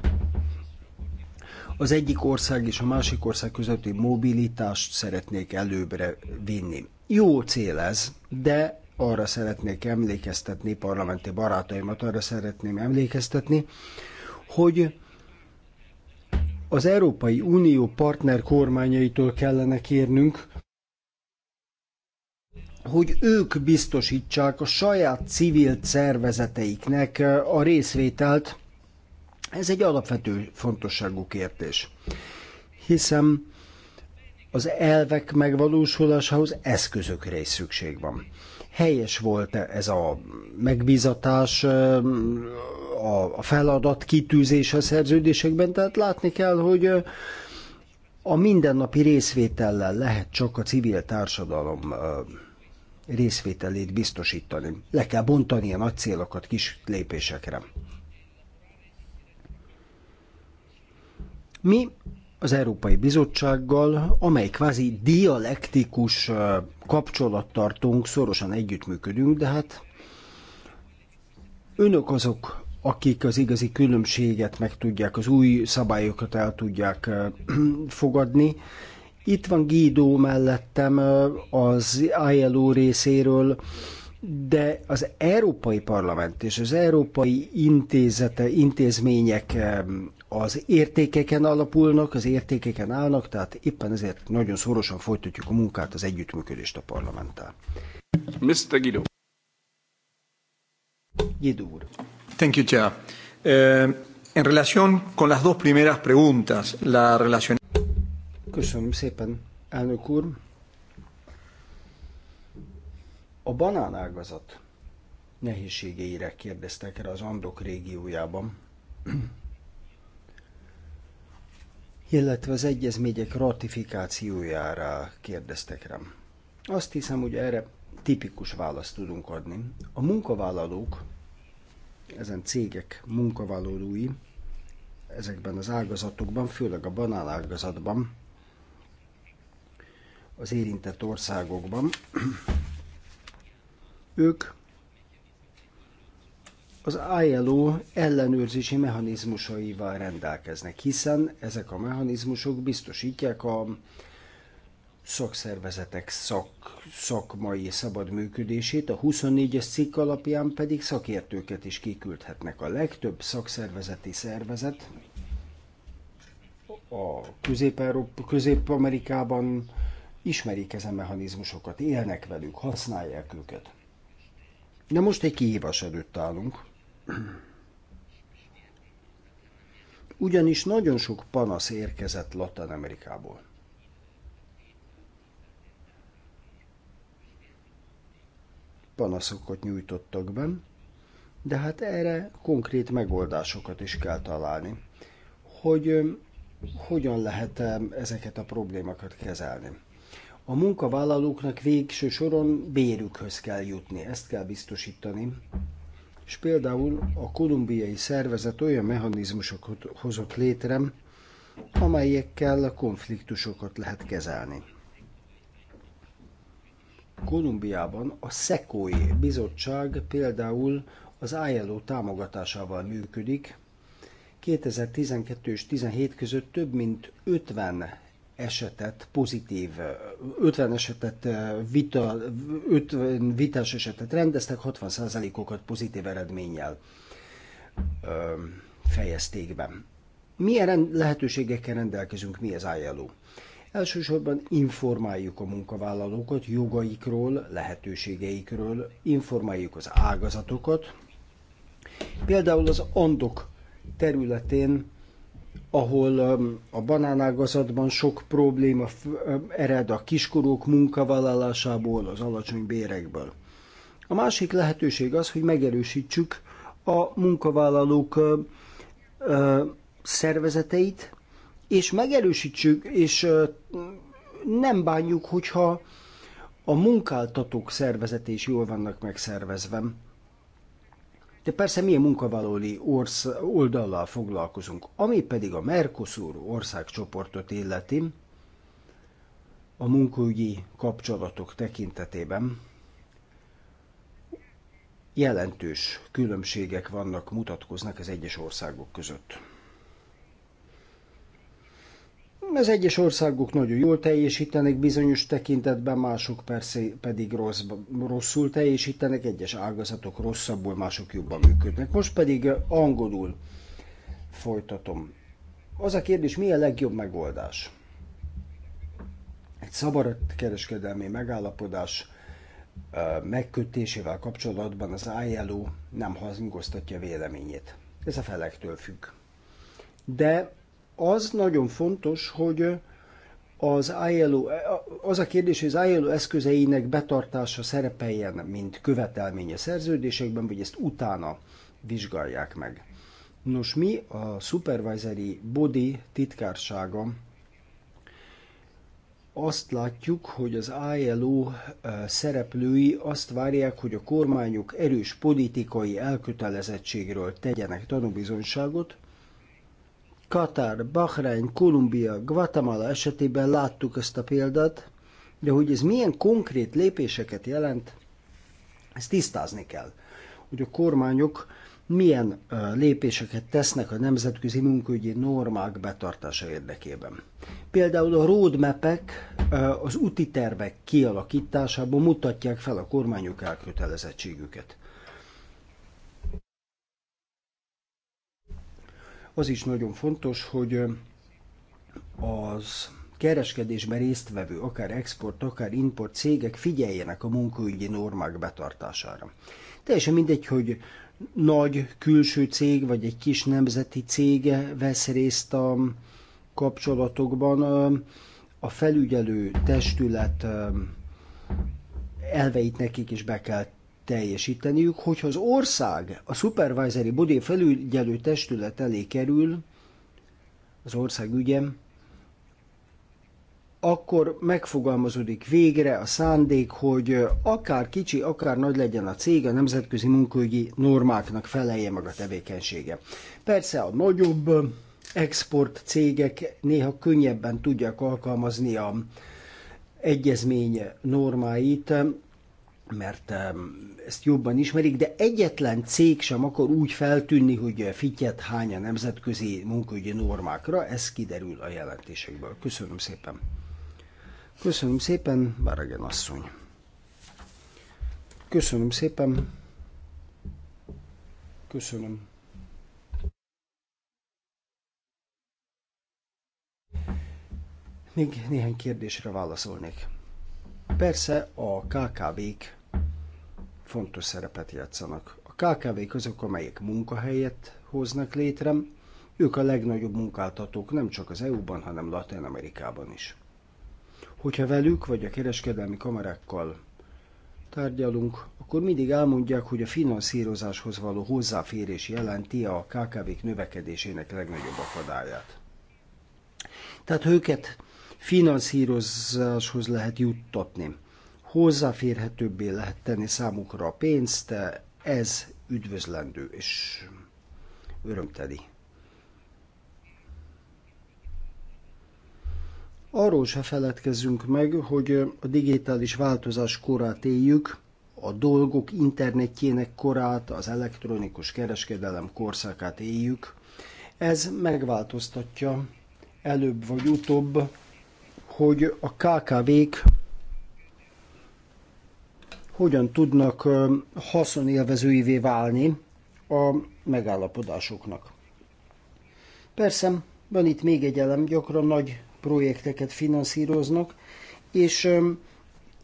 az egyik ország és a másik ország közötti mobilitást szeretnék előbbre vinni. Jó cél ez, de arra szeretnék emlékeztetni, parlamenti barátaimat arra szeretném emlékeztetni, hogy az Európai Unió partner kormányaitól kellene kérnünk, hogy ők biztosítsák a saját civil szervezeteiknek eh, a részvételt. Ez egy alapvető fontosságú kérdés, hiszen az elvek megvalósulásához eszközökre is szükség van. Helyes volt -e ez a megbízatás, eh, a feladat kitűzése a szerződésekben, tehát látni kell, hogy eh, a mindennapi részvétellel lehet csak a civil társadalom részvételét biztosítani. Le kell bontani a nagy célokat kis lépésekre. Mi az Európai Bizottsággal, amely kvázi dialektikus kapcsolattartunk, szorosan együttműködünk, de hát önök azok, akik az igazi különbséget meg tudják, az új szabályokat el tudják [CLEARS THROAT] fogadni, itt van Guido mellettem az ILO részéről, de az Európai Parlament és az Európai Intézete, intézmények az értékeken alapulnak, az értékeken állnak, tehát éppen ezért nagyon szorosan folytatjuk a munkát, az együttműködést a parlamenttel. Mr. Guido. Guido úr. Thank you, Chair. Uh, en relación con las dos primeras preguntas, la relación Köszönöm szépen, elnök úr. A banánágazat nehézségeire kérdeztek erre az Andok régiójában, illetve az egyezmények ratifikációjára kérdeztek rám. Azt hiszem, hogy erre tipikus választ tudunk adni. A munkavállalók, ezen cégek munkavállalói ezekben az ágazatokban, főleg a banánágazatban az érintett országokban. Ők az ILO ellenőrzési mechanizmusaival rendelkeznek, hiszen ezek a mechanizmusok biztosítják a szakszervezetek szak, szakmai szabad működését, a 24-es cikk alapján pedig szakértőket is kiküldhetnek. A legtöbb szakszervezeti szervezet a Közép-Amerikában, közép ismerik ezen mechanizmusokat, élnek velük, használják őket. De most egy kihívás előtt állunk. Ugyanis nagyon sok panasz érkezett Latin Amerikából. Panaszokat nyújtottak be, de hát erre konkrét megoldásokat is kell találni, hogy hogyan lehet ezeket a problémákat kezelni. A munkavállalóknak végső soron bérükhöz kell jutni, ezt kell biztosítani. És például a kolumbiai szervezet olyan mechanizmusokat hozott létre, amelyekkel a konfliktusokat lehet kezelni. Kolumbiában a Szekói Bizottság például az ILO támogatásával működik. 2012 és 2017 között több mint 50 esetet pozitív, 50 esetet vita, 50 vitás esetet rendeztek, 60%-okat pozitív eredménnyel fejezték be. Milyen lehetőségekkel rendelkezünk mi az ILO? Elsősorban informáljuk a munkavállalókat jogaikról, lehetőségeikről, informáljuk az ágazatokat. Például az Andok területén ahol um, a banánágazatban sok probléma um, ered a kiskorúk munkavállalásából, az alacsony bérekből. A másik lehetőség az, hogy megerősítsük a munkavállalók um, szervezeteit, és megerősítsük, és uh, nem bánjuk, hogyha a munkáltatók szervezete is jól vannak megszervezve. De persze mi a munkavállalói orsz oldallal foglalkozunk, ami pedig a Mercosur országcsoportot illeti, a munkaügyi kapcsolatok tekintetében jelentős különbségek vannak, mutatkoznak az egyes országok között. Az egyes országok nagyon jól teljesítenek bizonyos tekintetben, mások persze pedig rossz, rosszul teljesítenek, egyes ágazatok rosszabbul, mások jobban működnek. Most pedig eh, angolul folytatom. Az a kérdés, mi a legjobb megoldás? Egy szabad kereskedelmi megállapodás eh, megkötésével kapcsolatban az ILO nem hangoztatja véleményét. Ez a felektől függ. De az nagyon fontos, hogy az ILO, az a kérdés, hogy az ILO eszközeinek betartása szerepeljen, mint követelménye szerződésekben, vagy ezt utána vizsgálják meg. Nos, mi a Supervisory Body titkársága azt látjuk, hogy az ILO szereplői azt várják, hogy a kormányok erős politikai elkötelezettségről tegyenek tanúbizonyságot, Katar, Bahrein, Kolumbia, Guatemala esetében láttuk ezt a példát, de hogy ez milyen konkrét lépéseket jelent, ezt tisztázni kell, hogy a kormányok milyen lépéseket tesznek a nemzetközi munkaügyi normák betartása érdekében. Például a roadmapek az úti tervek kialakításában mutatják fel a kormányok elkötelezettségüket. Az is nagyon fontos, hogy az kereskedésben résztvevő, akár export, akár import cégek figyeljenek a munkaügyi normák betartására. Teljesen mindegy, hogy nagy külső cég vagy egy kis nemzeti cég vesz részt a kapcsolatokban, a felügyelő testület elveit nekik is be kell teljesíteniük, hogyha az ország a Supervisory Body felügyelő testület elé kerül, az ország ügyem, akkor megfogalmazódik végre a szándék, hogy akár kicsi, akár nagy legyen a cég, a nemzetközi munkaügyi normáknak felelje meg a tevékenysége. Persze a nagyobb export cégek néha könnyebben tudják alkalmazni a egyezmény normáit, mert ezt jobban ismerik, de egyetlen cég sem akar úgy feltűnni, hogy fityet hány a nemzetközi munkaügyi normákra, ez kiderül a jelentésekből. Köszönöm szépen. Köszönöm szépen, Báragen asszony. Köszönöm szépen. Köszönöm. Még néhány kérdésre válaszolnék. Persze a KKV-k fontos szerepet játszanak. A KKV-k azok, amelyek munkahelyet hoznak létre, ők a legnagyobb munkáltatók nem csak az EU-ban, hanem Latin Amerikában is. Hogyha velük vagy a kereskedelmi kamerákkal tárgyalunk, akkor mindig elmondják, hogy a finanszírozáshoz való hozzáférés jelenti a KKV-k növekedésének legnagyobb akadályát. Tehát őket finanszírozáshoz lehet juttatni hozzáférhetőbbé lehet tenni számukra a pénzt, ez üdvözlendő és örömteli. Arról se feledkezzünk meg, hogy a digitális változás korát éljük, a dolgok internetjének korát, az elektronikus kereskedelem korszakát éljük. Ez megváltoztatja előbb vagy utóbb, hogy a KKV-k hogyan tudnak haszonélvezőivé válni a megállapodásoknak. Persze, van itt még egy elem, gyakran nagy projekteket finanszíroznak, és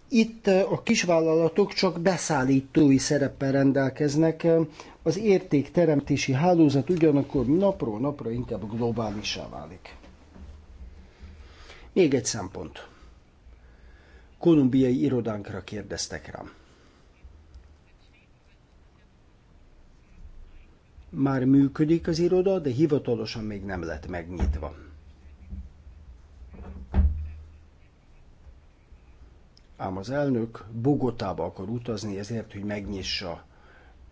itt a kisvállalatok csak beszállítói szereppel rendelkeznek, az értékteremtési hálózat ugyanakkor napról napra inkább globálisá válik. Még egy szempont. Kolumbiai irodánkra kérdeztek rám. már működik az iroda, de hivatalosan még nem lett megnyitva. Ám az elnök Bogotába akar utazni, ezért, hogy megnyissa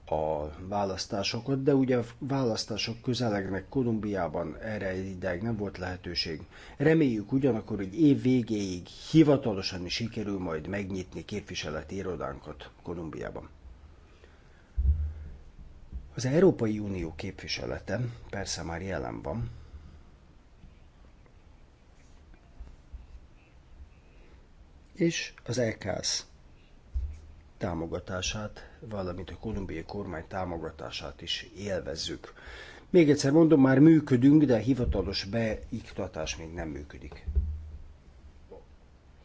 a választásokat, de ugye a választások közelegnek Kolumbiában erre ideig nem volt lehetőség. Reméljük ugyanakkor, hogy év végéig hivatalosan is sikerül majd megnyitni képviseleti irodánkat Kolumbiában. Az Európai Unió képviselete persze már jelen van, és az EKS támogatását, valamint a kolumbiai kormány támogatását is élvezzük. Még egyszer mondom, már működünk, de a hivatalos beiktatás még nem működik.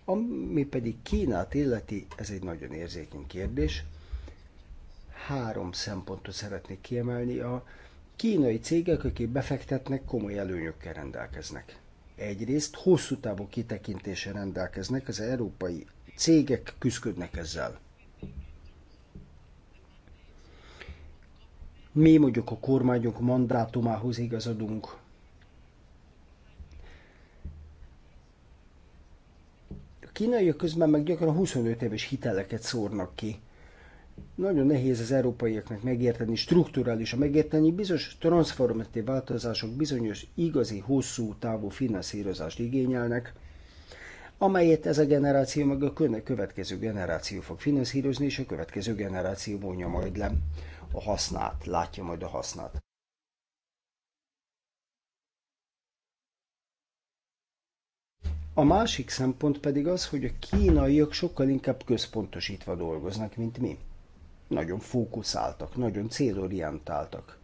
Ami pedig Kínát illeti, ez egy nagyon érzékeny kérdés három szempontot szeretnék kiemelni. A kínai cégek, akik befektetnek, komoly előnyökkel rendelkeznek. Egyrészt hosszú távú kitekintése rendelkeznek, az európai cégek küzdködnek ezzel. Mi mondjuk a kormányok mandátumához igazodunk, kínaiak közben meg gyakran 25 éves hiteleket szórnak ki nagyon nehéz az európaiaknak megérteni, strukturálisan megérteni, bizonyos transformatív változások bizonyos igazi, hosszú távú finanszírozást igényelnek, amelyet ez a generáció meg a következő generáció fog finanszírozni, és a következő generáció vonja majd le a hasznát, látja majd a hasznát. A másik szempont pedig az, hogy a kínaiak sokkal inkább központosítva dolgoznak, mint mi nagyon fókuszáltak, nagyon célorientáltak.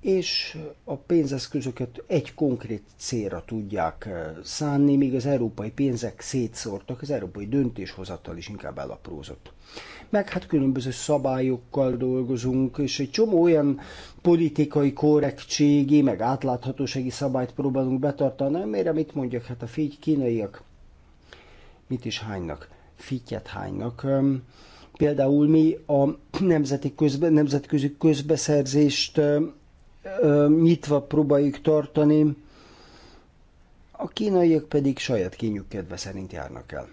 és a pénzeszközöket egy konkrét célra tudják eh, szánni, míg az európai pénzek szétszórtak, az európai döntéshozattal is inkább elaprózott. Meg hát különböző szabályokkal dolgozunk, és egy csomó olyan politikai korrektségi, meg átláthatósági szabályt próbálunk betartani, mert mit mondjak, hát a fény kínaiak mit is hánynak fityet hánynak. Például mi a nemzeti közbe, nemzetközi közbeszerzést nyitva próbáljuk tartani, a kínaiak pedig saját kényük kedve szerint járnak el.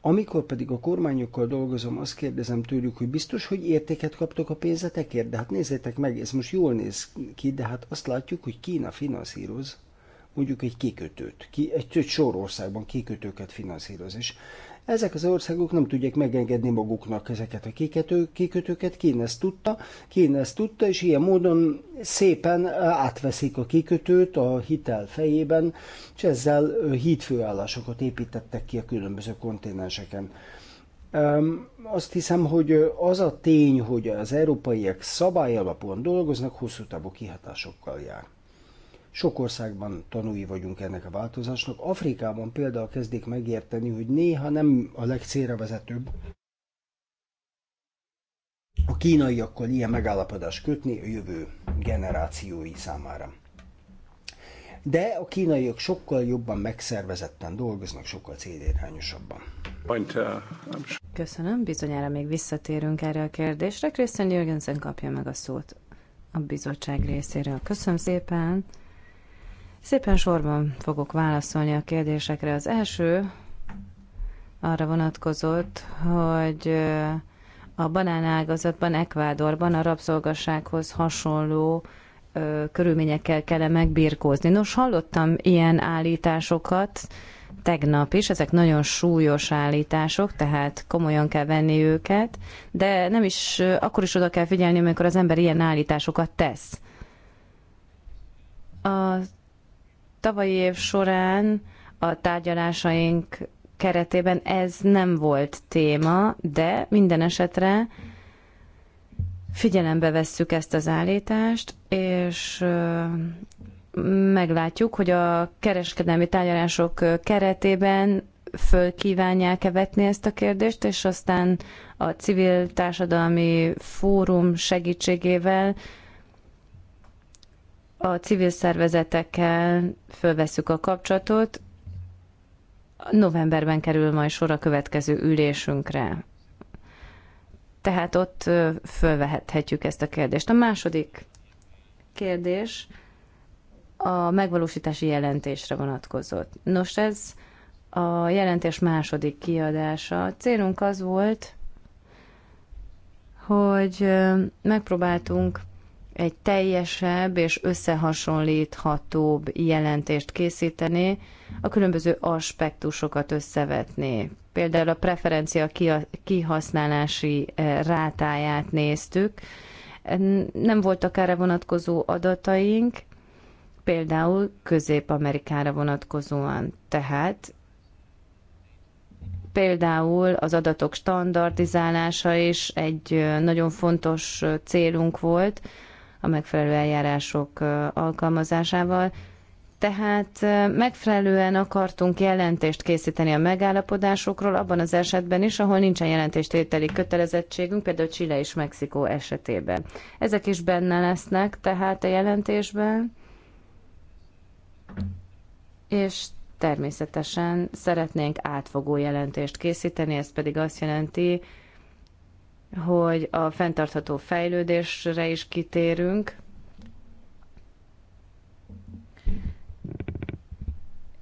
Amikor pedig a kormányokkal dolgozom, azt kérdezem tőlük, hogy biztos, hogy értéket kaptok a pénzetekért? De hát nézzétek meg, ez most jól néz ki, de hát azt látjuk, hogy Kína finanszíroz mondjuk egy kikötőt, ki, egy, egy sor országban kikötőket finanszíroz, és ezek az országok nem tudják megengedni maguknak ezeket a kikötő, kikötőket, ki ezt tudta, ki ezt tudta, és ilyen módon szépen átveszik a kikötőt a hitel fejében, és ezzel hídfőállásokat építettek ki a különböző kontinenseken. Azt hiszem, hogy az a tény, hogy az európaiak szabály alapon dolgoznak, hosszú távú kihatásokkal jár. Sok országban tanúi vagyunk ennek a változásnak. Afrikában például kezdik megérteni, hogy néha nem a legcélra vezetőbb a kínaiakkal ilyen megállapodást kötni a jövő generációi számára. De a kínaiak sokkal jobban megszervezetten dolgoznak, sokkal célirányosabban. Uh, Köszönöm, bizonyára még visszatérünk erre a kérdésre. Christian Jürgensen kapja meg a szót a bizottság részéről. Köszönöm szépen! Szépen sorban fogok válaszolni a kérdésekre. Az első arra vonatkozott, hogy a banánágazatban, Ekvádorban a rabszolgassághoz hasonló ö, körülményekkel kell -e Nos, hallottam ilyen állításokat tegnap is, ezek nagyon súlyos állítások, tehát komolyan kell venni őket, de nem is, akkor is oda kell figyelni, amikor az ember ilyen állításokat tesz. A tavalyi év során a tárgyalásaink keretében ez nem volt téma, de minden esetre figyelembe vesszük ezt az állítást, és meglátjuk, hogy a kereskedelmi tárgyalások keretében föl kívánják-e vetni ezt a kérdést, és aztán a civil társadalmi fórum segítségével a civil szervezetekkel fölveszük a kapcsolatot. Novemberben kerül majd sor a következő ülésünkre. Tehát ott fölvehethetjük ezt a kérdést. A második kérdés a megvalósítási jelentésre vonatkozott. Nos, ez a jelentés második kiadása. A célunk az volt, hogy megpróbáltunk egy teljesebb és összehasonlíthatóbb jelentést készíteni, a különböző aspektusokat összevetni. Például a preferencia kihasználási eh, rátáját néztük, nem voltak erre vonatkozó adataink, például Közép-Amerikára vonatkozóan. Tehát például az adatok standardizálása is egy eh, nagyon fontos eh, célunk volt, a megfelelő eljárások alkalmazásával. Tehát megfelelően akartunk jelentést készíteni a megállapodásokról, abban az esetben is, ahol nincsen jelentéstételi kötelezettségünk, például Chile és Mexikó esetében. Ezek is benne lesznek tehát a jelentésben, és természetesen szeretnénk átfogó jelentést készíteni, ez pedig azt jelenti, hogy a fenntartható fejlődésre is kitérünk,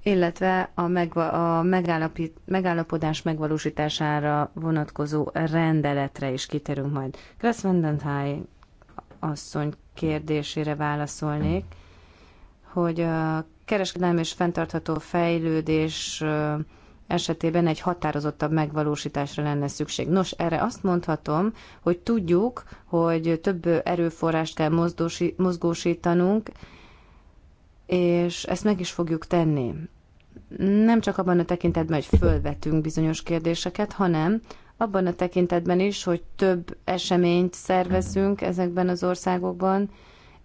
illetve a, megva, a megállapít, megállapodás megvalósítására vonatkozó rendeletre is kiterünk majd. Grass Vandenthal asszony kérdésére válaszolnék, hogy a kereskedelmi és fenntartható fejlődés esetében egy határozottabb megvalósításra lenne szükség. Nos, erre azt mondhatom, hogy tudjuk, hogy több erőforrást kell mozgósi, mozgósítanunk, és ezt meg is fogjuk tenni. Nem csak abban a tekintetben, hogy fölvetünk bizonyos kérdéseket, hanem abban a tekintetben is, hogy több eseményt szervezünk ezekben az országokban,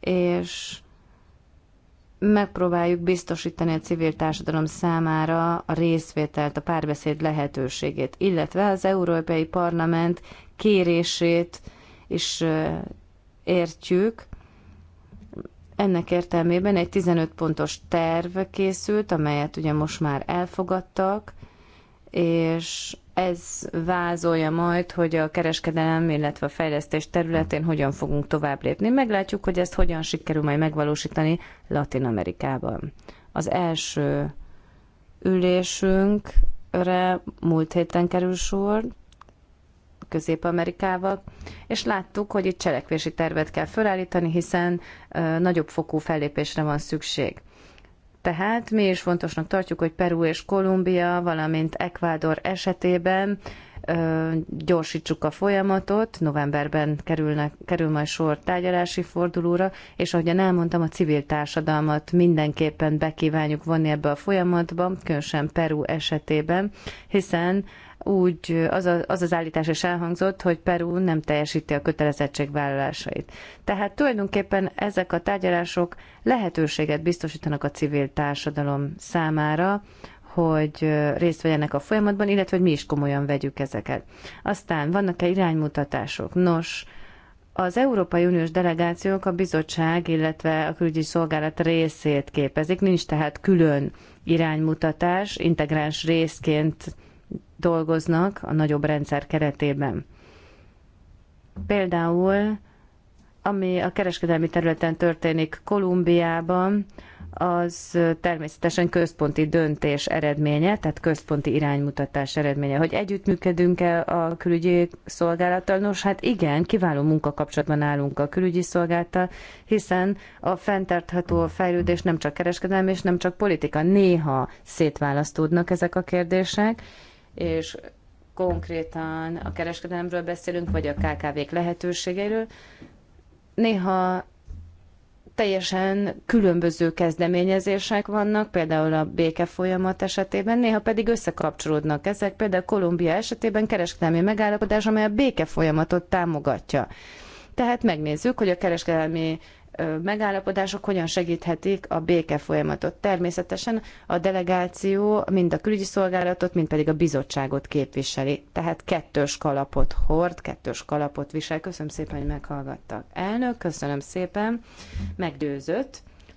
és megpróbáljuk biztosítani a civil társadalom számára a részvételt, a párbeszéd lehetőségét, illetve az Európai Parlament kérését is értjük. Ennek értelmében egy 15 pontos terv készült, amelyet ugye most már elfogadtak, és ez vázolja majd, hogy a kereskedelem, illetve a fejlesztés területén hogyan fogunk tovább lépni. Meglátjuk, hogy ezt hogyan sikerül majd megvalósítani Latin Amerikában. Az első ülésünkre múlt héten kerül sor, Közép-Amerikával, és láttuk, hogy itt cselekvési tervet kell felállítani, hiszen ö, nagyobb fokú fellépésre van szükség. Tehát mi is fontosnak tartjuk, hogy Peru és Kolumbia, valamint Ecuador esetében ö, gyorsítsuk a folyamatot, novemberben kerülnek, kerül majd sor tárgyalási fordulóra, és ahogyan elmondtam, a civil társadalmat mindenképpen bekívánjuk vonni ebbe a folyamatba, különösen Peru esetében, hiszen úgy az, a, az az állítás is elhangzott, hogy Peru nem teljesíti a kötelezettségvállalásait. Tehát tulajdonképpen ezek a tárgyalások lehetőséget biztosítanak a civil társadalom számára, hogy részt vegyenek a folyamatban, illetve hogy mi is komolyan vegyük ezeket. Aztán vannak-e iránymutatások? Nos, az Európai Uniós delegációk a bizottság, illetve a külügyi szolgálat részét képezik, nincs tehát külön iránymutatás, integráns részként dolgoznak a nagyobb rendszer keretében. Például, ami a kereskedelmi területen történik Kolumbiában, az természetesen központi döntés eredménye, tehát központi iránymutatás eredménye. Hogy együttműködünk-e a külügyi szolgálattal? Nos, hát igen, kiváló munkakapcsolatban állunk a külügyi szolgálattal, hiszen a fenntartható fejlődés nem csak kereskedelmi és nem csak politika. Néha szétválasztódnak ezek a kérdések, és konkrétan a kereskedelemről beszélünk, vagy a KKV-k lehetőségeiről, néha teljesen különböző kezdeményezések vannak, például a béke folyamat esetében, néha pedig összekapcsolódnak ezek, például Kolumbia esetében kereskedelmi megállapodás, amely a béke folyamatot támogatja. Tehát megnézzük, hogy a kereskedelmi megállapodások hogyan segíthetik a béke folyamatot. Természetesen a delegáció mind a külügyi szolgálatot, mind pedig a bizottságot képviseli. Tehát kettős kalapot hord, kettős kalapot visel. Köszönöm szépen, hogy meghallgattak. Elnök, köszönöm szépen. Meggyőzött.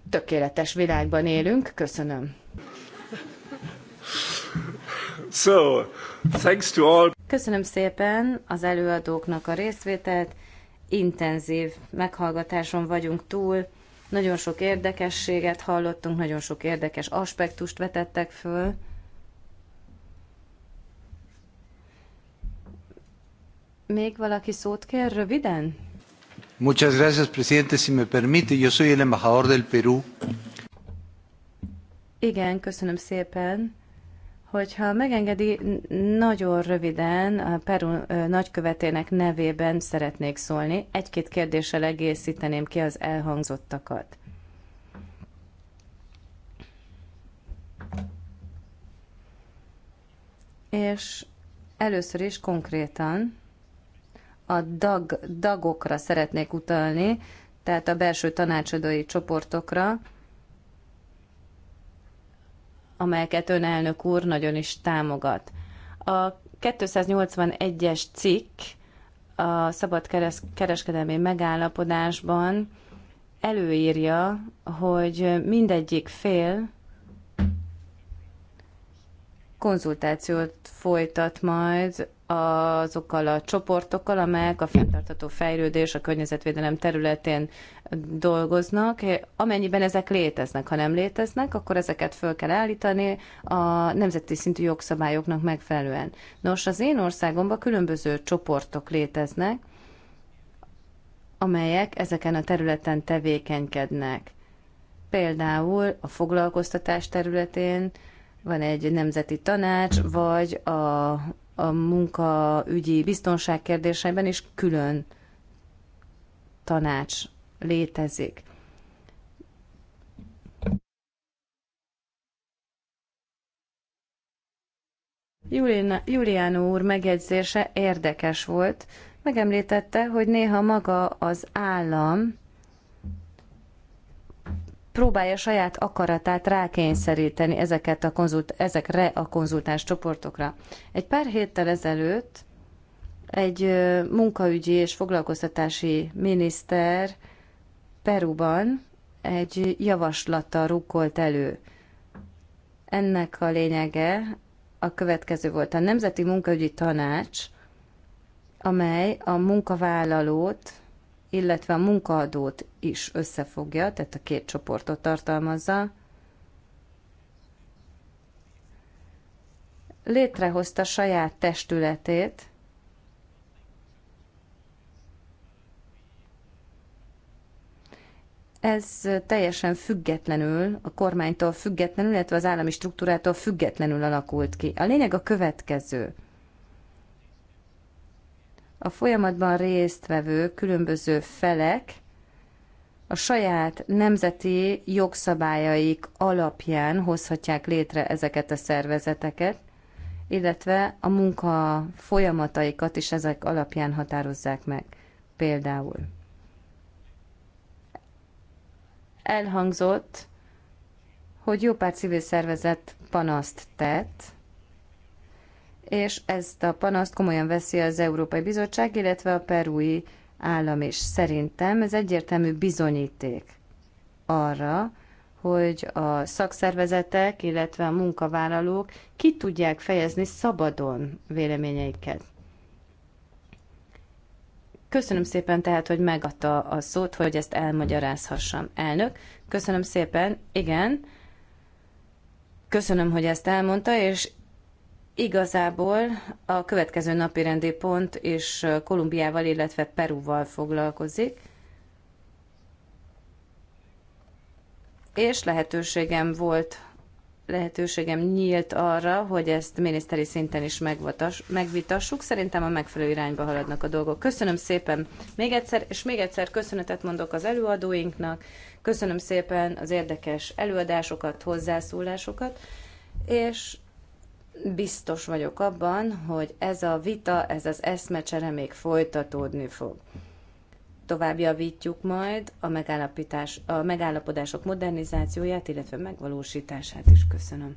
Tökéletes világban élünk. Köszönöm. So, thanks to all. Köszönöm szépen az előadóknak a részvételt intenzív meghallgatáson vagyunk túl. Nagyon sok érdekességet hallottunk, nagyon sok érdekes aspektust vetettek föl. Még valaki szót kér röviden? Muchas gracias, presidente. Si me permite, yo soy el embajador del Perú. Igen, köszönöm szépen. Hogyha megengedi, nagyon röviden a Peru nagykövetének nevében szeretnék szólni. Egy-két kérdéssel egészíteném ki az elhangzottakat. És először is konkrétan a dag, dagokra szeretnék utalni, tehát a belső tanácsadói csoportokra, amelyeket ön elnök úr nagyon is támogat. A 281-es cikk a szabad kereskedelmi megállapodásban előírja, hogy mindegyik fél konzultációt folytat majd azokkal a csoportokkal, amelyek a fenntartható fejlődés a környezetvédelem területén dolgoznak, eh, amennyiben ezek léteznek. Ha nem léteznek, akkor ezeket föl kell állítani a nemzeti szintű jogszabályoknak megfelelően. Nos, az én országomban különböző csoportok léteznek, amelyek ezeken a területen tevékenykednek. Például a foglalkoztatás területén van egy nemzeti tanács, vagy a, a munkaügyi biztonság kérdéseiben is külön tanács létezik. Julián úr megjegyzése érdekes volt. Megemlítette, hogy néha maga az állam próbálja saját akaratát rákényszeríteni ezeket a konzult, ezekre a konzultáns csoportokra. Egy pár héttel ezelőtt egy munkaügyi és foglalkoztatási miniszter Peruban egy javaslattal rukkolt elő. Ennek a lényege a következő volt. A Nemzeti Munkaügyi Tanács, amely a munkavállalót, illetve a munkaadót is összefogja, tehát a két csoportot tartalmazza, létrehozta saját testületét, Ez teljesen függetlenül, a kormánytól függetlenül, illetve az állami struktúrától függetlenül alakult ki. A lényeg a következő. A folyamatban résztvevő különböző felek a saját nemzeti jogszabályaik alapján hozhatják létre ezeket a szervezeteket, illetve a munka folyamataikat is ezek alapján határozzák meg. Például elhangzott, hogy jó pár civil szervezet panaszt tett, és ezt a panaszt komolyan veszi az Európai Bizottság, illetve a perui állam is. Szerintem ez egyértelmű bizonyíték arra, hogy a szakszervezetek, illetve a munkavállalók ki tudják fejezni szabadon véleményeiket. Köszönöm szépen tehát, hogy megadta a szót, hogy ezt elmagyarázhassam. Elnök, köszönöm szépen, igen. Köszönöm, hogy ezt elmondta, és igazából a következő napi rendi pont is Kolumbiával, illetve Perúval foglalkozik. És lehetőségem volt lehetőségem nyílt arra, hogy ezt miniszteri szinten is megvitassuk. Szerintem a megfelelő irányba haladnak a dolgok. Köszönöm szépen még egyszer, és még egyszer köszönetet mondok az előadóinknak, köszönöm szépen az érdekes előadásokat, hozzászólásokat, és biztos vagyok abban, hogy ez a vita, ez az eszmecsere még folytatódni fog tovább javítjuk majd a, megállapítás, a megállapodások modernizációját, illetve megvalósítását is. Köszönöm.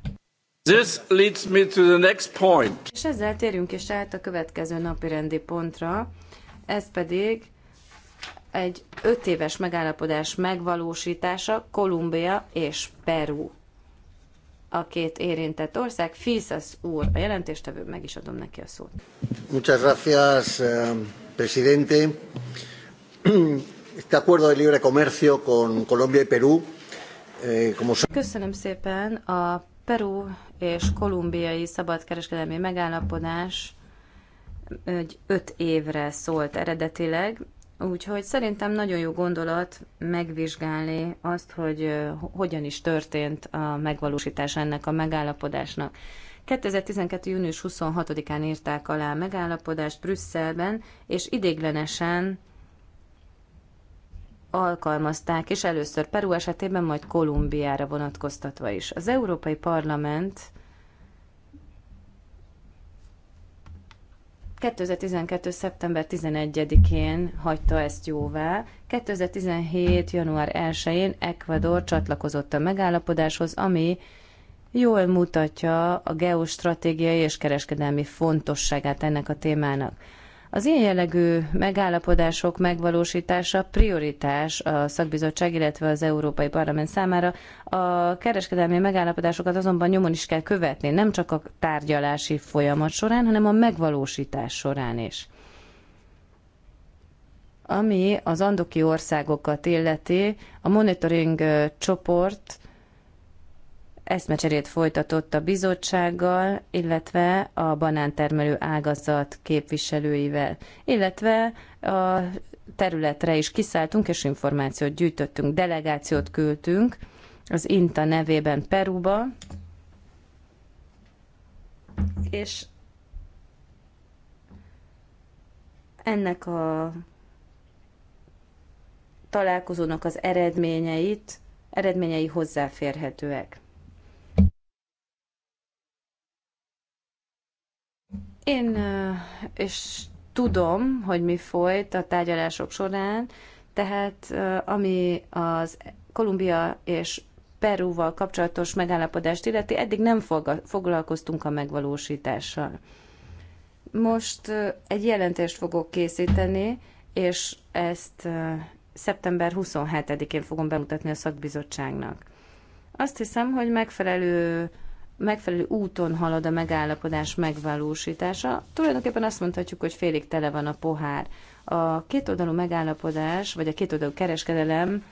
This leads me to the next point. És ezzel térjünk is át a következő napi rendi pontra, ez pedig egy öt éves megállapodás megvalósítása Kolumbia és Peru. A két érintett ország, Fisas úr, a jelentéstevő, meg is adom neki a szót. Muchas gracias, eh, presidente. [CLEARS THROAT] este acuerdo de libre comercio con Colombia y Perú, eh, Köszönöm szépen a Peru és kolumbiai szabadkereskedelmi megállapodás egy öt évre szólt eredetileg, úgyhogy szerintem nagyon jó gondolat megvizsgálni azt, hogy hogyan is történt a megvalósítás ennek a megállapodásnak. 2012. június 26-án írták alá a megállapodást Brüsszelben, és idéglenesen alkalmazták, és először Peru esetében, majd Kolumbiára vonatkoztatva is. Az Európai Parlament 2012. szeptember 11-én hagyta ezt jóvá. 2017. január 1-én Ecuador csatlakozott a megállapodáshoz, ami jól mutatja a geostratégiai és kereskedelmi fontosságát ennek a témának. Az ilyen jellegű megállapodások megvalósítása prioritás a szakbizottság, illetve az Európai Parlament számára. A kereskedelmi megállapodásokat azonban nyomon is kell követni, nem csak a tárgyalási folyamat során, hanem a megvalósítás során is. Ami az andoki országokat illeti, a monitoring csoport eszmecserét folytatott a bizottsággal, illetve a banántermelő ágazat képviselőivel, illetve a területre is kiszálltunk, és információt gyűjtöttünk, delegációt küldtünk az INTA nevében Peruba, és ennek a találkozónak az eredményeit, eredményei hozzáférhetőek. Én és tudom, hogy mi folyt a tárgyalások során, tehát ami az Kolumbia és Perúval kapcsolatos megállapodást illeti, eddig nem foglalkoztunk a megvalósítással. Most egy jelentést fogok készíteni, és ezt szeptember 27-én fogom bemutatni a szakbizottságnak. Azt hiszem, hogy megfelelő megfelelő úton halad a megállapodás megvalósítása. Tulajdonképpen azt mondhatjuk, hogy félig tele van a pohár. A kétoldalú megállapodás, vagy a kétoldalú kereskedelem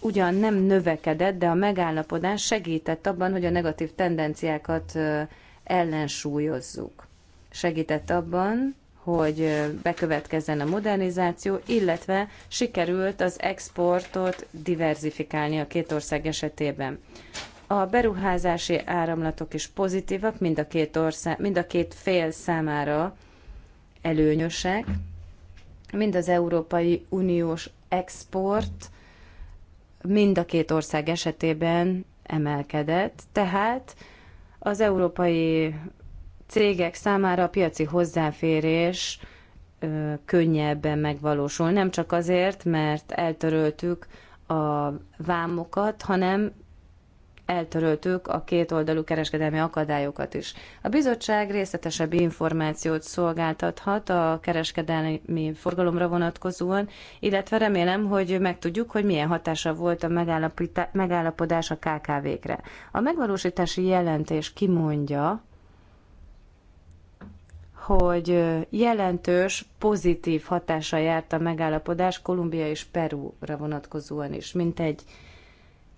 ugyan nem növekedett, de a megállapodás segített abban, hogy a negatív tendenciákat ellensúlyozzuk. Segített abban, hogy bekövetkezzen a modernizáció, illetve sikerült az exportot diverzifikálni a két ország esetében. A beruházási áramlatok is pozitívak, mind a két, ország, mind a két fél számára előnyösek, mind az Európai Uniós export, mind a két ország esetében emelkedett, tehát az európai cégek számára a piaci hozzáférés ö, könnyebben megvalósul. Nem csak azért, mert eltöröltük a vámokat, hanem eltöröltük a kétoldalú kereskedelmi akadályokat is. A bizottság részletesebb információt szolgáltathat a kereskedelmi forgalomra vonatkozóan, illetve remélem, hogy megtudjuk, hogy milyen hatása volt a megállapodás a KKV-kre. A megvalósítási jelentés kimondja, hogy jelentős, pozitív hatása járt a megállapodás Kolumbia és Perúra vonatkozóan is. Mint egy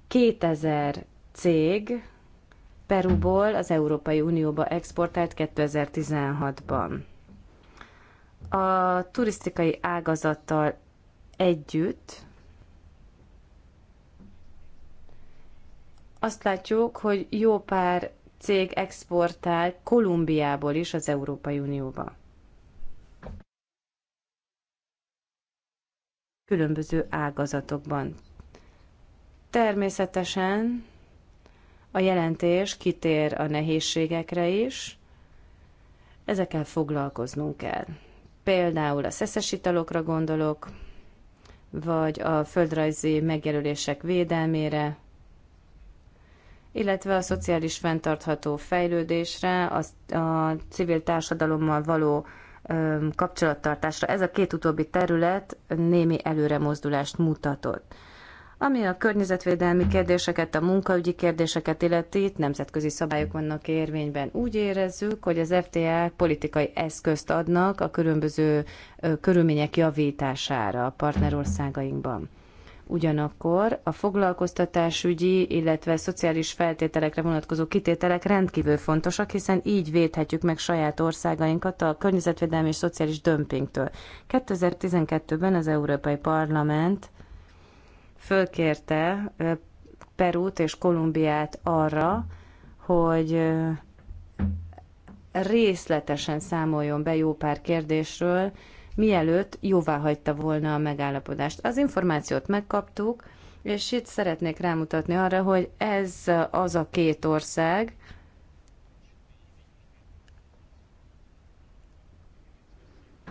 2000 cég Peruból az Európai Unióba exportált 2016-ban. A turisztikai ágazattal együtt azt látjuk, hogy jó pár cég exportál Kolumbiából is az Európai Unióba. Különböző ágazatokban. Természetesen a jelentés kitér a nehézségekre is, ezekkel foglalkoznunk kell. Például a szeszes italokra gondolok, vagy a földrajzi megjelölések védelmére, illetve a szociális fenntartható fejlődésre, a, a civil társadalommal való ö, kapcsolattartásra. Ez a két utóbbi terület némi előremozdulást mutatott. Ami a környezetvédelmi kérdéseket, a munkaügyi kérdéseket illeti, itt nemzetközi szabályok vannak érvényben. Úgy érezzük, hogy az FTA politikai eszközt adnak a különböző körülmények javítására a partnerországainkban. Ugyanakkor a foglalkoztatásügyi, illetve szociális feltételekre vonatkozó kitételek rendkívül fontosak, hiszen így védhetjük meg saját országainkat a környezetvédelmi és szociális dömpingtől. 2012-ben az Európai Parlament fölkérte Perút és Kolumbiát arra, hogy részletesen számoljon be jó pár kérdésről, mielőtt jóvá hagyta volna a megállapodást. Az információt megkaptuk, és itt szeretnék rámutatni arra, hogy ez az a két ország,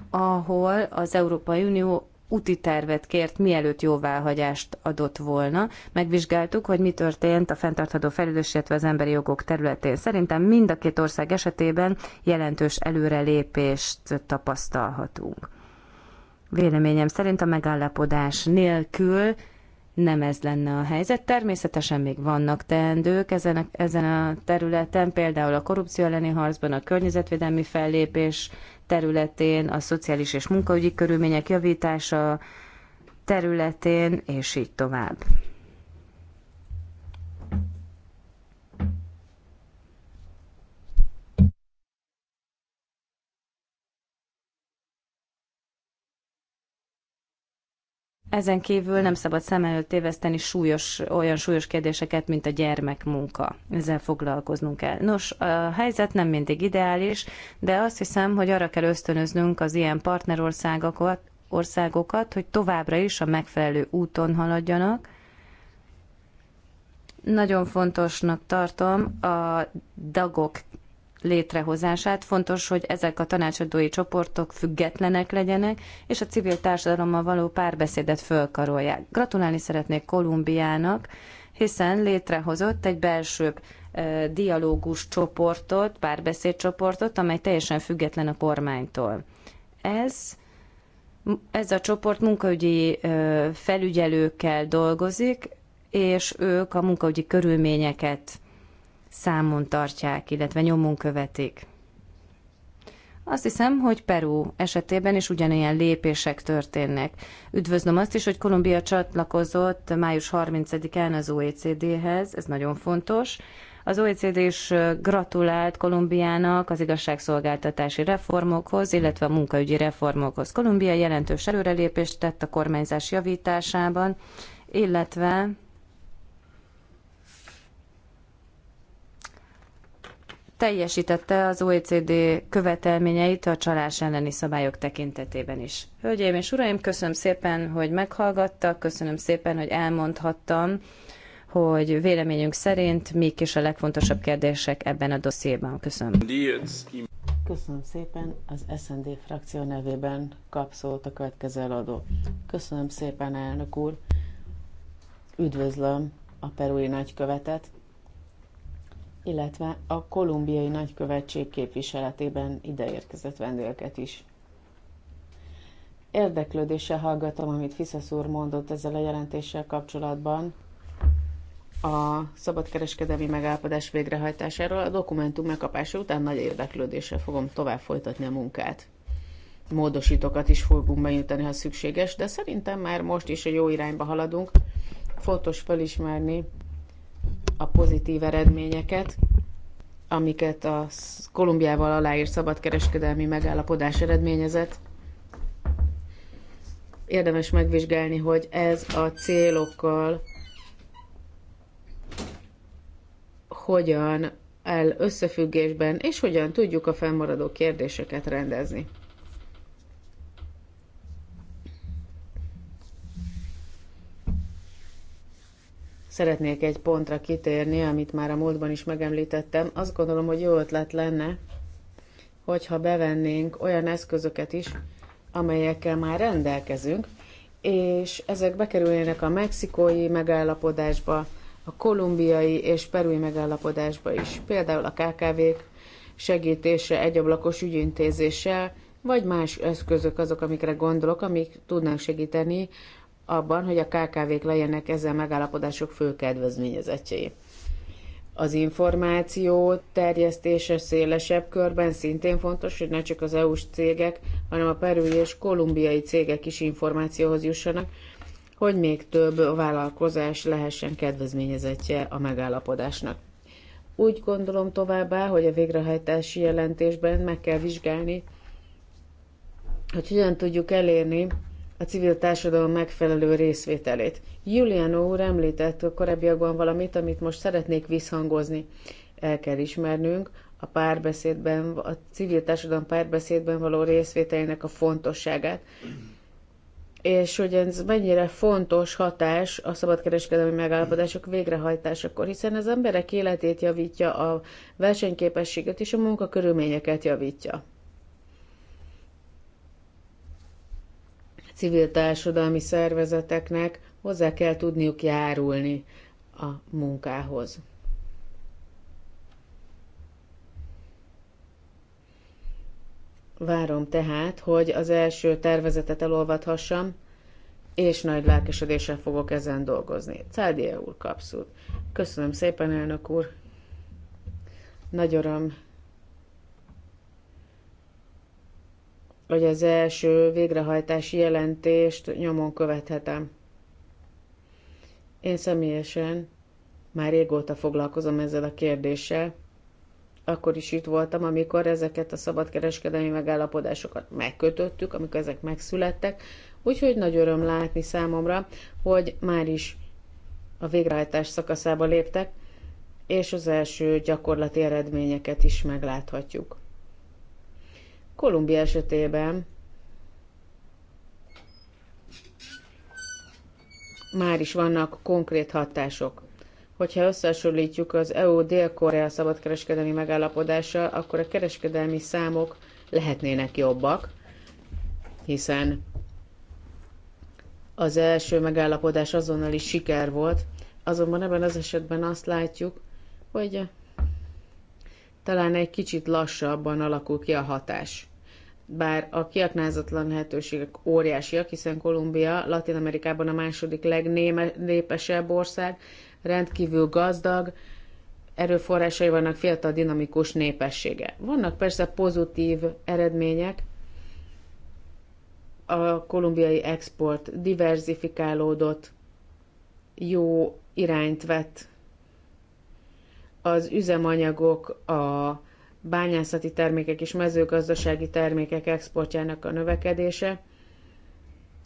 ahol az Európai Unió úti tervet kért, mielőtt jóváhagyást adott volna. Megvizsgáltuk, hogy mi történt a fenntartható felelősség, illetve az emberi jogok területén. Szerintem mind a két ország esetében jelentős előrelépést tapasztalhatunk. Véleményem szerint a megállapodás nélkül nem ez lenne a helyzet. Természetesen még vannak teendők ezen a, ezen a területen, például a korrupció elleni harcban, a környezetvédelmi fellépés területén, a szociális és munkaügyi körülmények javítása területén, és így tovább. Ezen kívül nem szabad szem előtt téveszteni súlyos, olyan súlyos kérdéseket, mint a gyermekmunka. Ezzel foglalkoznunk kell. Nos, a helyzet nem mindig ideális, de azt hiszem, hogy arra kell ösztönöznünk az ilyen partnerországokat, országokat, hogy továbbra is a megfelelő úton haladjanak. Nagyon fontosnak tartom a dagok létrehozását. Fontos, hogy ezek a tanácsadói csoportok függetlenek legyenek, és a civil társadalommal való párbeszédet fölkarolják. Gratulálni szeretnék Kolumbiának, hiszen létrehozott egy belső dialógus csoportot, párbeszédcsoportot, amely teljesen független a kormánytól. Ez ez a csoport munkaügyi felügyelőkkel dolgozik, és ők a munkaügyi körülményeket számon tartják, illetve nyomon követik. Azt hiszem, hogy Peru esetében is ugyanilyen lépések történnek. Üdvözlöm azt is, hogy Kolumbia csatlakozott május 30-án az OECD-hez, ez nagyon fontos. Az OECD is gratulált Kolumbiának az igazságszolgáltatási reformokhoz, illetve a munkaügyi reformokhoz. Kolumbia jelentős előrelépést tett a kormányzás javításában, illetve teljesítette az OECD követelményeit a csalás elleni szabályok tekintetében is. Hölgyeim és uraim, köszönöm szépen, hogy meghallgattak, köszönöm szépen, hogy elmondhattam, hogy véleményünk szerint mik is a legfontosabb kérdések ebben a dossziéban. Köszönöm. Köszönöm szépen. Az SND frakció nevében kap szót a következő eladó. Köszönöm szépen, elnök úr. Üdvözlöm a perui nagykövetet illetve a kolumbiai nagykövetség képviseletében ideérkezett vendégeket is. Érdeklődéssel hallgatom, amit Fiszesz úr mondott ezzel a jelentéssel kapcsolatban, a szabadkereskedelmi megállapodás végrehajtásáról. A dokumentum megkapása után nagy érdeklődéssel fogom tovább folytatni a munkát. Módosítókat is fogunk benyújtani, ha szükséges, de szerintem már most is a jó irányba haladunk. Fontos felismerni, a pozitív eredményeket, amiket a Kolumbiával aláírt szabadkereskedelmi megállapodás eredményezett. Érdemes megvizsgálni, hogy ez a célokkal hogyan áll összefüggésben, és hogyan tudjuk a fennmaradó kérdéseket rendezni. Szeretnék egy pontra kitérni, amit már a múltban is megemlítettem. Azt gondolom, hogy jó ötlet lenne, hogyha bevennénk olyan eszközöket is, amelyekkel már rendelkezünk, és ezek bekerülnének a mexikói megállapodásba, a kolumbiai és perui megállapodásba is, például a KKV-k segítése egyablakos ügyintézéssel, vagy más eszközök azok, amikre gondolok, amik tudnánk segíteni abban, hogy a KKV-k legyenek ezen megállapodások fő kedvezményezettjei. Az információ terjesztése szélesebb körben szintén fontos, hogy ne csak az EU-s cégek, hanem a perui és kolumbiai cégek is információhoz jussanak, hogy még több vállalkozás lehessen kedvezményezettje a megállapodásnak. Úgy gondolom továbbá, hogy a végrehajtási jelentésben meg kell vizsgálni, hogy hogyan tudjuk elérni a civil társadalom megfelelő részvételét. Julian úr említett a korábbiakban valamit, amit most szeretnék visszhangozni. El kell ismernünk a párbeszédben, a civil társadalom párbeszédben való részvételének a fontosságát és hogy ez mennyire fontos hatás a szabadkereskedelmi megállapodások végrehajtásakor, hiszen az emberek életét javítja, a versenyképességet és a munkakörülményeket javítja. civil társadalmi szervezeteknek hozzá kell tudniuk járulni a munkához. Várom tehát, hogy az első tervezetet elolvathassam, és nagy lelkesedéssel fogok ezen dolgozni. Cádia úr kapszult. Köszönöm szépen, elnök úr. Nagy öröm hogy az első végrehajtási jelentést nyomon követhetem. Én személyesen már régóta foglalkozom ezzel a kérdéssel. Akkor is itt voltam, amikor ezeket a szabadkereskedelmi megállapodásokat megkötöttük, amikor ezek megszülettek. Úgyhogy nagy öröm látni számomra, hogy már is a végrehajtás szakaszába léptek, és az első gyakorlati eredményeket is megláthatjuk. Kolumbia esetében már is vannak konkrét hatások. Hogyha összehasonlítjuk az EU Dél-Korea szabadkereskedelmi megállapodással, akkor a kereskedelmi számok lehetnének jobbak, hiszen az első megállapodás azonnali siker volt, azonban ebben az esetben azt látjuk, hogy talán egy kicsit lassabban alakul ki a hatás bár a kiaknázatlan lehetőségek óriásiak, hiszen Kolumbia Latin Amerikában a második legnépesebb ország, rendkívül gazdag, erőforrásai vannak fiatal dinamikus népessége. Vannak persze pozitív eredmények, a kolumbiai export diverzifikálódott, jó irányt vett, az üzemanyagok, a bányászati termékek és mezőgazdasági termékek exportjának a növekedése,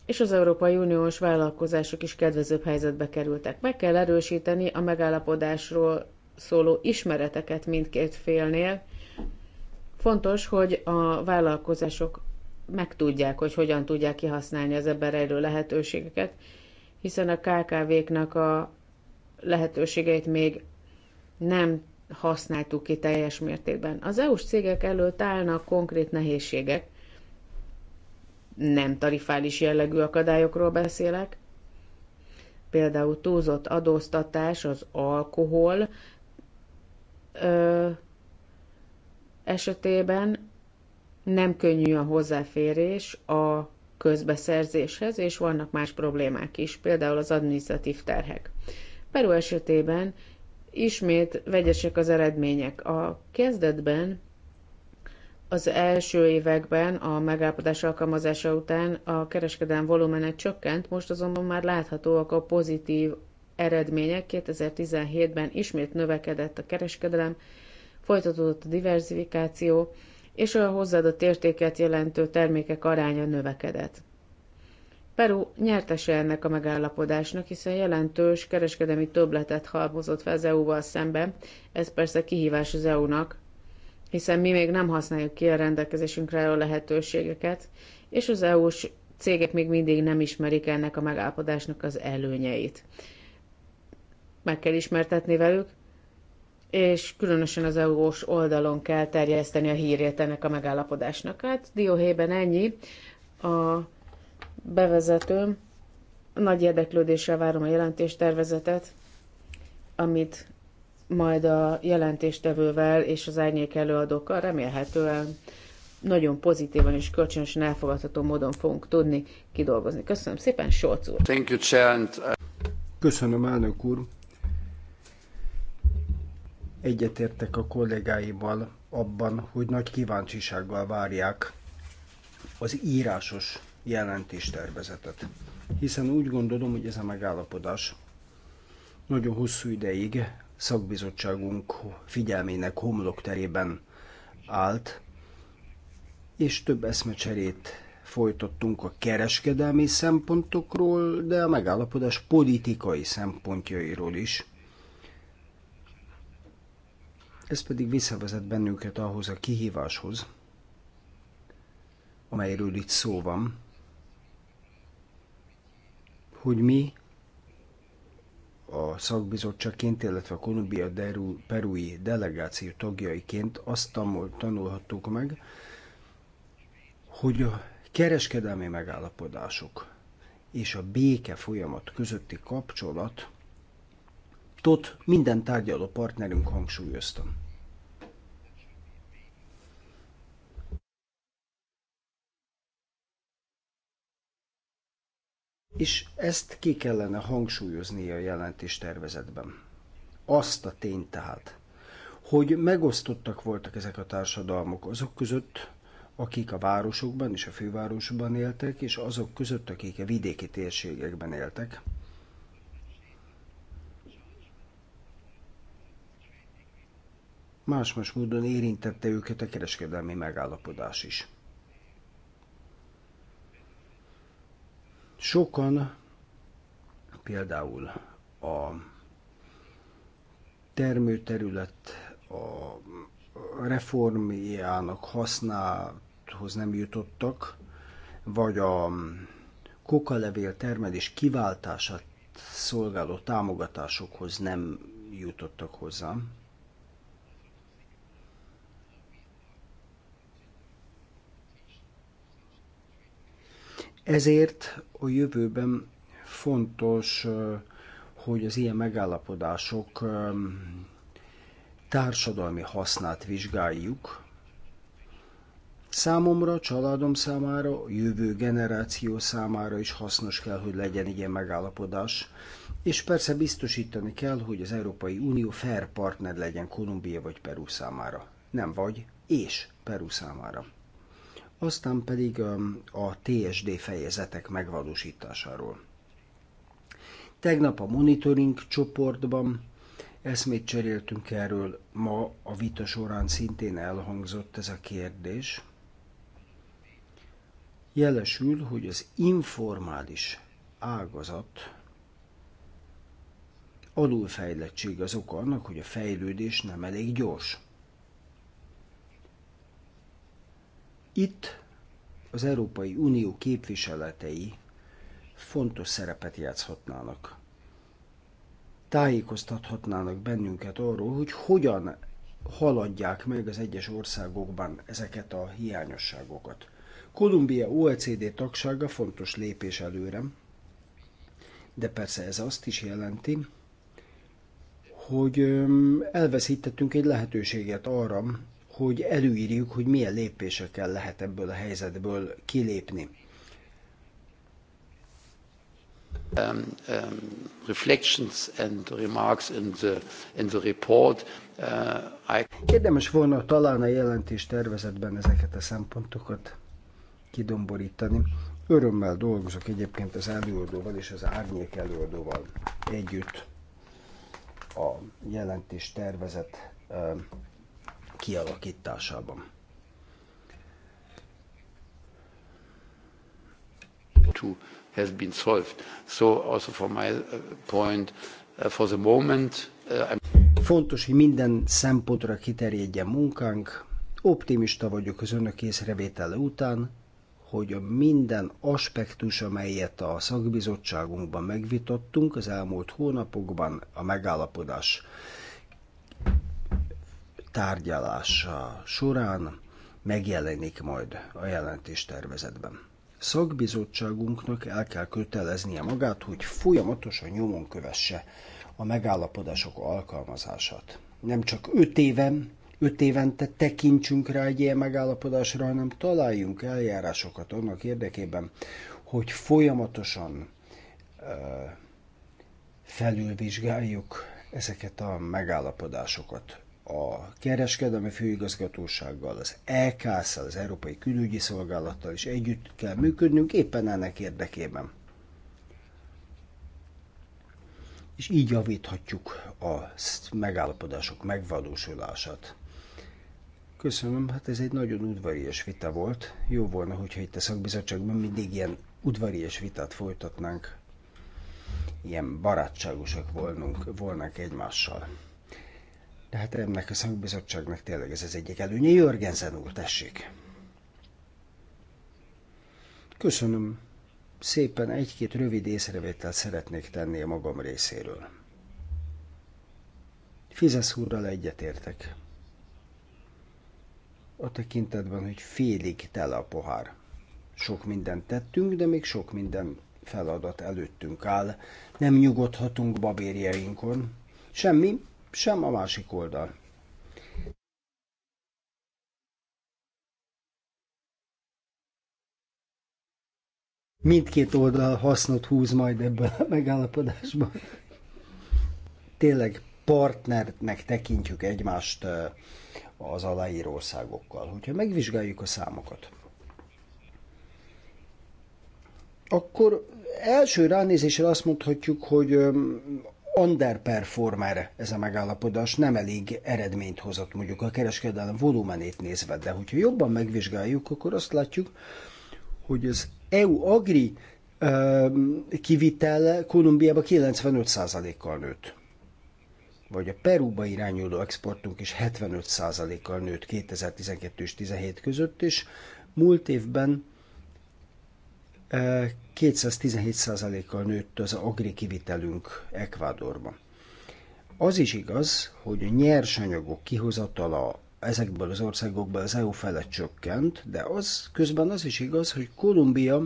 és az Európai Uniós vállalkozások is kedvezőbb helyzetbe kerültek. Meg kell erősíteni a megállapodásról szóló ismereteket mindkét félnél. Fontos, hogy a vállalkozások megtudják, hogy hogyan tudják kihasználni az ebben rejlő lehetőségeket, hiszen a KKV-knak a lehetőségeit még nem használtuk ki teljes mértékben. Az EU-s cégek előtt állnak konkrét nehézségek, nem tarifális jellegű akadályokról beszélek, például túlzott adóztatás, az alkohol ö, esetében nem könnyű a hozzáférés a közbeszerzéshez, és vannak más problémák is, például az administratív terhek. Peru esetében ismét vegyesek az eredmények. A kezdetben, az első években a megállapodás alkalmazása után a kereskedelm volumene csökkent, most azonban már láthatóak a pozitív eredmények. 2017-ben ismét növekedett a kereskedelem, folytatódott a diversifikáció, és a hozzáadott értéket jelentő termékek aránya növekedett. Peru nyertese ennek a megállapodásnak, hiszen jelentős kereskedelmi töbletet halmozott fel az EU-val szemben. Ez persze kihívás az EU-nak, hiszen mi még nem használjuk ki a rendelkezésünkre álló lehetőségeket, és az EU-s cégek még mindig nem ismerik ennek a megállapodásnak az előnyeit. Meg kell ismertetni velük, és különösen az EU-s oldalon kell terjeszteni a hírét ennek a megállapodásnak. Hát dióhéjben ennyi. A bevezetőm. Nagy érdeklődéssel várom a jelentéstervezetet, amit majd a jelentéstevővel és az árnyék előadókkal remélhetően nagyon pozitívan és kölcsönösen elfogadható módon fogunk tudni kidolgozni. Köszönöm szépen, Solc úr! Thank you, uh, Köszönöm, elnök úr! Egyetértek a kollégáival abban, hogy nagy kíváncsisággal várják az írásos jelentéstervezetet. Hiszen úgy gondolom, hogy ez a megállapodás nagyon hosszú ideig szakbizottságunk figyelmének homlokterében állt, és több eszmecserét folytattunk a kereskedelmi szempontokról, de a megállapodás politikai szempontjairól is. Ez pedig visszavezet bennünket ahhoz a kihíváshoz, amelyről itt szó van, hogy mi a szakbizottságként, illetve a Kolumbia Deru, perui delegáció tagjaiként azt tanulhattuk meg, hogy a kereskedelmi megállapodások és a béke folyamat közötti kapcsolat tot minden tárgyaló partnerünk hangsúlyoztam. és ezt ki kellene hangsúlyozni a jelentés tervezetben. Azt a tényt tehát, hogy megosztottak voltak ezek a társadalmak azok között, akik a városokban és a fővárosban éltek, és azok között, akik a vidéki térségekben éltek. Más-más módon érintette őket a kereskedelmi megállapodás is. Sokan például a termőterület a reformjának használathoz nem jutottak, vagy a kokalevél termelés kiváltását szolgáló támogatásokhoz nem jutottak hozzá. Ezért a jövőben fontos, hogy az ilyen megállapodások társadalmi hasznát vizsgáljuk. Számomra, családom számára, a jövő generáció számára is hasznos kell, hogy legyen ilyen megállapodás. És persze biztosítani kell, hogy az Európai Unió fair partner legyen Kolumbia vagy Peru számára. Nem vagy, és Peru számára aztán pedig a TSD fejezetek megvalósításáról. Tegnap a monitoring csoportban eszmét cseréltünk erről, ma a vita során szintén elhangzott ez a kérdés. Jelesül, hogy az informális ágazat alulfejlettség az oka annak, hogy a fejlődés nem elég gyors. Itt az Európai Unió képviseletei fontos szerepet játszhatnának. Tájékoztathatnának bennünket arról, hogy hogyan haladják meg az egyes országokban ezeket a hiányosságokat. Kolumbia OECD tagsága fontos lépés előre, de persze ez azt is jelenti, hogy elveszítettünk egy lehetőséget arra, hogy előírjuk, hogy milyen lépésekkel lehet ebből a helyzetből kilépni. Um, um, reflections and remarks in the, in the report. Uh, I... Érdemes volna talán a jelentés tervezetben ezeket a szempontokat kidomborítani. Örömmel dolgozok egyébként az előadóval és az árnyék előadóval együtt a jelentés tervezet uh, kialakításában. has been solved. So also from my uh, point, uh, for the moment, uh, I'm... Fontos, hogy minden szempontra kiterjedjen munkánk. Optimista vagyok az önök észrevétele után, hogy a minden aspektus, amelyet a szakbizottságunkban megvitattunk az elmúlt hónapokban, a megállapodás tárgyalása során megjelenik majd a jelentés tervezetben. Szakbizottságunknak el kell köteleznie magát, hogy folyamatosan nyomon kövesse a megállapodások alkalmazását. Nem csak öt éven, öt évente tekintsünk rá egy ilyen megállapodásra, hanem találjunk eljárásokat annak érdekében, hogy folyamatosan ö, felülvizsgáljuk ezeket a megállapodásokat a kereskedelmi főigazgatósággal, az EKSZ-szal, az Európai Külügyi Szolgálattal is együtt kell működnünk éppen ennek érdekében. És így javíthatjuk a megállapodások megvalósulását. Köszönöm, hát ez egy nagyon udvarias vita volt. Jó volna, hogyha itt a szakbizottságban mindig ilyen udvarias vitát folytatnánk, ilyen barátságosak volnunk, volnánk egymással. De hát ennek a szakbizottságnak tényleg ez az egyik előnye. Jörgenzen úr, tessék! Köszönöm szépen, egy-két rövid észrevételt szeretnék tenni a magam részéről. Fizesz úrral egyetértek. A tekintetben, hogy félig tele a pohár. Sok mindent tettünk, de még sok minden feladat előttünk áll. Nem nyugodhatunk babérjeinkon. Semmi, sem a másik oldal. Mindkét oldal hasznot húz majd ebben a megállapodásban. Tényleg partnernek tekintjük egymást az aláíró országokkal. Hogyha megvizsgáljuk a számokat, akkor első ránézésre azt mondhatjuk, hogy underperformer ez a megállapodás, nem elég eredményt hozott mondjuk a kereskedelem volumenét nézve, de hogyha jobban megvizsgáljuk, akkor azt látjuk, hogy az EU agri kivitel Kolumbiába 95%-kal nőtt. Vagy a Perúba irányuló exportunk is 75%-kal nőtt 2012 és 17 között, és múlt évben 217%-kal nőtt az agri kivitelünk Ekvádorban. Az is igaz, hogy a nyersanyagok kihozatala ezekből az országokból az EU felett csökkent, de az közben az is igaz, hogy Kolumbia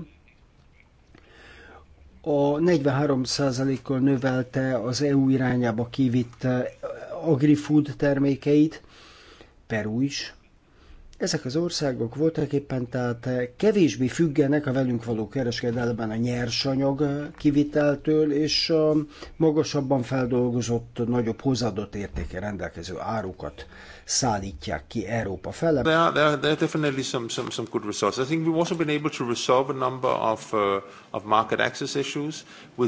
a 43%-kal növelte az EU irányába kivitt eh, agrifood termékeit, Peru is, ezek az országok voltak éppen tehát kevésbé függenek a velünk való kereskedelemben a nyersanyag kiviteltől, és a magasabban feldolgozott, nagyobb hozadott értéke rendelkező árukat szállítják ki Európa fele. There are, there are, there are definitely some, some, some good results. I think we've also been able to resolve a number of, uh, of market access issues. We...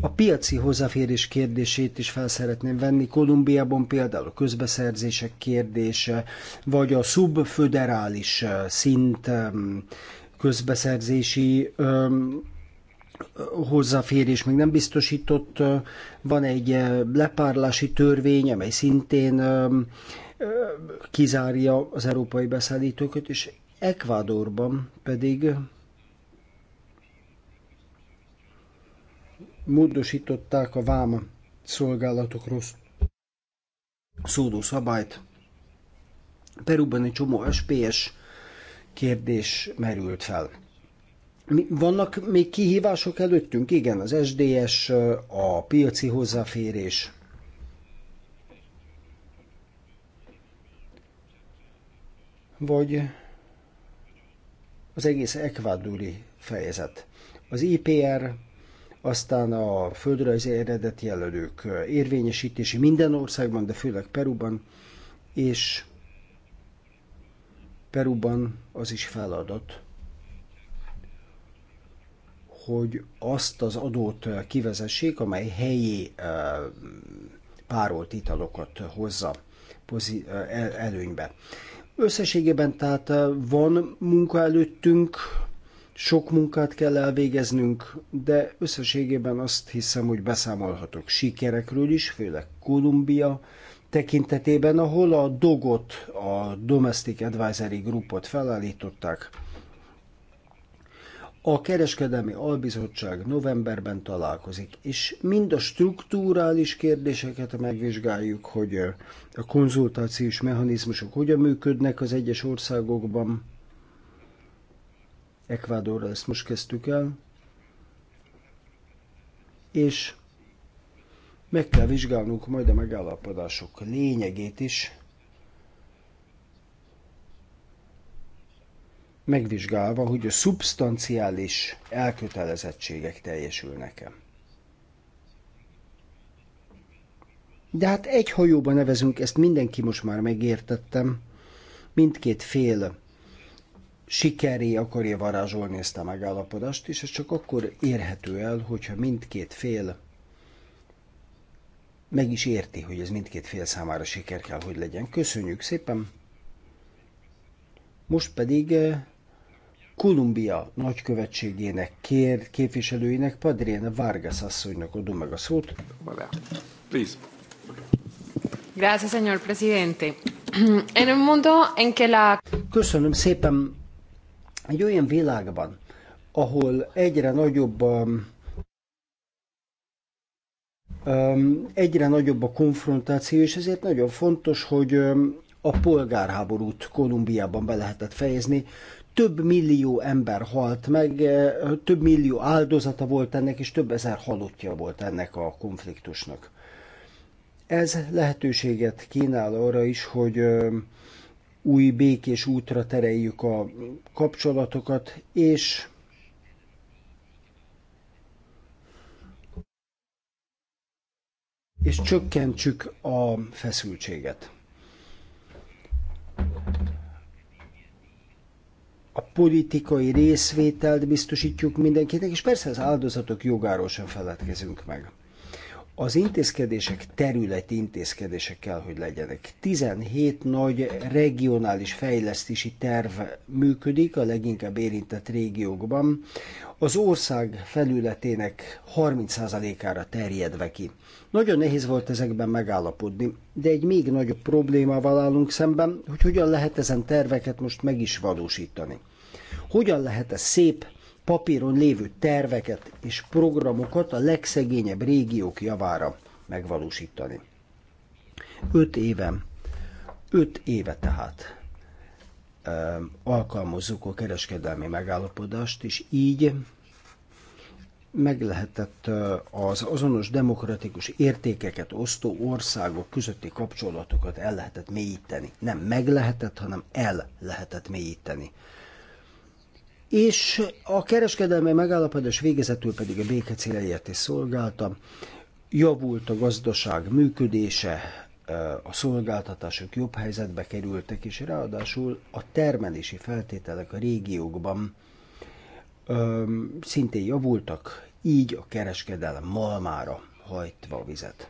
A piaci hozzáférés kérdését is fel szeretném venni. Kolumbiában például a közbeszerzések kérdése, vagy a szubföderális uh, szint um, közbeszerzési um, hozzáférés még nem biztosított. Uh, van egy uh, lepárlási törvény, amely szintén um, kizárja az európai beszállítókat, és Ekvádorban pedig módosították a vám szolgálatokról szódó szabályt. Perúban egy csomó SPS kérdés merült fel. vannak még kihívások előttünk? Igen, az SDS, a piaci hozzáférés, vagy az egész ekvádúli fejezet. Az IPR, aztán a földrajzi jelölők érvényesítési minden országban, de főleg Peruban, és Peruban az is feladat, hogy azt az adót kivezessék, amely helyi párolt italokat hozza előnybe. Összességében tehát eh, van munka előttünk, sok munkát kell elvégeznünk, de összességében azt hiszem, hogy beszámolhatok sikerekről is, főleg Kolumbia tekintetében, ahol a dogot, a Domestic Advisory Groupot felállították, a kereskedelmi albizottság novemberben találkozik, és mind a strukturális kérdéseket megvizsgáljuk, hogy a konzultációs mechanizmusok hogyan működnek az egyes országokban. Ekvádorral ezt most kezdtük el. És meg kell vizsgálnunk majd a megállapodások lényegét is, megvizsgálva, hogy a szubstanciális elkötelezettségek teljesülnek-e. De hát egy hajóba nevezünk, ezt mindenki most már megértettem. Mindkét fél sikeré akarja varázsolni ezt a megállapodást, és ez csak akkor érhető el, hogyha mindkét fél meg is érti, hogy ez mindkét fél számára siker kell, hogy legyen. Köszönjük szépen! Most pedig eh, Kolumbia nagykövetségének kér, képviselőinek, Padrén Vargas asszonynak adom meg a szót. Please. Gracias, señor presidente. [CLEARS THROAT] En un mundo en que la... Köszönöm szépen. Egy olyan világban, ahol egyre nagyobb a um, egyre nagyobb a konfrontáció, és ezért nagyon fontos, hogy um, a polgárháborút Kolumbiában be lehetett fejezni több millió ember halt meg, eh, több millió áldozata volt ennek, és több ezer halottja volt ennek a konfliktusnak. Ez lehetőséget kínál arra is, hogy eh, új békés útra tereljük a kapcsolatokat, és és csökkentsük a feszültséget a politikai részvételt biztosítjuk mindenkinek, és persze az áldozatok jogáról sem feledkezünk meg. Az intézkedések területi intézkedések kell, hogy legyenek. 17 nagy regionális fejlesztési terv működik a leginkább érintett régiókban, az ország felületének 30%-ára terjedve ki. Nagyon nehéz volt ezekben megállapodni, de egy még nagyobb problémával állunk szemben, hogy hogyan lehet ezen terveket most meg is valósítani. Hogyan lehet ez szép, papíron lévő terveket és programokat a legszegényebb régiók javára megvalósítani. Öt éven, öt éve tehát alkalmazzuk a kereskedelmi megállapodást, és így meg lehetett az azonos demokratikus értékeket osztó országok közötti kapcsolatokat el lehetett mélyíteni. Nem meg lehetett, hanem el lehetett mélyíteni és a kereskedelmi megállapodás végezetül pedig a béke célját is szolgálta. Javult a gazdaság működése, a szolgáltatások jobb helyzetbe kerültek, és ráadásul a termelési feltételek a régiókban öm, szintén javultak, így a kereskedelem malmára hajtva a vizet.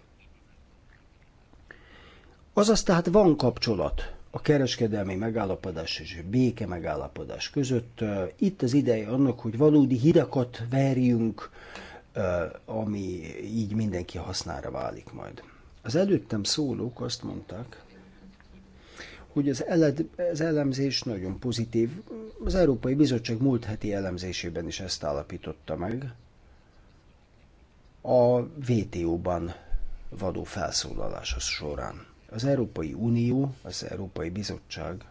Azaz tehát van kapcsolat a kereskedelmi megállapodás és a béke megállapodás között. Itt az ideje annak, hogy valódi hidakat verjünk, ami így mindenki hasznára válik majd. Az előttem szólók azt mondták, hogy az, eled, az elemzés nagyon pozitív. Az Európai Bizottság múlt heti elemzésében is ezt állapította meg. A VTO-ban való felszólalása során. Az Európai Unió, az Európai Bizottság,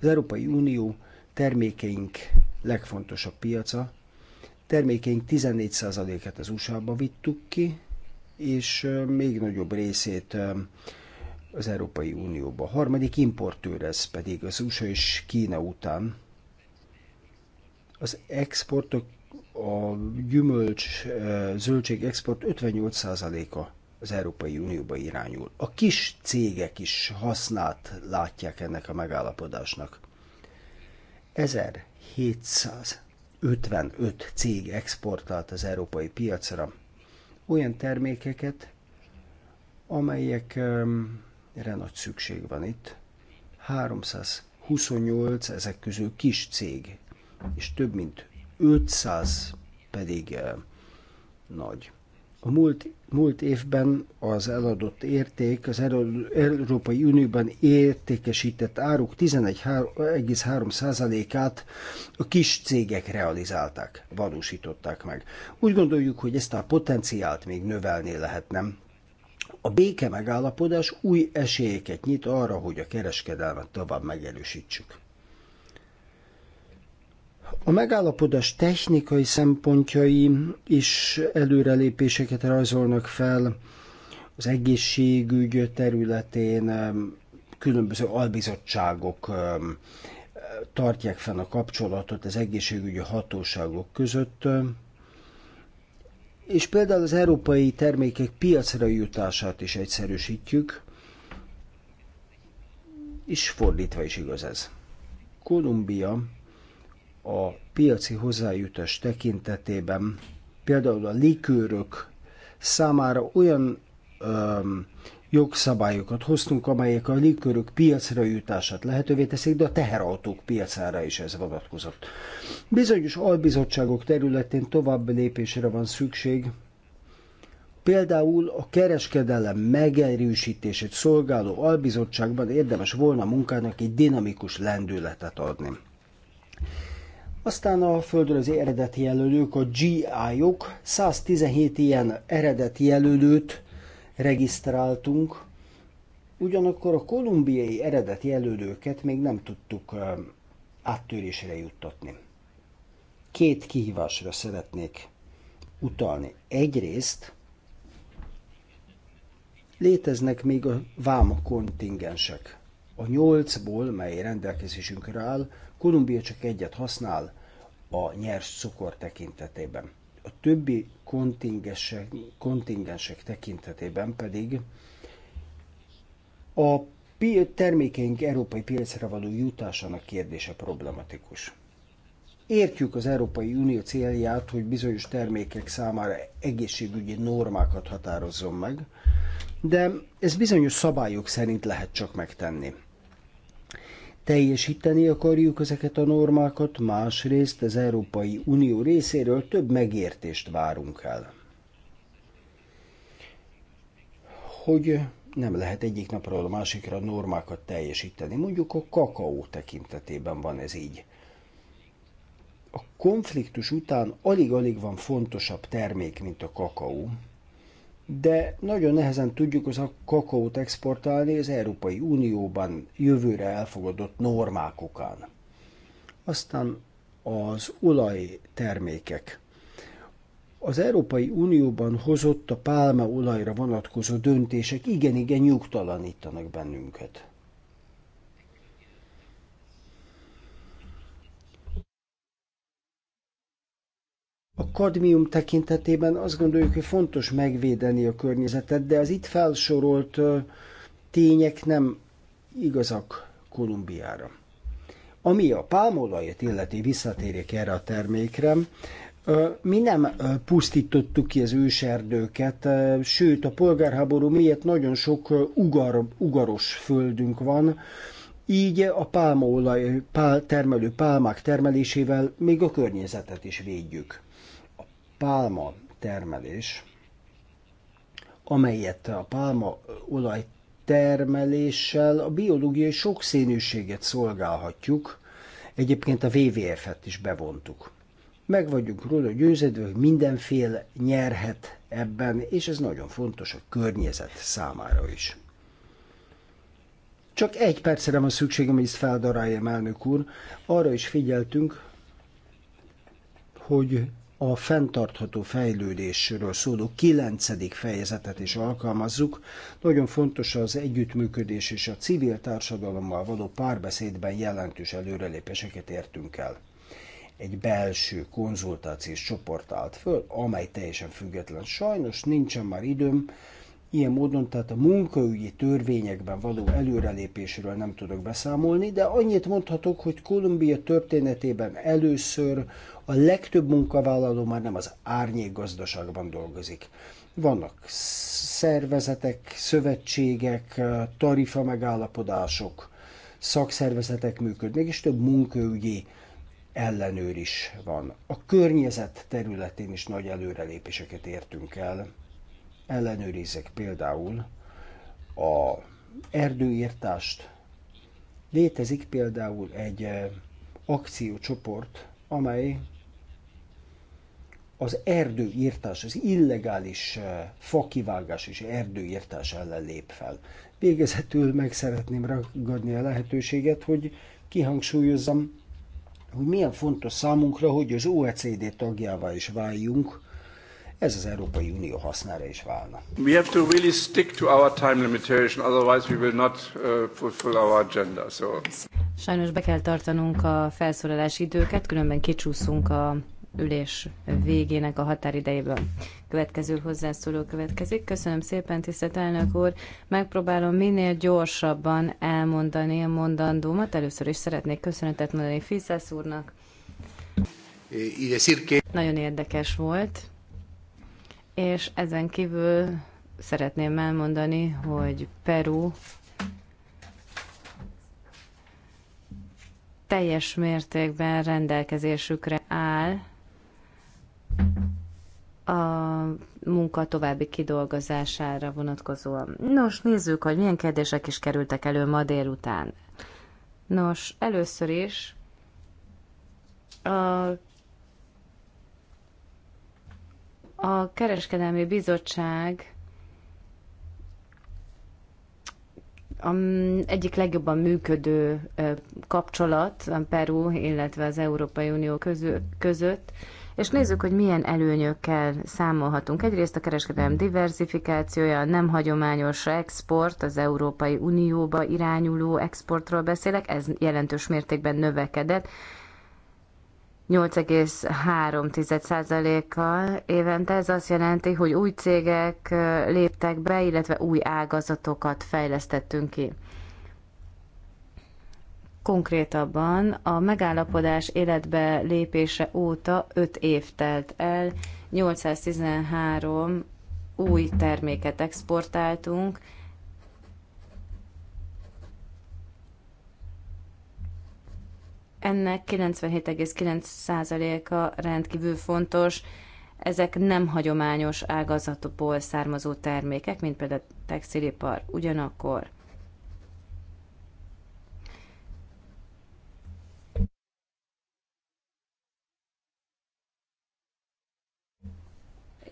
az Európai Unió termékeink legfontosabb piaca, termékeink 14%-át az USA-ba vittük ki, és még nagyobb részét az Európai Unióba. A harmadik importőr ez pedig az USA és Kína után. Az exportok, a gyümölcs, zöldség export 58%-a az Európai Unióba irányul. A kis cégek is hasznát látják ennek a megállapodásnak. 1755 cég exportált az európai piacra olyan termékeket, amelyekre nagy szükség van itt. 328 ezek közül kis cég, és több mint 500 pedig nagy. A múlt, múlt évben az eladott érték, az Európai Unióban értékesített áruk 11,3%-át a kis cégek realizálták, valósították meg. Úgy gondoljuk, hogy ezt a potenciált még növelni lehetne. A béke megállapodás új esélyeket nyit arra, hogy a kereskedelmet tovább megerősítsük. A megállapodás technikai szempontjai is előrelépéseket rajzolnak fel az egészségügy területén, különböző albizottságok tartják fenn a kapcsolatot az egészségügyi hatóságok között, és például az európai termékek piacra jutását is egyszerűsítjük, és fordítva is igaz ez. Kolumbia a piaci hozzájutás tekintetében például a likőrök számára olyan öm, jogszabályokat hoztunk, amelyek a likőrök piacra jutását lehetővé teszik, de a teherautók piacára is ez vonatkozott. Bizonyos albizottságok területén tovább lépésre van szükség, Például a kereskedelem megerősítését szolgáló albizottságban érdemes volna munkának egy dinamikus lendületet adni. Aztán a földrajzi eredeti jelölők, a GI-ok, 117 ilyen eredeti jelölőt regisztráltunk, ugyanakkor a kolumbiai eredeti jelölőket még nem tudtuk áttörésre juttatni. Két kihívásra szeretnék utalni. Egyrészt léteznek még a vám kontingensek. A nyolcból, mely rendelkezésünkre áll, Kolumbia csak egyet használ a nyers cukor tekintetében. A többi kontingensek, kontingensek tekintetében pedig a termékeink európai piacra való jutásának kérdése problematikus. Értjük az Európai Unió célját, hogy bizonyos termékek számára egészségügyi normákat határozzon meg, de ez bizonyos szabályok szerint lehet csak megtenni teljesíteni akarjuk ezeket a normákat, másrészt az Európai Unió részéről több megértést várunk el. Hogy nem lehet egyik napról a másikra normákat teljesíteni. Mondjuk a kakaó tekintetében van ez így. A konfliktus után alig-alig van fontosabb termék, mint a kakaó, de nagyon nehezen tudjuk az a kakaót exportálni az Európai Unióban jövőre elfogadott normák okán. Aztán az olajtermékek. Az Európai Unióban hozott a pálmaolajra vonatkozó döntések igen-igen nyugtalanítanak bennünket. A kadmium tekintetében azt gondoljuk, hogy fontos megvédeni a környezetet, de az itt felsorolt tények nem igazak Kolumbiára. Ami a pálmolajat illeti, visszatérjek erre a termékre, mi nem pusztítottuk ki az őserdőket, sőt a polgárháború miatt nagyon sok ugar, ugaros földünk van, így a pálmaolaj pál, termelő pálmák termelésével még a környezetet is védjük pálma termelés, amelyet a pálma olaj termeléssel a biológiai sokszínűséget szolgálhatjuk, egyébként a WWF-et is bevontuk. Meg vagyunk róla győződve, hogy mindenféle nyerhet ebben, és ez nagyon fontos a környezet számára is. Csak egy percre van szükségem, hogy ezt feldaráljam, elnök úr. Arra is figyeltünk, hogy a fenntartható fejlődésről szóló kilencedik fejezetet is alkalmazzuk. Nagyon fontos az együttműködés és a civil társadalommal való párbeszédben jelentős előrelépéseket értünk el. Egy belső konzultációs csoport állt föl, amely teljesen független. Sajnos nincsen már időm, Ilyen módon tehát a munkaügyi törvényekben való előrelépésről nem tudok beszámolni, de annyit mondhatok, hogy Kolumbia történetében először a legtöbb munkavállaló már nem az árnyék gazdaságban dolgozik. Vannak szervezetek, szövetségek, tarifa megállapodások, szakszervezetek működnek, és több munkaügyi ellenőr is van. A környezet területén is nagy előrelépéseket értünk el. Ellenőrizek például a erdőírtást. Létezik például egy akciócsoport, amely az erdőírtás, az illegális eh, fakivágás és erdőírtás ellen lép fel. Végezetül meg szeretném ragadni a lehetőséget, hogy kihangsúlyozzam, hogy milyen fontos számunkra, hogy az OECD tagjává is váljunk, ez az Európai Unió hasznára is válna. We have to really stick to our time limitation, otherwise we will not uh, fulfill our agenda. So. Sajnos be kell tartanunk a felszólalási időket, különben kicsúszunk a ülés végének a határidejéből. Következő hozzászóló következik. Köszönöm szépen, tisztelt elnök úr. Megpróbálom minél gyorsabban elmondani a mondandómat. Először is szeretnék köszönetet mondani Fiszesz úrnak. Nagyon érdekes volt, és ezen kívül szeretném elmondani, hogy Peru teljes mértékben rendelkezésükre áll a munka további kidolgozására vonatkozóan. Nos, nézzük, hogy milyen kérdések is kerültek elő ma délután. Nos, először is a, a Kereskedelmi Bizottság a egyik legjobban működő kapcsolat a Peru, illetve az Európai Unió között és nézzük, hogy milyen előnyökkel számolhatunk. Egyrészt a kereskedelem diversifikációja, nem hagyományos export, az Európai Unióba irányuló exportról beszélek, ez jelentős mértékben növekedett, 8,3%-kal évente. Ez azt jelenti, hogy új cégek léptek be, illetve új ágazatokat fejlesztettünk ki. Konkrétabban a megállapodás életbe lépése óta 5 év telt el, 813 új terméket exportáltunk, Ennek 97,9%-a rendkívül fontos, ezek nem hagyományos ágazatból származó termékek, mint például textilipar. Ugyanakkor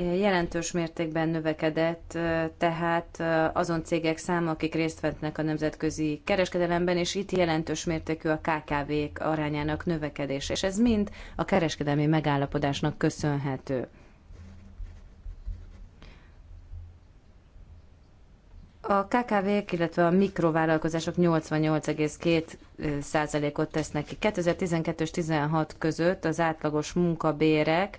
jelentős mértékben növekedett tehát azon cégek száma, akik részt vettnek a nemzetközi kereskedelemben, és itt jelentős mértékű a KKV-k arányának növekedése, és ez mind a kereskedelmi megállapodásnak köszönhető. A KKV-k, illetve a mikrovállalkozások 88,2%-ot tesznek ki. 2012 és 16 között az átlagos munkabérek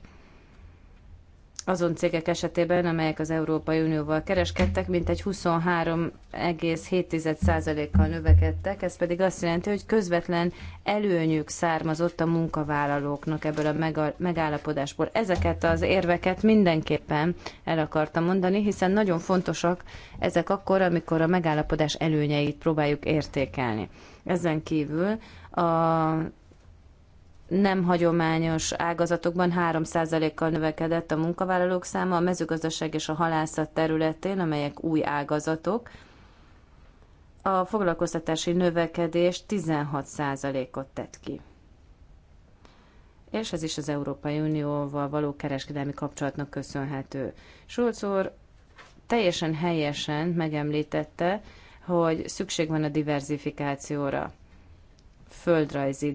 azon cégek esetében, amelyek az Európai Unióval kereskedtek, mintegy 23,7%-kal növekedtek, ez pedig azt jelenti, hogy közvetlen előnyük származott a munkavállalóknak ebből a megállapodásból. Ezeket az érveket mindenképpen el akartam mondani, hiszen nagyon fontosak ezek akkor, amikor a megállapodás előnyeit próbáljuk értékelni. Ezen kívül a nem hagyományos ágazatokban 3%-kal növekedett a munkavállalók száma, a mezőgazdaság és a halászat területén, amelyek új ágazatok. A foglalkoztatási növekedés 16%-ot tett ki. És ez is az Európai Unióval való kereskedelmi kapcsolatnak köszönhető. Schulz teljesen helyesen megemlítette, hogy szükség van a diversifikációra földrajzi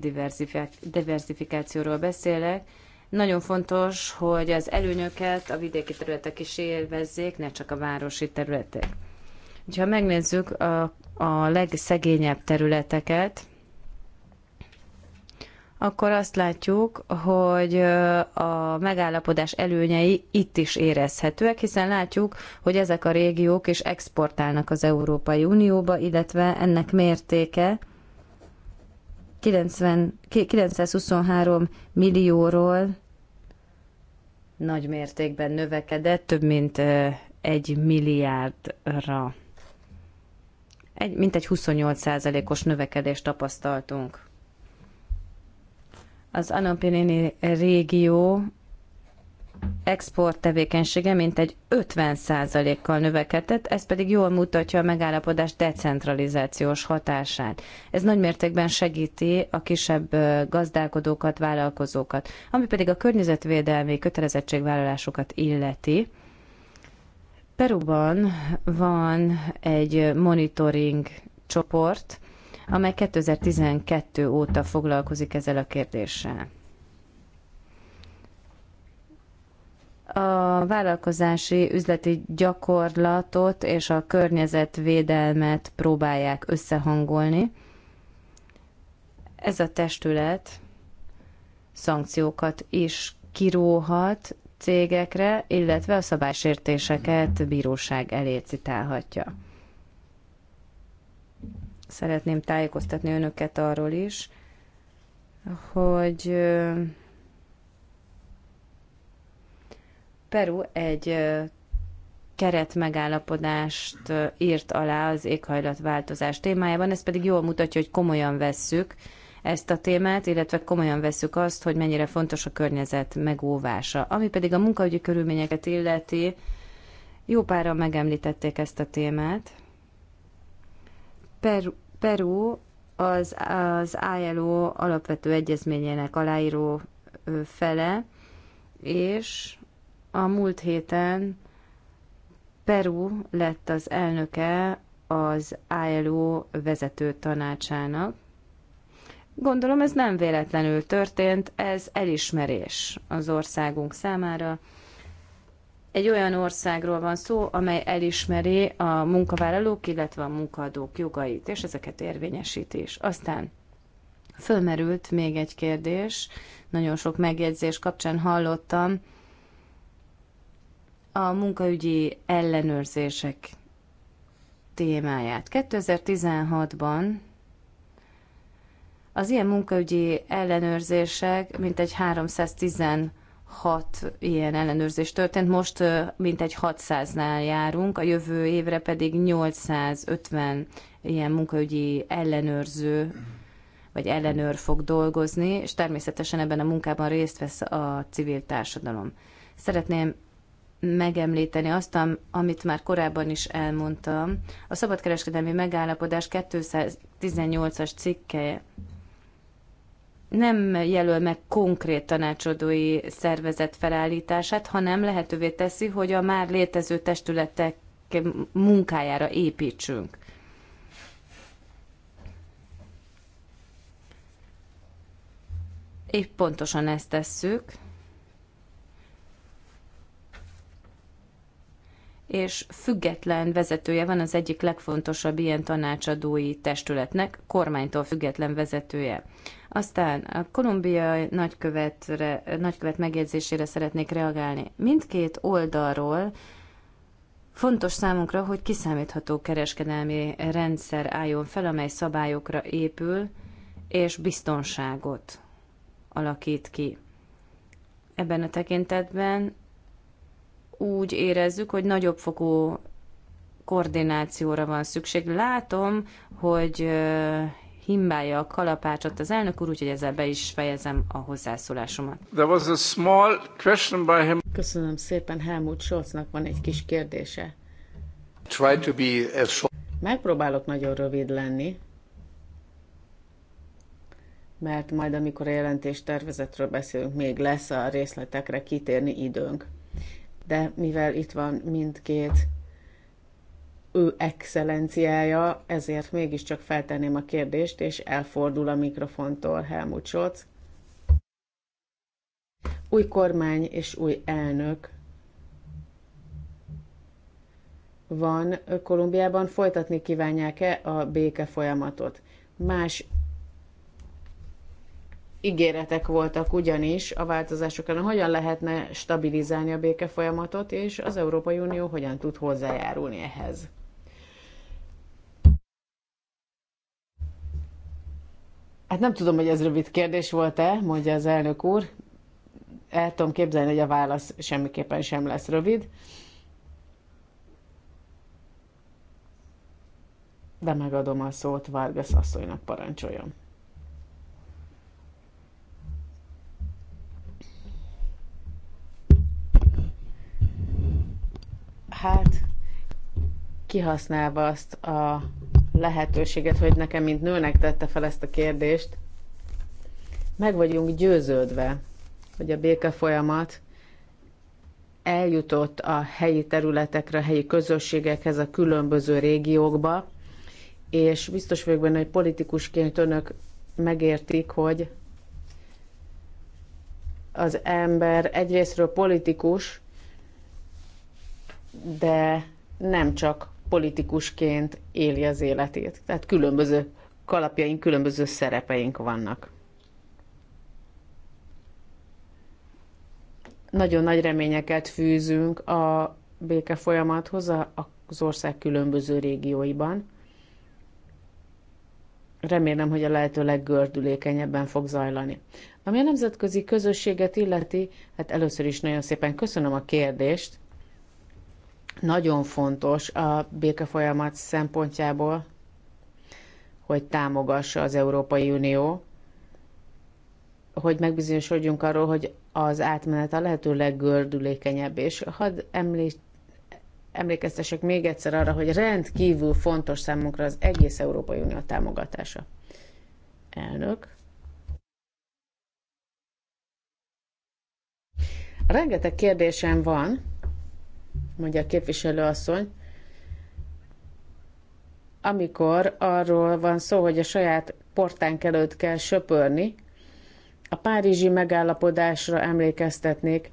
diversifikációról beszélek. Nagyon fontos, hogy az előnyöket a vidéki területek is élvezzék, ne csak a városi területek. Ha megnézzük a, a legszegényebb területeket, akkor azt látjuk, hogy a megállapodás előnyei itt is érezhetőek, hiszen látjuk, hogy ezek a régiók is exportálnak az Európai Unióba, illetve ennek mértéke 90, 923 millióról nagy mértékben növekedett, több mint egy milliárdra. Egy, mint egy 28%-os növekedést tapasztaltunk. Az Anapinini régió export tevékenysége mintegy 50%-kal növekedett, ez pedig jól mutatja a megállapodás decentralizációs hatását. Ez nagymértékben segíti a kisebb gazdálkodókat, vállalkozókat, ami pedig a környezetvédelmi kötelezettségvállalásokat illeti. Peruban van egy monitoring csoport, amely 2012 óta foglalkozik ezzel a kérdéssel. a vállalkozási üzleti gyakorlatot és a környezetvédelmet próbálják összehangolni. Ez a testület szankciókat is kiróhat cégekre, illetve a szabálysértéseket bíróság elé citálhatja. Szeretném tájékoztatni önöket arról is, hogy Peru egy keret megállapodást írt alá az éghajlatváltozás témájában, ez pedig jól mutatja, hogy komolyan vesszük ezt a témát, illetve komolyan vesszük azt, hogy mennyire fontos a környezet megóvása. Ami pedig a munkaügyi körülményeket illeti, jó páran megemlítették ezt a témát. Peru, Peru az, az ILO alapvető egyezményének aláíró fele, és a múlt héten Peru lett az elnöke az ILO vezető tanácsának. Gondolom ez nem véletlenül történt, ez elismerés az országunk számára. Egy olyan országról van szó, amely elismeri a munkavállalók, illetve a munkadók jogait, és ezeket érvényesíti is. Aztán fölmerült még egy kérdés, nagyon sok megjegyzés kapcsán hallottam, a munkaügyi ellenőrzések témáját. 2016-ban az ilyen munkaügyi ellenőrzések mint egy 316 ilyen ellenőrzés történt, most mint egy 600-nál járunk, a jövő évre pedig 850 ilyen munkaügyi ellenőrző vagy ellenőr fog dolgozni, és természetesen ebben a munkában részt vesz a civil társadalom. Szeretném megemlíteni azt, amit már korábban is elmondtam. A szabadkereskedelmi megállapodás 218-as cikke nem jelöl meg konkrét tanácsadói szervezet felállítását, hanem lehetővé teszi, hogy a már létező testületek munkájára építsünk. Épp pontosan ezt tesszük. és független vezetője van az egyik legfontosabb ilyen tanácsadói testületnek, kormánytól független vezetője. Aztán a kolumbiai nagykövetre, nagykövet megjegyzésére szeretnék reagálni. Mindkét oldalról Fontos számunkra, hogy kiszámítható kereskedelmi rendszer álljon fel, amely szabályokra épül, és biztonságot alakít ki. Ebben a tekintetben úgy érezzük, hogy nagyobb fokú koordinációra van szükség. Látom, hogy himbálja a kalapácsot az elnök úr, úgyhogy ezzel be is fejezem a hozzászólásomat. There was a small question by him. Köszönöm szépen, Helmut Scholznak van egy kis kérdése. Try to be as short. Megpróbálok nagyon rövid lenni, mert majd amikor a jelentés tervezetről beszélünk, még lesz a részletekre kitérni időnk de mivel itt van mindkét ő excellenciája, ezért mégiscsak feltenném a kérdést, és elfordul a mikrofontól Helmut Scholz. Új kormány és új elnök van Kolumbiában, folytatni kívánják-e a béke folyamatot? Más ígéretek voltak ugyanis a változásokon, hogyan lehetne stabilizálni a béke folyamatot, és az Európai Unió hogyan tud hozzájárulni ehhez. Hát nem tudom, hogy ez rövid kérdés volt-e, mondja az elnök úr. El tudom képzelni, hogy a válasz semmiképpen sem lesz rövid. De megadom a szót Vargas asszonynak parancsoljon. hát kihasználva azt a lehetőséget, hogy nekem, mint nőnek tette fel ezt a kérdést, meg vagyunk győződve, hogy a béke folyamat eljutott a helyi területekre, a helyi közösségekhez, a különböző régiókba, és biztos vagyok benne, hogy politikusként önök megértik, hogy az ember egyrésztről politikus, de nem csak politikusként éli az életét. Tehát különböző kalapjaink, különböző szerepeink vannak. Nagyon nagy reményeket fűzünk a béke folyamathoz az ország különböző régióiban. Remélem, hogy a lehető leggördülékenyebben fog zajlani. Ami a nemzetközi közösséget illeti, hát először is nagyon szépen köszönöm a kérdést, nagyon fontos a békefolyamat szempontjából, hogy támogassa az Európai Unió, hogy megbizonyosodjunk arról, hogy az átmenet a lehető leggördülékenyebb. És hadd említ, emlékeztessek még egyszer arra, hogy rendkívül fontos számunkra az egész Európai Unió támogatása. Elnök. Rengeteg kérdésem van, mondja a képviselőasszony, amikor arról van szó, hogy a saját portánk előtt kell söpörni, a párizsi megállapodásra emlékeztetnék.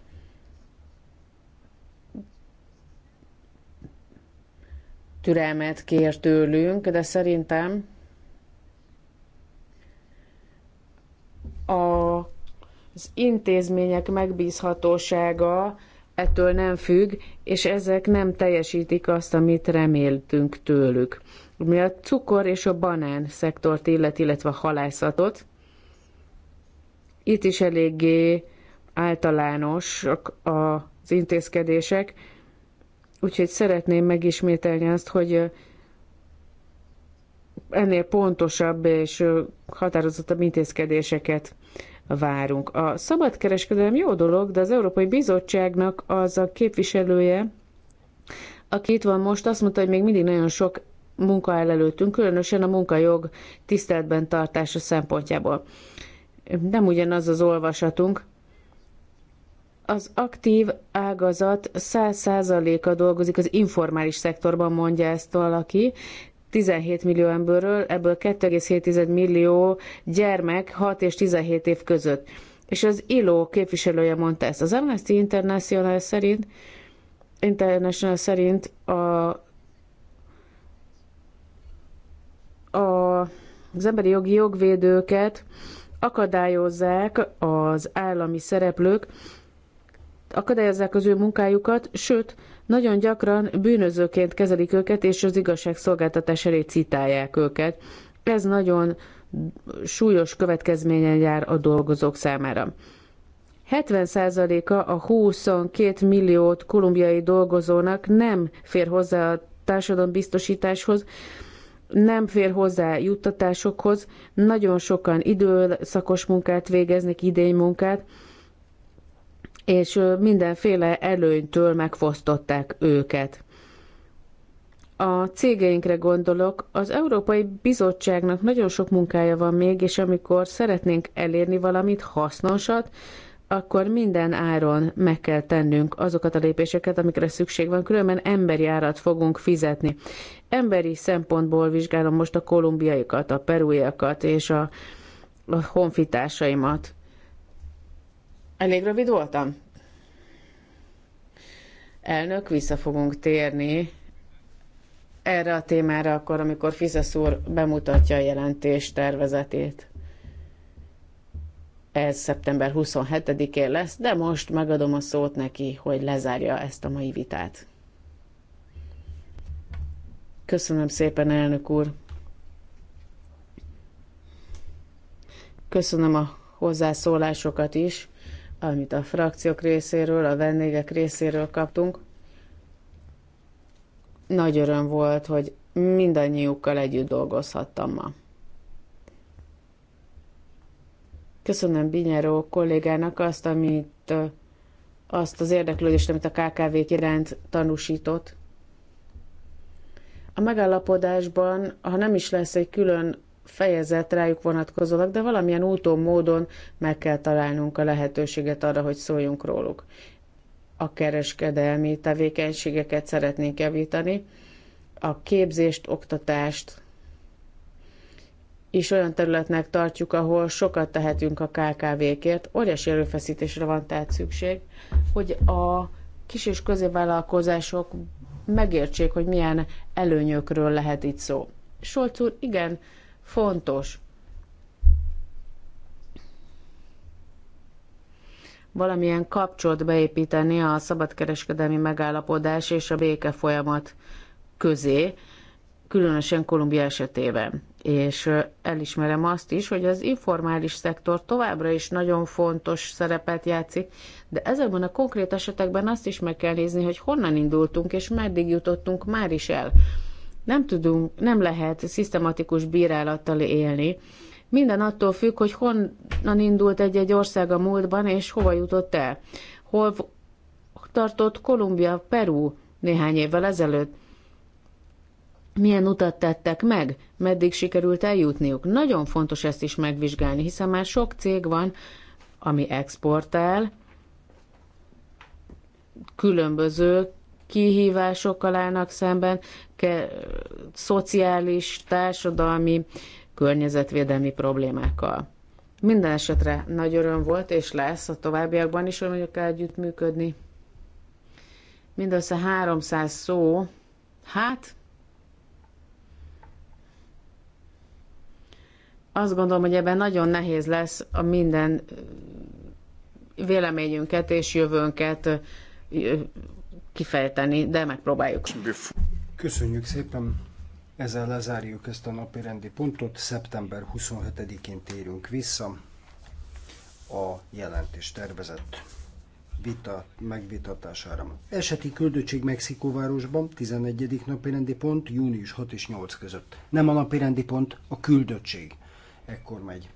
Türelmet kér tőlünk, de szerintem a, az intézmények megbízhatósága ettől nem függ, és ezek nem teljesítik azt, amit reméltünk tőlük. Mi a cukor és a banán szektort illet, illetve a halászatot, itt is eléggé általánosak az intézkedések, úgyhogy szeretném megismételni azt, hogy ennél pontosabb és határozottabb intézkedéseket várunk. A szabadkereskedelem jó dolog, de az Európai Bizottságnak az a képviselője, aki itt van most, azt mondta, hogy még mindig nagyon sok munka áll előttünk, különösen a munkajog tiszteletben tartása szempontjából. Nem ugyanaz az olvasatunk. Az aktív ágazat 100%-a dolgozik az informális szektorban, mondja ezt valaki, 17 millió emberről, ebből 2,7 millió gyermek 6 és 17 év között. És az ILO képviselője mondta ezt. Az Amnesty International szerint, International szerint a, a, az emberi jogi jogvédőket akadályozzák az állami szereplők, akadályozzák az ő munkájukat, sőt, nagyon gyakran bűnözőként kezelik őket, és az igazságszolgáltatás elé citálják őket. Ez nagyon súlyos következményen jár a dolgozók számára. 70%-a a 22 milliót kolumbiai dolgozónak nem fér hozzá a társadalombiztosításhoz, nem fér hozzá juttatásokhoz, nagyon sokan időszakos munkát végeznek, idénymunkát, munkát, és mindenféle előnytől megfosztották őket. A cégeinkre gondolok, az Európai Bizottságnak nagyon sok munkája van még, és amikor szeretnénk elérni valamit hasznosat, akkor minden áron meg kell tennünk azokat a lépéseket, amikre szükség van, különben emberi árat fogunk fizetni. Emberi szempontból vizsgálom most a kolumbiaikat, a perújakat és a, a honfitársaimat. Elég rövid voltam? Elnök, vissza fogunk térni erre a témára akkor, amikor Fizesz úr bemutatja a jelentés tervezetét. Ez szeptember 27-én lesz, de most megadom a szót neki, hogy lezárja ezt a mai vitát. Köszönöm szépen, elnök úr! Köszönöm a hozzászólásokat is amit a frakciók részéről, a vendégek részéről kaptunk. Nagy öröm volt, hogy mindannyiukkal együtt dolgozhattam ma. Köszönöm Binyeró kollégának azt, amit azt az érdeklődést, amit a KKV-k iránt tanúsított. A megállapodásban, ha nem is lesz egy külön fejezet rájuk vonatkozólag, de valamilyen úton, módon meg kell találnunk a lehetőséget arra, hogy szóljunk róluk. A kereskedelmi tevékenységeket szeretnénk javítani, a képzést, oktatást is olyan területnek tartjuk, ahol sokat tehetünk a KKV-kért. Óriási erőfeszítésre van tehát szükség, hogy a kis és középvállalkozások megértsék, hogy milyen előnyökről lehet itt szó. Solc úr, igen, fontos. valamilyen kapcsolat beépíteni a szabadkereskedelmi megállapodás és a béke folyamat közé, különösen Kolumbia esetében. És elismerem azt is, hogy az informális szektor továbbra is nagyon fontos szerepet játszik, de ezekben a konkrét esetekben azt is meg kell nézni, hogy honnan indultunk és meddig jutottunk már is el. Nem tudunk, nem lehet szisztematikus bírálattal élni. Minden attól függ, hogy honnan indult egy-egy ország a múltban, és hova jutott el. Hol tartott Kolumbia, Peru néhány évvel ezelőtt. Milyen utat tettek meg, meddig sikerült eljutniuk. Nagyon fontos ezt is megvizsgálni, hiszen már sok cég van, ami exportál, különböző kihívásokkal állnak szemben, ke- szociális, társadalmi, környezetvédelmi problémákkal. Minden esetre nagy öröm volt, és lesz a továbbiakban is hogy mondjuk együttműködni. Mindössze 300 szó, hát azt gondolom, hogy ebben nagyon nehéz lesz a minden véleményünket és jövőnket kifejteni, de megpróbáljuk. Köszönjük szépen! Ezzel lezárjuk ezt a napi rendi pontot. Szeptember 27-én térünk vissza a jelentés tervezett vita megvitatására. Eseti küldöttség Mexikóvárosban, 11. napi rendi pont, június 6 és 8 között. Nem a napi rendi pont, a küldöttség. Ekkor megy.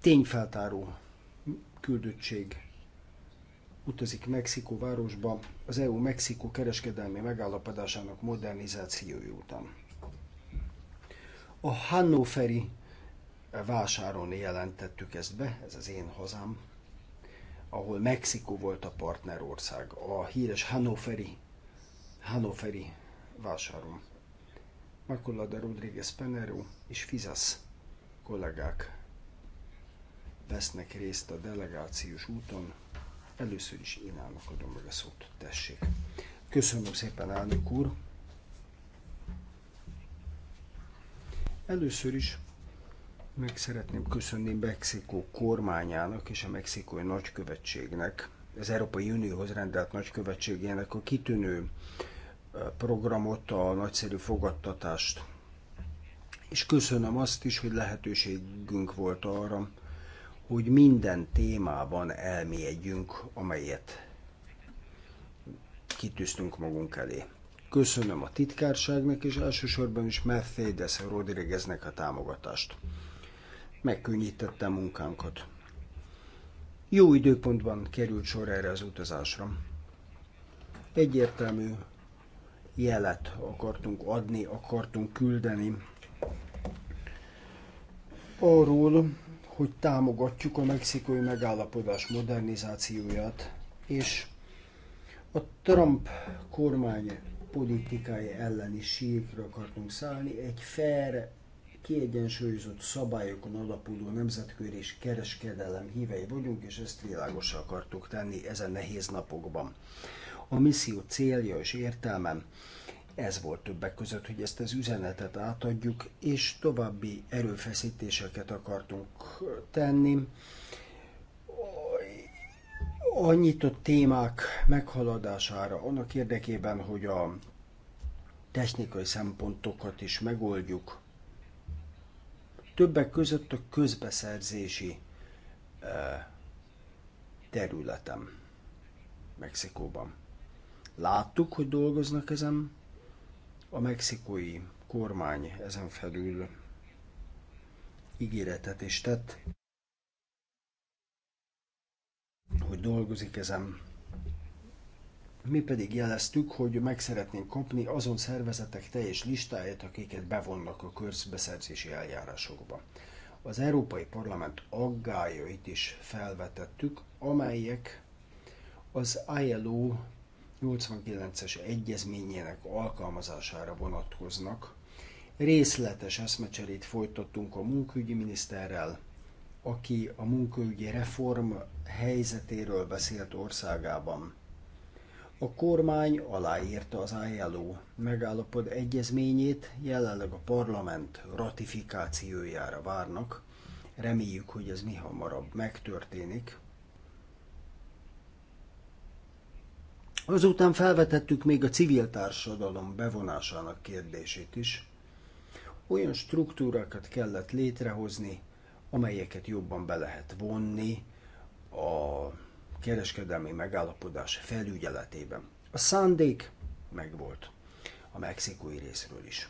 Tényfeltáró küldöttség utazik városba az EU-Mexikó kereskedelmi megállapodásának modernizációja után. A Hannoveri vásáron jelentettük ezt be, ez az én hazám, ahol Mexikó volt a partnerország, a híres Hannoveri, Hannoveri vásáron. de Rodriguez Penero és Fizas kollégák vesznek részt a delegációs úton, Először is én állnak adom meg a szót, tessék. Köszönöm szépen, elnök úr. Először is meg szeretném köszönni Mexikó kormányának és a mexikói nagykövetségnek, az Európai Unióhoz rendelt nagykövetségének a kitűnő programot, a nagyszerű fogadtatást. És köszönöm azt is, hogy lehetőségünk volt arra, hogy minden témában elmélyedjünk, amelyet kitűztünk magunk elé. Köszönöm a titkárságnak, és elsősorban is Mercedes Rodrigueznek a támogatást. Megkönnyítette a munkánkat. Jó időpontban került sor erre az utazásra. Egyértelmű jelet akartunk adni, akartunk küldeni arról, hogy támogatjuk a mexikói megállapodás modernizációját, és a Trump kormány politikája elleni síkra akartunk szállni, egy fair, kiegyensúlyozott szabályokon alapuló nemzetközi és kereskedelem hívei vagyunk, és ezt világosra akartuk tenni ezen nehéz napokban. A misszió célja és értelme ez volt többek között, hogy ezt az üzenetet átadjuk, és további erőfeszítéseket akartunk tenni. Annyit A témák meghaladására annak érdekében, hogy a technikai szempontokat is megoldjuk. Többek között a közbeszerzési e, területem Mexikóban. Láttuk, hogy dolgoznak ezen, a mexikói kormány ezen felül ígéretet is tett, hogy dolgozik ezen. Mi pedig jeleztük, hogy meg szeretnénk kapni azon szervezetek teljes listáját, akiket bevonnak a közbeszerzési eljárásokba. Az Európai Parlament aggályait is felvetettük, amelyek az ILO 89-es egyezményének alkalmazására vonatkoznak. Részletes eszmecserét folytattunk a munkaügyi miniszterrel, aki a munkaügyi reform helyzetéről beszélt országában. A kormány aláírta az ILO megállapod egyezményét, jelenleg a parlament ratifikációjára várnak. Reméljük, hogy ez mi hamarabb megtörténik. Azután felvetettük még a civil társadalom bevonásának kérdését is. Olyan struktúrákat kellett létrehozni, amelyeket jobban be lehet vonni a kereskedelmi megállapodás felügyeletében. A szándék megvolt a mexikói részről is.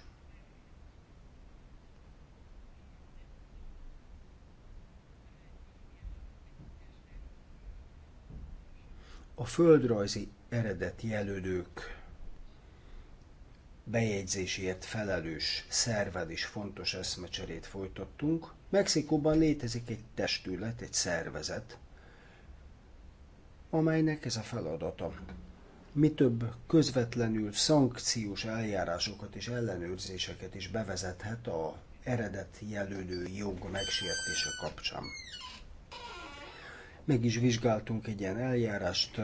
a földrajzi eredeti jelölők bejegyzéséért felelős szerved is fontos eszmecserét folytattunk. Mexikóban létezik egy testület, egy szervezet, amelynek ez a feladata. Mi több közvetlenül szankciós eljárásokat és ellenőrzéseket is bevezethet a eredet jelölő jog megsértése kapcsán. Meg is vizsgáltunk egy ilyen eljárást,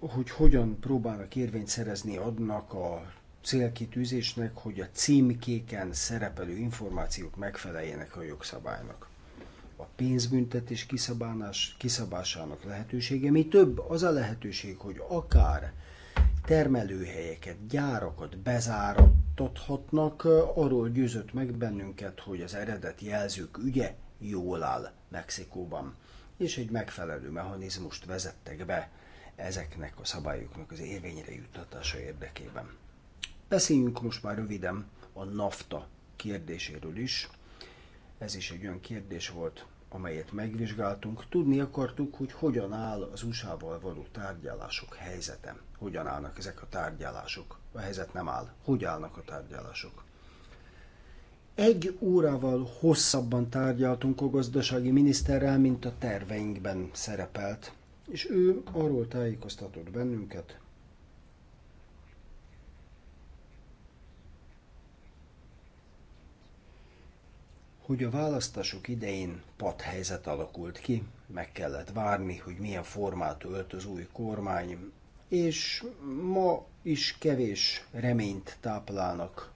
hogy hogyan próbálnak érvényt szerezni adnak a célkitűzésnek, hogy a címkéken szerepelő információk megfeleljenek a jogszabálynak. A pénzbüntetés kiszabálás, kiszabásának lehetősége mi több, az a lehetőség, hogy akár termelőhelyeket, gyárakat bezárattathatnak, eh, arról győzött meg bennünket, hogy az eredet jelzők ügye jól áll Mexikóban, és egy megfelelő mechanizmust vezettek be ezeknek a szabályoknak az érvényre juttatása érdekében. Beszéljünk most már röviden a NAFTA kérdéséről is. Ez is egy olyan kérdés volt, amelyet megvizsgáltunk. Tudni akartuk, hogy hogyan áll az USA-val való tárgyalások helyzete. Hogyan állnak ezek a tárgyalások? A helyzet nem áll. Hogy állnak a tárgyalások? Egy órával hosszabban tárgyaltunk a gazdasági miniszterrel, mint a terveinkben szerepelt és ő arról tájékoztatott bennünket, hogy a választások idején pat helyzet alakult ki, meg kellett várni, hogy milyen formát ölt az új kormány, és ma is kevés reményt táplálnak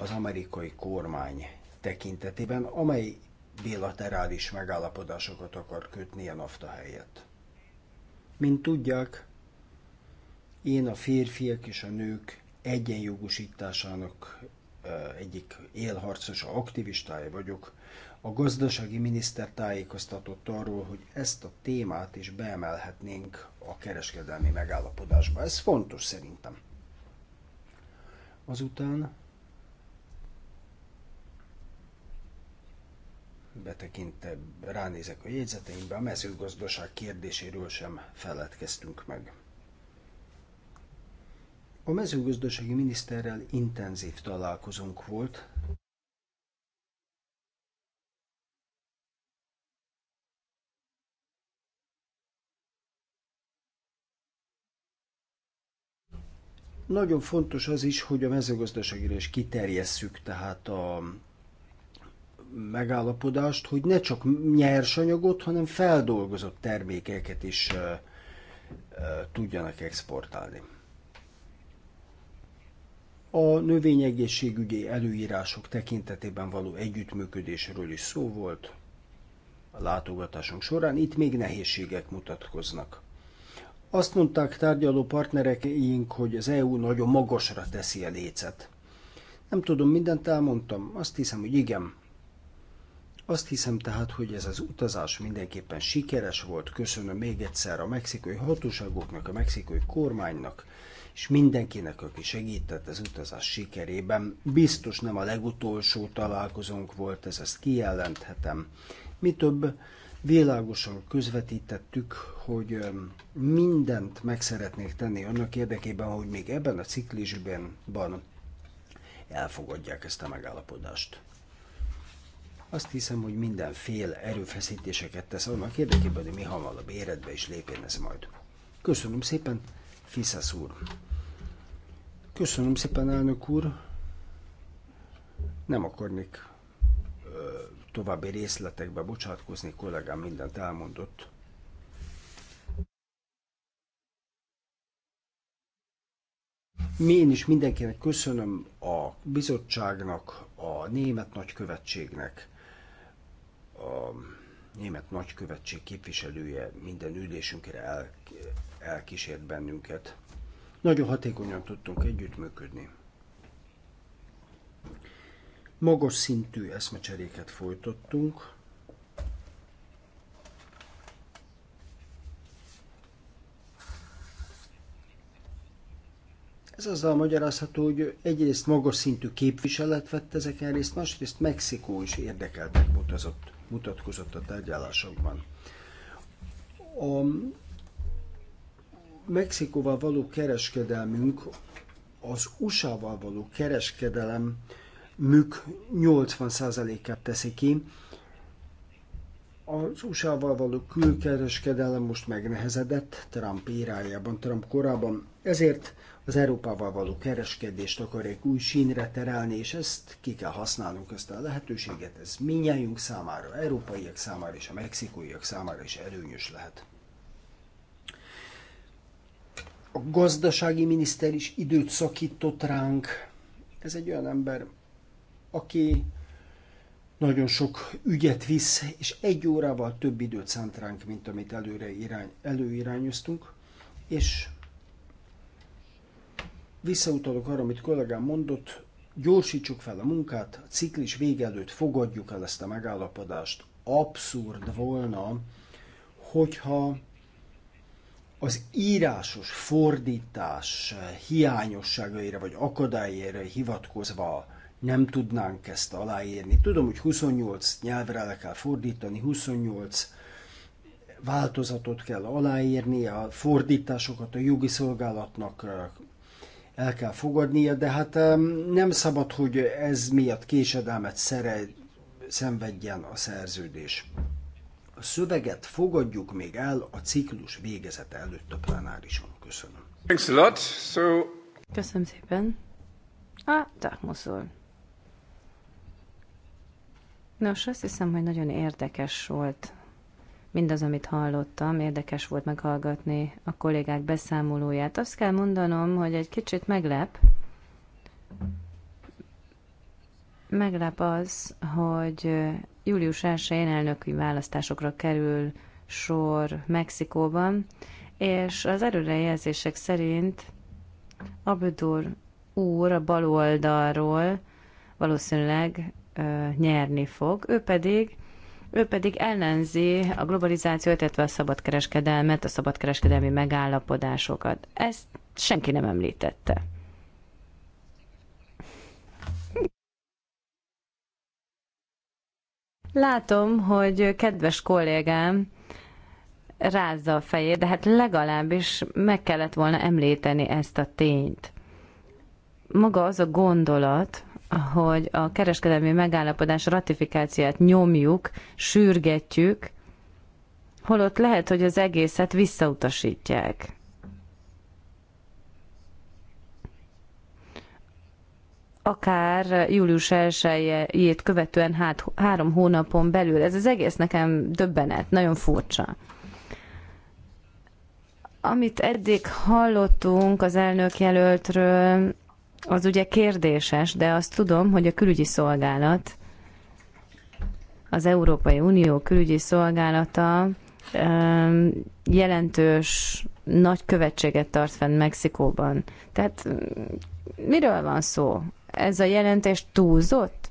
az amerikai kormány tekintetében, amely bilaterális megállapodásokat akar kötni a NAFTA helyett. Mint tudják, én a férfiak és a nők egyenjogosításának egyik élharcosa, aktivistája vagyok. A gazdasági miniszter tájékoztatott arról, hogy ezt a témát is beemelhetnénk a kereskedelmi megállapodásba. Ez fontos szerintem. Azután betekintve ránézek a jegyzeteimbe, a mezőgazdaság kérdéséről sem feledkeztünk meg. A mezőgazdasági miniszterrel intenzív találkozónk volt, Nagyon fontos az is, hogy a mezőgazdaságra is kiterjesszük, tehát a megállapodást, hogy ne csak nyersanyagot, hanem feldolgozott termékeket is tudjanak exportálni. A növényegészségügyi előírások tekintetében való együttműködésről is szó volt a látogatásunk során, itt még nehézségek mutatkoznak. Azt mondták tárgyaló partnereink, hogy az EU nagyon magasra teszi a lécet. Nem tudom, mindent elmondtam, azt hiszem, hogy igen, azt hiszem tehát, hogy ez az utazás mindenképpen sikeres volt. Köszönöm még egyszer a mexikai hatóságoknak, a mexikai kormánynak, és mindenkinek, aki segített az utazás sikerében. Biztos nem a legutolsó találkozónk volt, ez ezt kijelenthetem. Mi több, világosan közvetítettük, hogy mindent meg szeretnék tenni annak érdekében, hogy még ebben a ciklisben elfogadják ezt a megállapodást. Azt hiszem, hogy minden fél erőfeszítéseket tesz annak érdekében, hogy mi hamarabb éredbe is lépjen ez majd. Köszönöm szépen, Fiszesz úr. Köszönöm szépen, elnök úr. Nem akarnék ö, további részletekbe bocsátkozni, kollégám mindent elmondott. Én is mindenkinek köszönöm a bizottságnak, a német nagykövetségnek, a német nagykövetség képviselője minden ülésünkre el, elkísért bennünket. Nagyon hatékonyan tudtunk együttműködni. Magas szintű eszmecseréket folytattunk, Ez azzal magyarázható, hogy egyrészt magas szintű képviselet vett ezeken részt, másrészt Mexikó is érdekeltek mutatott mutatkozott a tárgyalásokban. A Mexikóval való kereskedelmünk, az USA-val való kereskedelem műk 80%-át teszi ki. Az USA-val való külkereskedelem most megnehezedett Trump irájában, Trump korában. Ezért az Európával való kereskedést akarják új sínre terelni, és ezt ki kell használnunk, ezt a lehetőséget, ez minnyájunk számára, európaiak számára és a mexikóiak számára is előnyös lehet. A gazdasági miniszter is időt szakított ránk. Ez egy olyan ember, aki nagyon sok ügyet visz, és egy órával több időt szánt ránk, mint amit előre irány, előirányoztunk, és Visszautalok arra, amit kollégám mondott, gyorsítsuk fel a munkát, a ciklis vége előtt fogadjuk el ezt a megállapodást. Abszurd volna, hogyha az írásos fordítás hiányosságaira vagy akadályaira hivatkozva nem tudnánk ezt aláírni. Tudom, hogy 28 nyelvre le kell fordítani, 28 változatot kell aláírni, a fordításokat a jogi szolgálatnak el kell fogadnia, de hát nem szabad, hogy ez miatt késedelmet szere, szenvedjen a szerződés. A szöveget fogadjuk még el a ciklus végezete előtt a plenárison. Köszönöm. Thanks a lot. So... Köszönöm szépen. A Tahmuszul. Nos, azt hiszem, hogy nagyon érdekes volt Mindaz, amit hallottam, érdekes volt meghallgatni a kollégák beszámolóját. Azt kell mondanom, hogy egy kicsit meglep, meglep az, hogy július 1-én elnöki választásokra kerül sor Mexikóban, és az előrejelzések szerint Abdur úr a bal oldalról valószínűleg nyerni fog, ő pedig ő pedig ellenzi a globalizációt, illetve a szabadkereskedelmet, a szabadkereskedelmi megállapodásokat. Ezt senki nem említette. Látom, hogy kedves kollégám rázza a fejét, de hát legalábbis meg kellett volna említeni ezt a tényt. Maga az a gondolat, hogy a kereskedelmi megállapodás ratifikáciát nyomjuk, sürgetjük, holott lehet, hogy az egészet visszautasítják. akár július 1 követően hát három hónapon belül. Ez az egész nekem döbbenet, nagyon furcsa. Amit eddig hallottunk az elnök jelöltről, az ugye kérdéses, de azt tudom, hogy a külügyi szolgálat, az Európai Unió külügyi szolgálata jelentős nagy követséget tart fenn Mexikóban. Tehát mm, miről van szó? Ez a jelentés túlzott?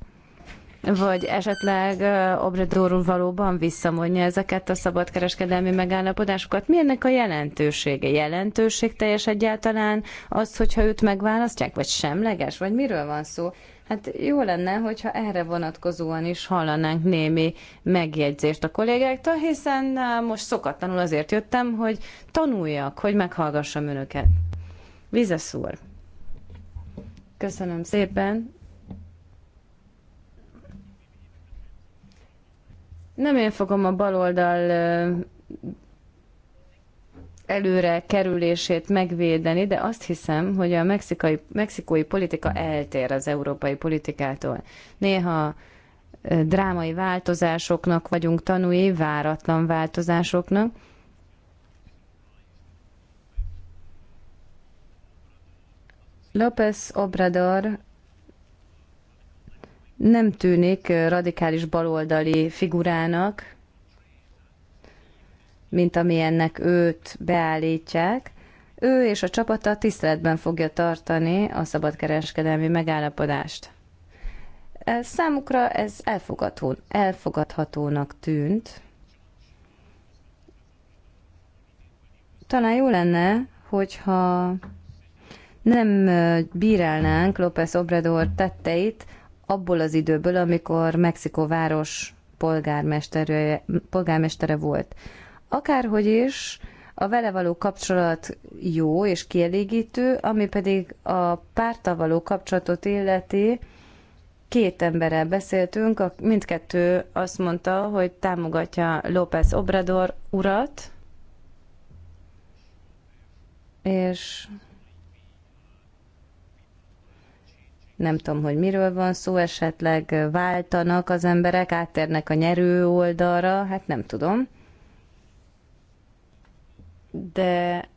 vagy esetleg Obrador valóban visszamondja ezeket a szabadkereskedelmi megállapodásokat. Mi ennek a jelentősége? Jelentőség teljes egyáltalán az, hogyha őt megválasztják, vagy semleges, vagy miről van szó? Hát jó lenne, hogyha erre vonatkozóan is hallanánk némi megjegyzést a kollégáktól, hiszen most szokatlanul azért jöttem, hogy tanuljak, hogy meghallgassam önöket. Vizeszúr. Köszönöm szépen. Nem én fogom a baloldal előre kerülését megvédeni, de azt hiszem, hogy a mexikai, mexikói politika eltér az európai politikától. Néha drámai változásoknak vagyunk tanúi, váratlan változásoknak. López Obrador nem tűnik radikális baloldali figurának, mint amilyennek őt beállítják. Ő és a csapata tiszteletben fogja tartani a szabadkereskedelmi megállapodást. Számukra ez elfogadható, elfogadhatónak tűnt. Talán jó lenne, hogyha nem bírálnánk López Obrador tetteit, abból az időből, amikor Mexikó város polgármestere, polgármestere volt. Akárhogy is, a vele való kapcsolat jó és kielégítő, ami pedig a párttal való kapcsolatot illeti, két emberrel beszéltünk, a, mindkettő azt mondta, hogy támogatja López Obrador urat, és nem tudom, hogy miről van szó, esetleg váltanak az emberek, áttérnek a nyerő oldalra, hát nem tudom. De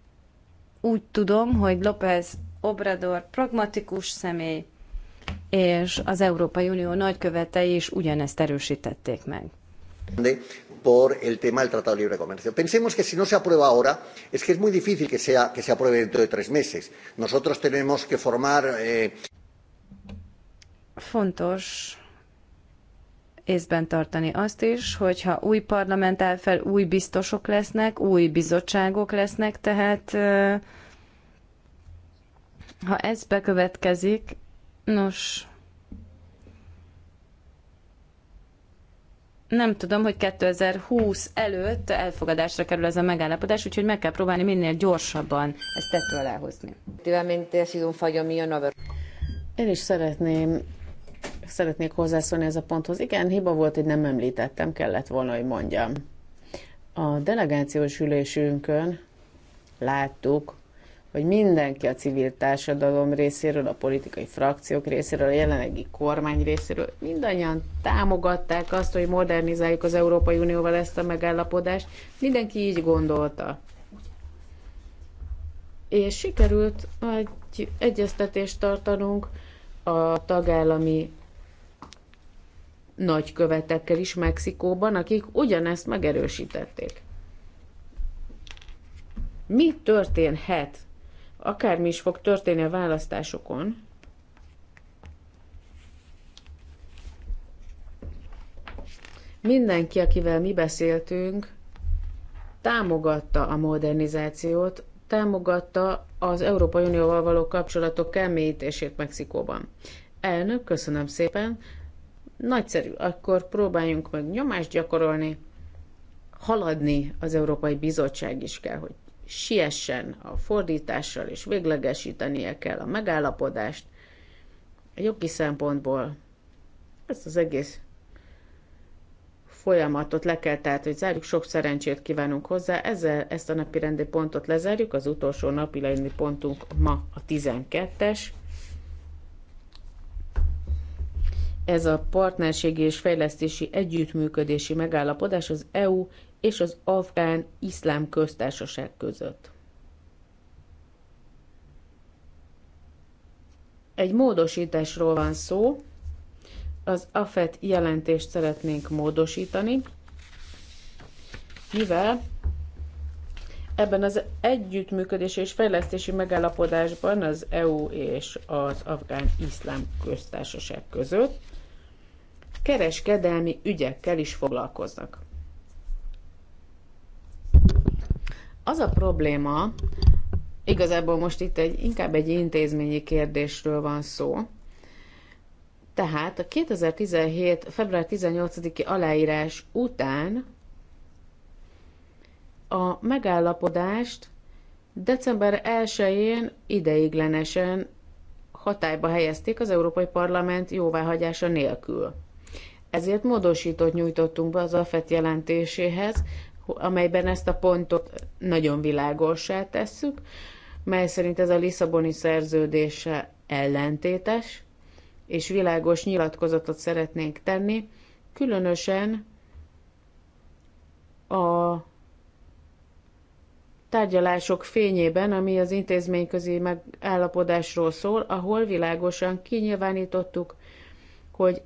úgy tudom, hogy López Obrador pragmatikus személy, és az Európai Unió nagykövetei is ugyanezt erősítették meg. por el tema del Tratado de Libre Comercio. Pensemos que si no se aprueba ahora, es que es muy difícil que, sea, que se apruebe dentro de tres meses. Nosotros tenemos que formar... Eh fontos észben tartani azt is, hogyha új parlament áll fel, új biztosok lesznek, új bizottságok lesznek, tehát ha ez bekövetkezik, nos, nem tudom, hogy 2020 előtt elfogadásra kerül ez a megállapodás, úgyhogy meg kell próbálni minél gyorsabban ezt tető aláhozni. Én is szeretném szeretnék hozzászólni ez a ponthoz. Igen, hiba volt, hogy nem említettem, kellett volna, hogy mondjam. A delegációs ülésünkön láttuk, hogy mindenki a civil társadalom részéről, a politikai frakciók részéről, a jelenlegi kormány részéről, mindannyian támogatták azt, hogy modernizáljuk az Európai Unióval ezt a megállapodást. Mindenki így gondolta. És sikerült egy egyeztetést tartanunk a tagállami nagykövetekkel is Mexikóban, akik ugyanezt megerősítették. Mi történhet, akármi is fog történni a választásokon, mindenki, akivel mi beszéltünk, támogatta a modernizációt, támogatta az Európai Unióval való kapcsolatok kemélyítését Mexikóban. Elnök, köszönöm szépen, Nagyszerű, akkor próbáljunk meg nyomást gyakorolni, haladni az Európai Bizottság is kell, hogy siessen a fordítással, és véglegesítenie kell a megállapodást a jogi szempontból. Ezt az egész folyamatot le kell tehát, hogy zárjuk. Sok szerencsét kívánunk hozzá. Ezzel ezt a napi rendi pontot lezárjuk. Az utolsó napi pontunk ma a 12-es. Ez a partnerségi és fejlesztési együttműködési megállapodás az EU és az Afgán Iszlám Köztársaság között. Egy módosításról van szó, az AFET jelentést szeretnénk módosítani, mivel ebben az együttműködés és fejlesztési megállapodásban az EU és az Afgán Iszlám Köztársaság között kereskedelmi ügyekkel is foglalkoznak. Az a probléma, igazából most itt egy, inkább egy intézményi kérdésről van szó, tehát a 2017. február 18-i aláírás után a megállapodást december 1-én ideiglenesen hatályba helyezték az Európai Parlament jóváhagyása nélkül. Ezért módosítót nyújtottunk be az AFET jelentéséhez, amelyben ezt a pontot nagyon világossá tesszük, mely szerint ez a Lisszaboni szerződése ellentétes, és világos nyilatkozatot szeretnénk tenni, különösen a tárgyalások fényében, ami az intézményközi megállapodásról szól, ahol világosan kinyilvánítottuk, hogy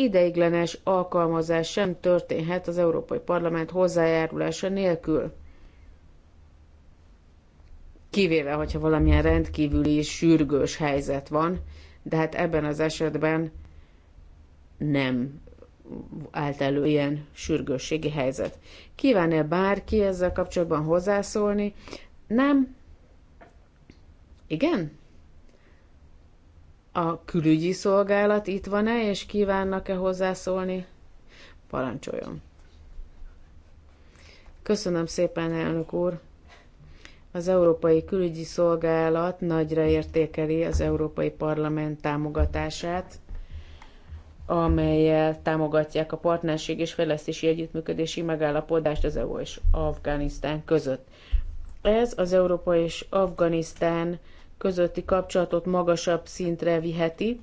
ideiglenes alkalmazás sem történhet az Európai Parlament hozzájárulása nélkül. Kivéve, hogyha valamilyen rendkívüli sürgős helyzet van, de hát ebben az esetben nem állt elő ilyen sürgősségi helyzet. Kíván-e bárki ezzel kapcsolatban hozzászólni? Nem? Igen? A külügyi szolgálat itt van-e, és kívánnak-e hozzászólni? Parancsoljon. Köszönöm szépen, elnök úr! Az Európai Külügyi Szolgálat nagyra értékeli az Európai Parlament támogatását, amelyel támogatják a partnerség és fejlesztési együttműködési megállapodást az EU és Afganisztán között. Ez az Európai és Afganisztán közötti kapcsolatot magasabb szintre viheti,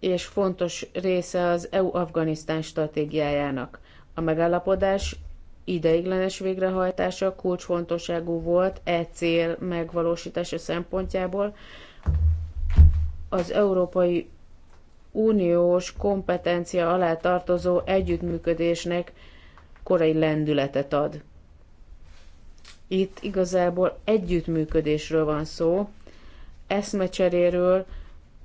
és fontos része az EU-Afganisztán stratégiájának. A megállapodás ideiglenes végrehajtása kulcsfontosságú volt e cél megvalósítása szempontjából. Az Európai Uniós kompetencia alá tartozó együttműködésnek korai lendületet ad. Itt igazából együttműködésről van szó, eszmecseréről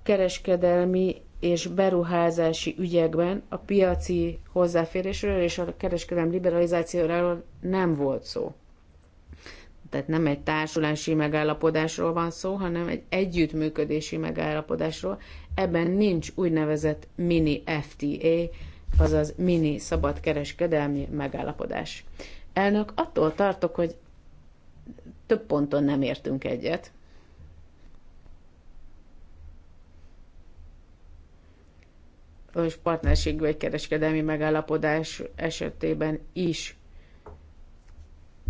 kereskedelmi és beruházási ügyekben a piaci hozzáférésről és a kereskedelmi liberalizációról nem volt szó. Tehát nem egy társulási megállapodásról van szó, hanem egy együttműködési megállapodásról. Ebben nincs úgynevezett mini FTA, azaz mini szabad kereskedelmi megállapodás. Elnök, attól tartok, hogy több ponton nem értünk egyet. és partnerségű vagy kereskedelmi megállapodás esetében is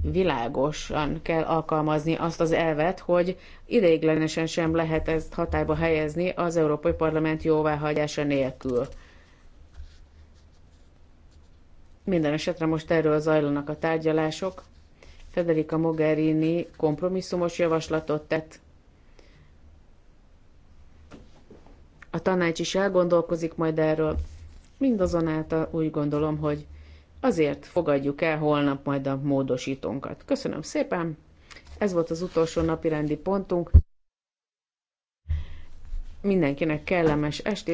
világosan kell alkalmazni azt az elvet, hogy ideiglenesen sem lehet ezt hatályba helyezni az Európai Parlament jóváhagyása nélkül. Minden esetre most erről zajlanak a tárgyalások. Federica Mogherini kompromisszumos javaslatot tett A tanács is elgondolkozik majd erről. Mindazonáltal úgy gondolom, hogy azért fogadjuk el holnap majd a módosítónkat. Köszönöm szépen! Ez volt az utolsó napirendi pontunk. Mindenkinek kellemes estét!